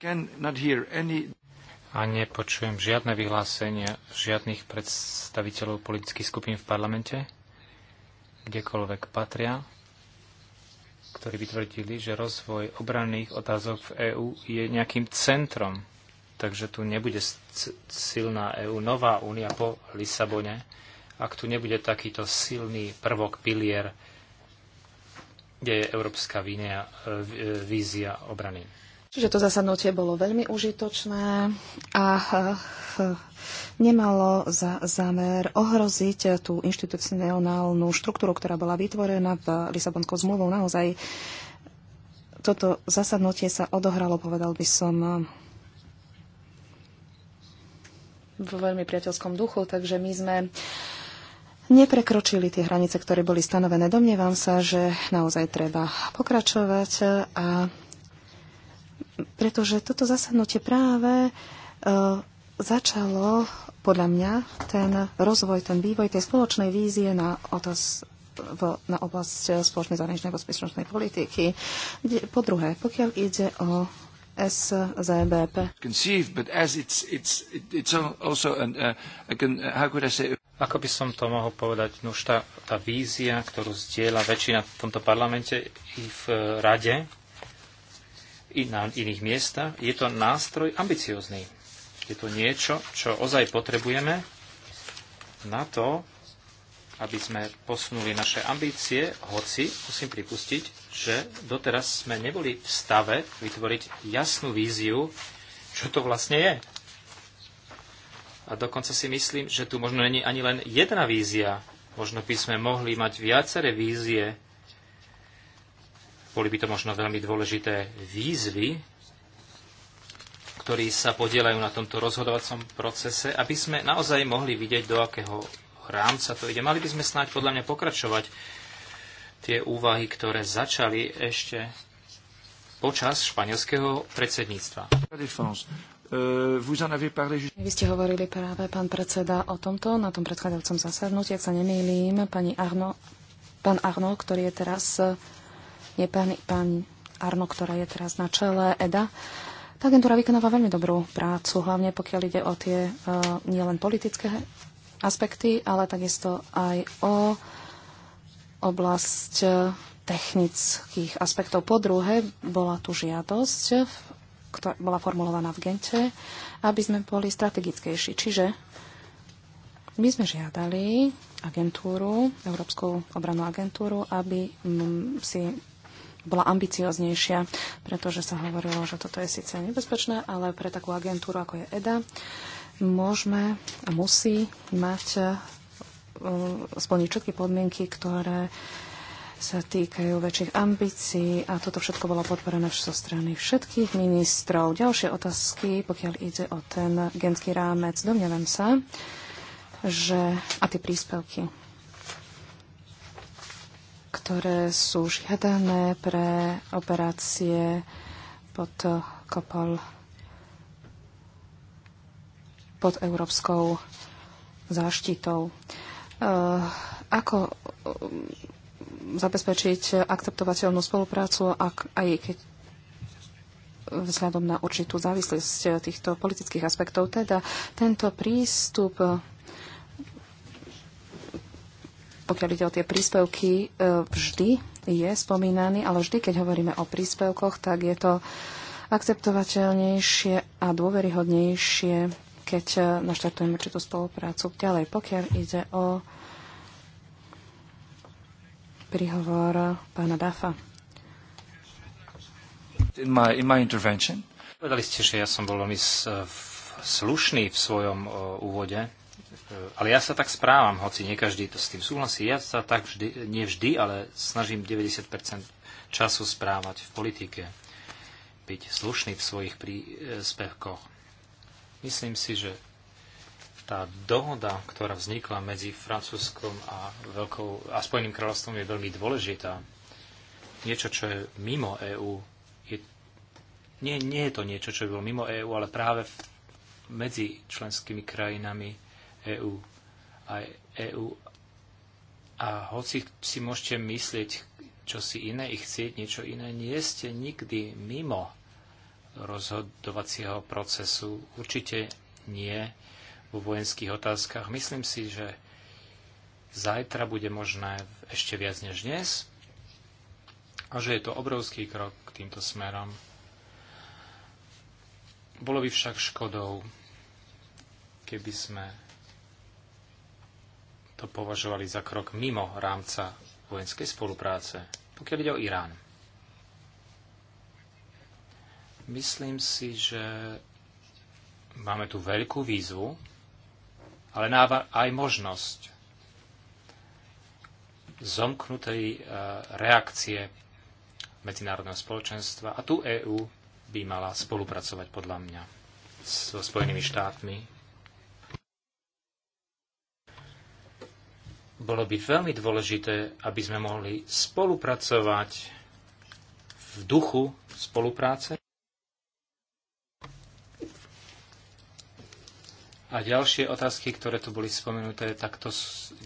A nepočujem žiadne vyhlásenia žiadnych predstaviteľov politických skupín v parlamente kdekoľvek patria ktorí by tvrdili, že rozvoj obranných otázok v EÚ je nejakým centrom. Takže tu nebude silná EÚ, nová únia po Lisabone, ak tu nebude takýto silný prvok, pilier, kde je európska vízia e, obrany. Čiže to zasadnutie bolo veľmi užitočné a nemalo za zámer ohroziť tú inštitucionálnu štruktúru, ktorá bola vytvorená v Lisabonskou zmluvou. Naozaj toto zasadnutie sa odohralo, povedal by som, v veľmi priateľskom duchu, takže my sme neprekročili tie hranice, ktoré boli stanovené. Domnievam sa, že naozaj treba pokračovať a pretože toto zasadnutie práve e, začalo podľa mňa ten rozvoj, ten vývoj tej spoločnej vízie na otos v, na oblasť e, spoločnej zahraničnej bezpečnostnej politiky. Po druhé, pokiaľ ide o SZBP. Uh, uh, Ako by som to mohol povedať, no už tá, tá vízia, ktorú zdieľa väčšina v tomto parlamente i v e, rade, i na iných miestach. Je to nástroj ambiciózny. Je to niečo, čo ozaj potrebujeme na to, aby sme posunuli naše ambície, hoci musím pripustiť, že doteraz sme neboli v stave vytvoriť jasnú víziu, čo to vlastne je. A dokonca si myslím, že tu možno není ani len jedna vízia. Možno by sme mohli mať viaceré vízie boli by to možno veľmi dôležité výzvy, ktorí sa podielajú na tomto rozhodovacom procese, aby sme naozaj mohli vidieť, do akého rámca to ide. Mali by sme snáď podľa mňa pokračovať tie úvahy, ktoré začali ešte počas španielského predsedníctva. Vy ste hovorili práve, pán predseda, o tomto na tom predchádzajúcom zasadnutí. Ak sa nemýlim, pani Arno, pán Arno, ktorý je teraz je Pán, pán Arno, ktorá je teraz na čele EDA, tá agentúra vykonáva veľmi dobrú prácu, hlavne pokiaľ ide o tie uh, nielen politické aspekty, ale takisto aj o oblasť e, technických aspektov. Po druhé, bola tu žiadosť, ktorá bola formulovaná v Gente, aby sme boli strategickejší. Čiže my sme žiadali agentúru, Európsku obranú agentúru, aby si bola ambicioznejšia, pretože sa hovorilo, že toto je síce nebezpečné, ale pre takú agentúru, ako je EDA, môžeme a musí mať e, splniť všetky podmienky, ktoré sa týkajú väčších ambícií a toto všetko bolo podporené zo strany všetkých ministrov. Ďalšie otázky, pokiaľ ide o ten genský rámec, domnievam sa, že a tie príspevky ktoré sú žiadané pre operácie pod kopol pod európskou záštitou. Eh, ako eh, zabezpečiť akceptovateľnú spoluprácu, ak aj keď vzhľadom na určitú závislosť týchto politických aspektov. Teda tento prístup pokiaľ ide o tie príspevky, e, vždy je spomínaný, ale vždy, keď hovoríme o príspevkoch, tak je to akceptovateľnejšie a dôveryhodnejšie, keď e, naštartujeme určitú spoluprácu. Ďalej, pokiaľ ide o príhovor pána Dafa. In my, in my intervention. Povedali ste, že ja som bol veľmi slušný v svojom e, úvode ale ja sa tak správam, hoci nie každý to s tým súhlasí. Ja sa tak vždy, nie vždy, ale snažím 90% času správať v politike. Byť slušný v svojich príspevkoch. Myslím si, že tá dohoda, ktorá vznikla medzi Francúzskom a, Veľkou, a Spojeným kráľovstvom je veľmi dôležitá. Niečo, čo je mimo EÚ. nie, nie je to niečo, čo je bolo mimo EÚ, ale práve medzi členskými krajinami EÚ. Aj EÚ. A hoci si môžete myslieť, čo si iné i chcieť niečo iné, nie ste nikdy mimo rozhodovacieho procesu. Určite nie vo vojenských otázkach. Myslím si, že zajtra bude možné ešte viac než dnes a že je to obrovský krok k týmto smerom. Bolo by však škodou, keby sme to považovali za krok mimo rámca vojenskej spolupráce, pokiaľ ide o Irán. Myslím si, že máme tu veľkú výzvu, ale aj možnosť zomknutej e, reakcie medzinárodného spoločenstva a tu EÚ by mala spolupracovať podľa mňa so Spojenými štátmi bolo by veľmi dôležité, aby sme mohli spolupracovať v duchu spolupráce. A ďalšie otázky, ktoré tu boli spomenuté, tak to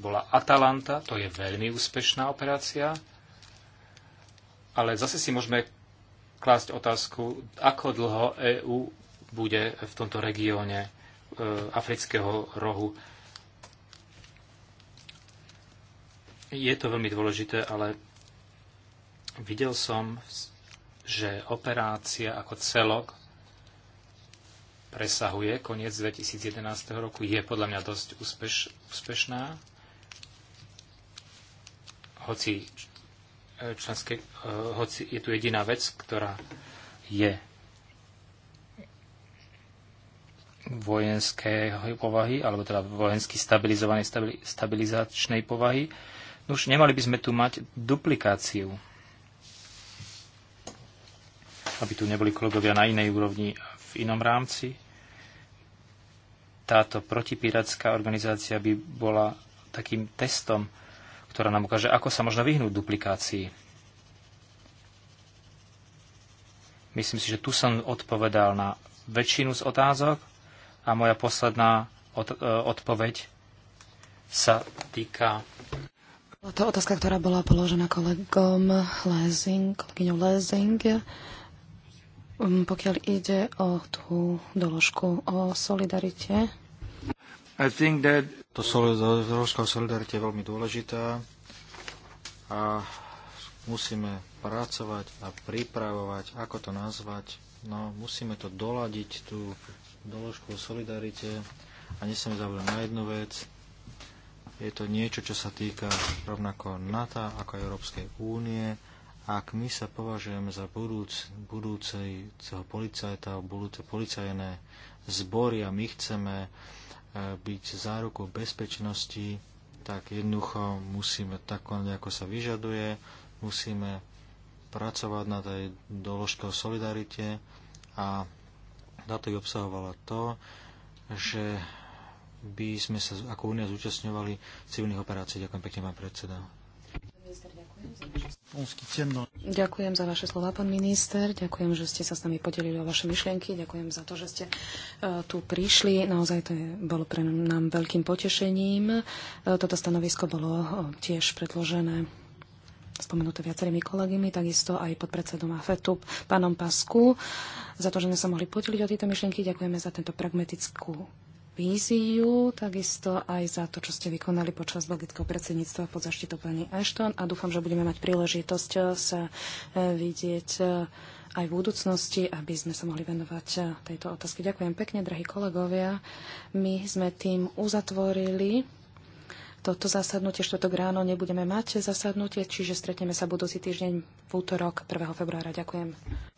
bola Atalanta, to je veľmi úspešná operácia. Ale zase si môžeme klásť otázku, ako dlho EÚ bude v tomto regióne e, afrického rohu Je to veľmi dôležité, ale videl som, že operácia ako celok presahuje koniec 2011 roku, je podľa mňa dosť úspeš, úspešná. Hoci, e, členské, e, hoci je tu jediná vec, ktorá je vojenskej povahy, alebo teda vojensky stabilizovanej stabilizačnej povahy, No už nemali by sme tu mať duplikáciu, aby tu neboli kolegovia na inej úrovni v inom rámci. Táto protipirátska organizácia by bola takým testom, ktorá nám ukáže, ako sa možno vyhnúť duplikácii. Myslím si, že tu som odpovedal na väčšinu z otázok a moja posledná e, odpoveď sa týka to otázka, ktorá bola položená kolegom Lezing, kolegyňou Lezing. Um, pokiaľ ide o tú doložku o solidarite. I think that... To doložka o solidarite je veľmi dôležitá a musíme pracovať a pripravovať, ako to nazvať. No, musíme to doladiť, tú doložku o solidarite a nesem zabúdať na jednu vec, je to niečo, čo sa týka rovnako NATO ako Európskej únie. Ak my sa považujeme za budúc, budúceho policajta, budúce policajné zbory a my chceme e, byť zárukou bezpečnosti, tak jednoducho musíme tak konať, ako sa vyžaduje, musíme pracovať na tej doložke o solidarite a táto obsahovala to, že by sme sa ako únia zúčastňovali civilných operácií. Ďakujem pekne, pán predseda. Ďakujem za vaše slova, pán minister. Ďakujem, že ste sa s nami podelili o vaše myšlienky. Ďakujem za to, že ste e, tu prišli. Naozaj to je, bolo pre nám veľkým potešením. E, toto stanovisko bolo e, tiež predložené spomenuté viacerými kolegami, takisto aj podpredsedom AFETu, pánom Pasku, za to, že sme sa mohli podeliť o tieto myšlienky. Ďakujeme za tento pragmatickú víziu, takisto aj za to, čo ste vykonali počas belgického predsedníctva pod zaštitou pani Ashton a dúfam, že budeme mať príležitosť eh, sa eh, vidieť eh, aj v budúcnosti, aby sme sa mohli venovať tejto otázke. Ďakujem pekne, drahí kolegovia. My sme tým uzatvorili toto zasadnutie, štoto ráno nebudeme mať zasadnutie, čiže stretneme sa budúci týždeň v útorok 1. februára. Ďakujem.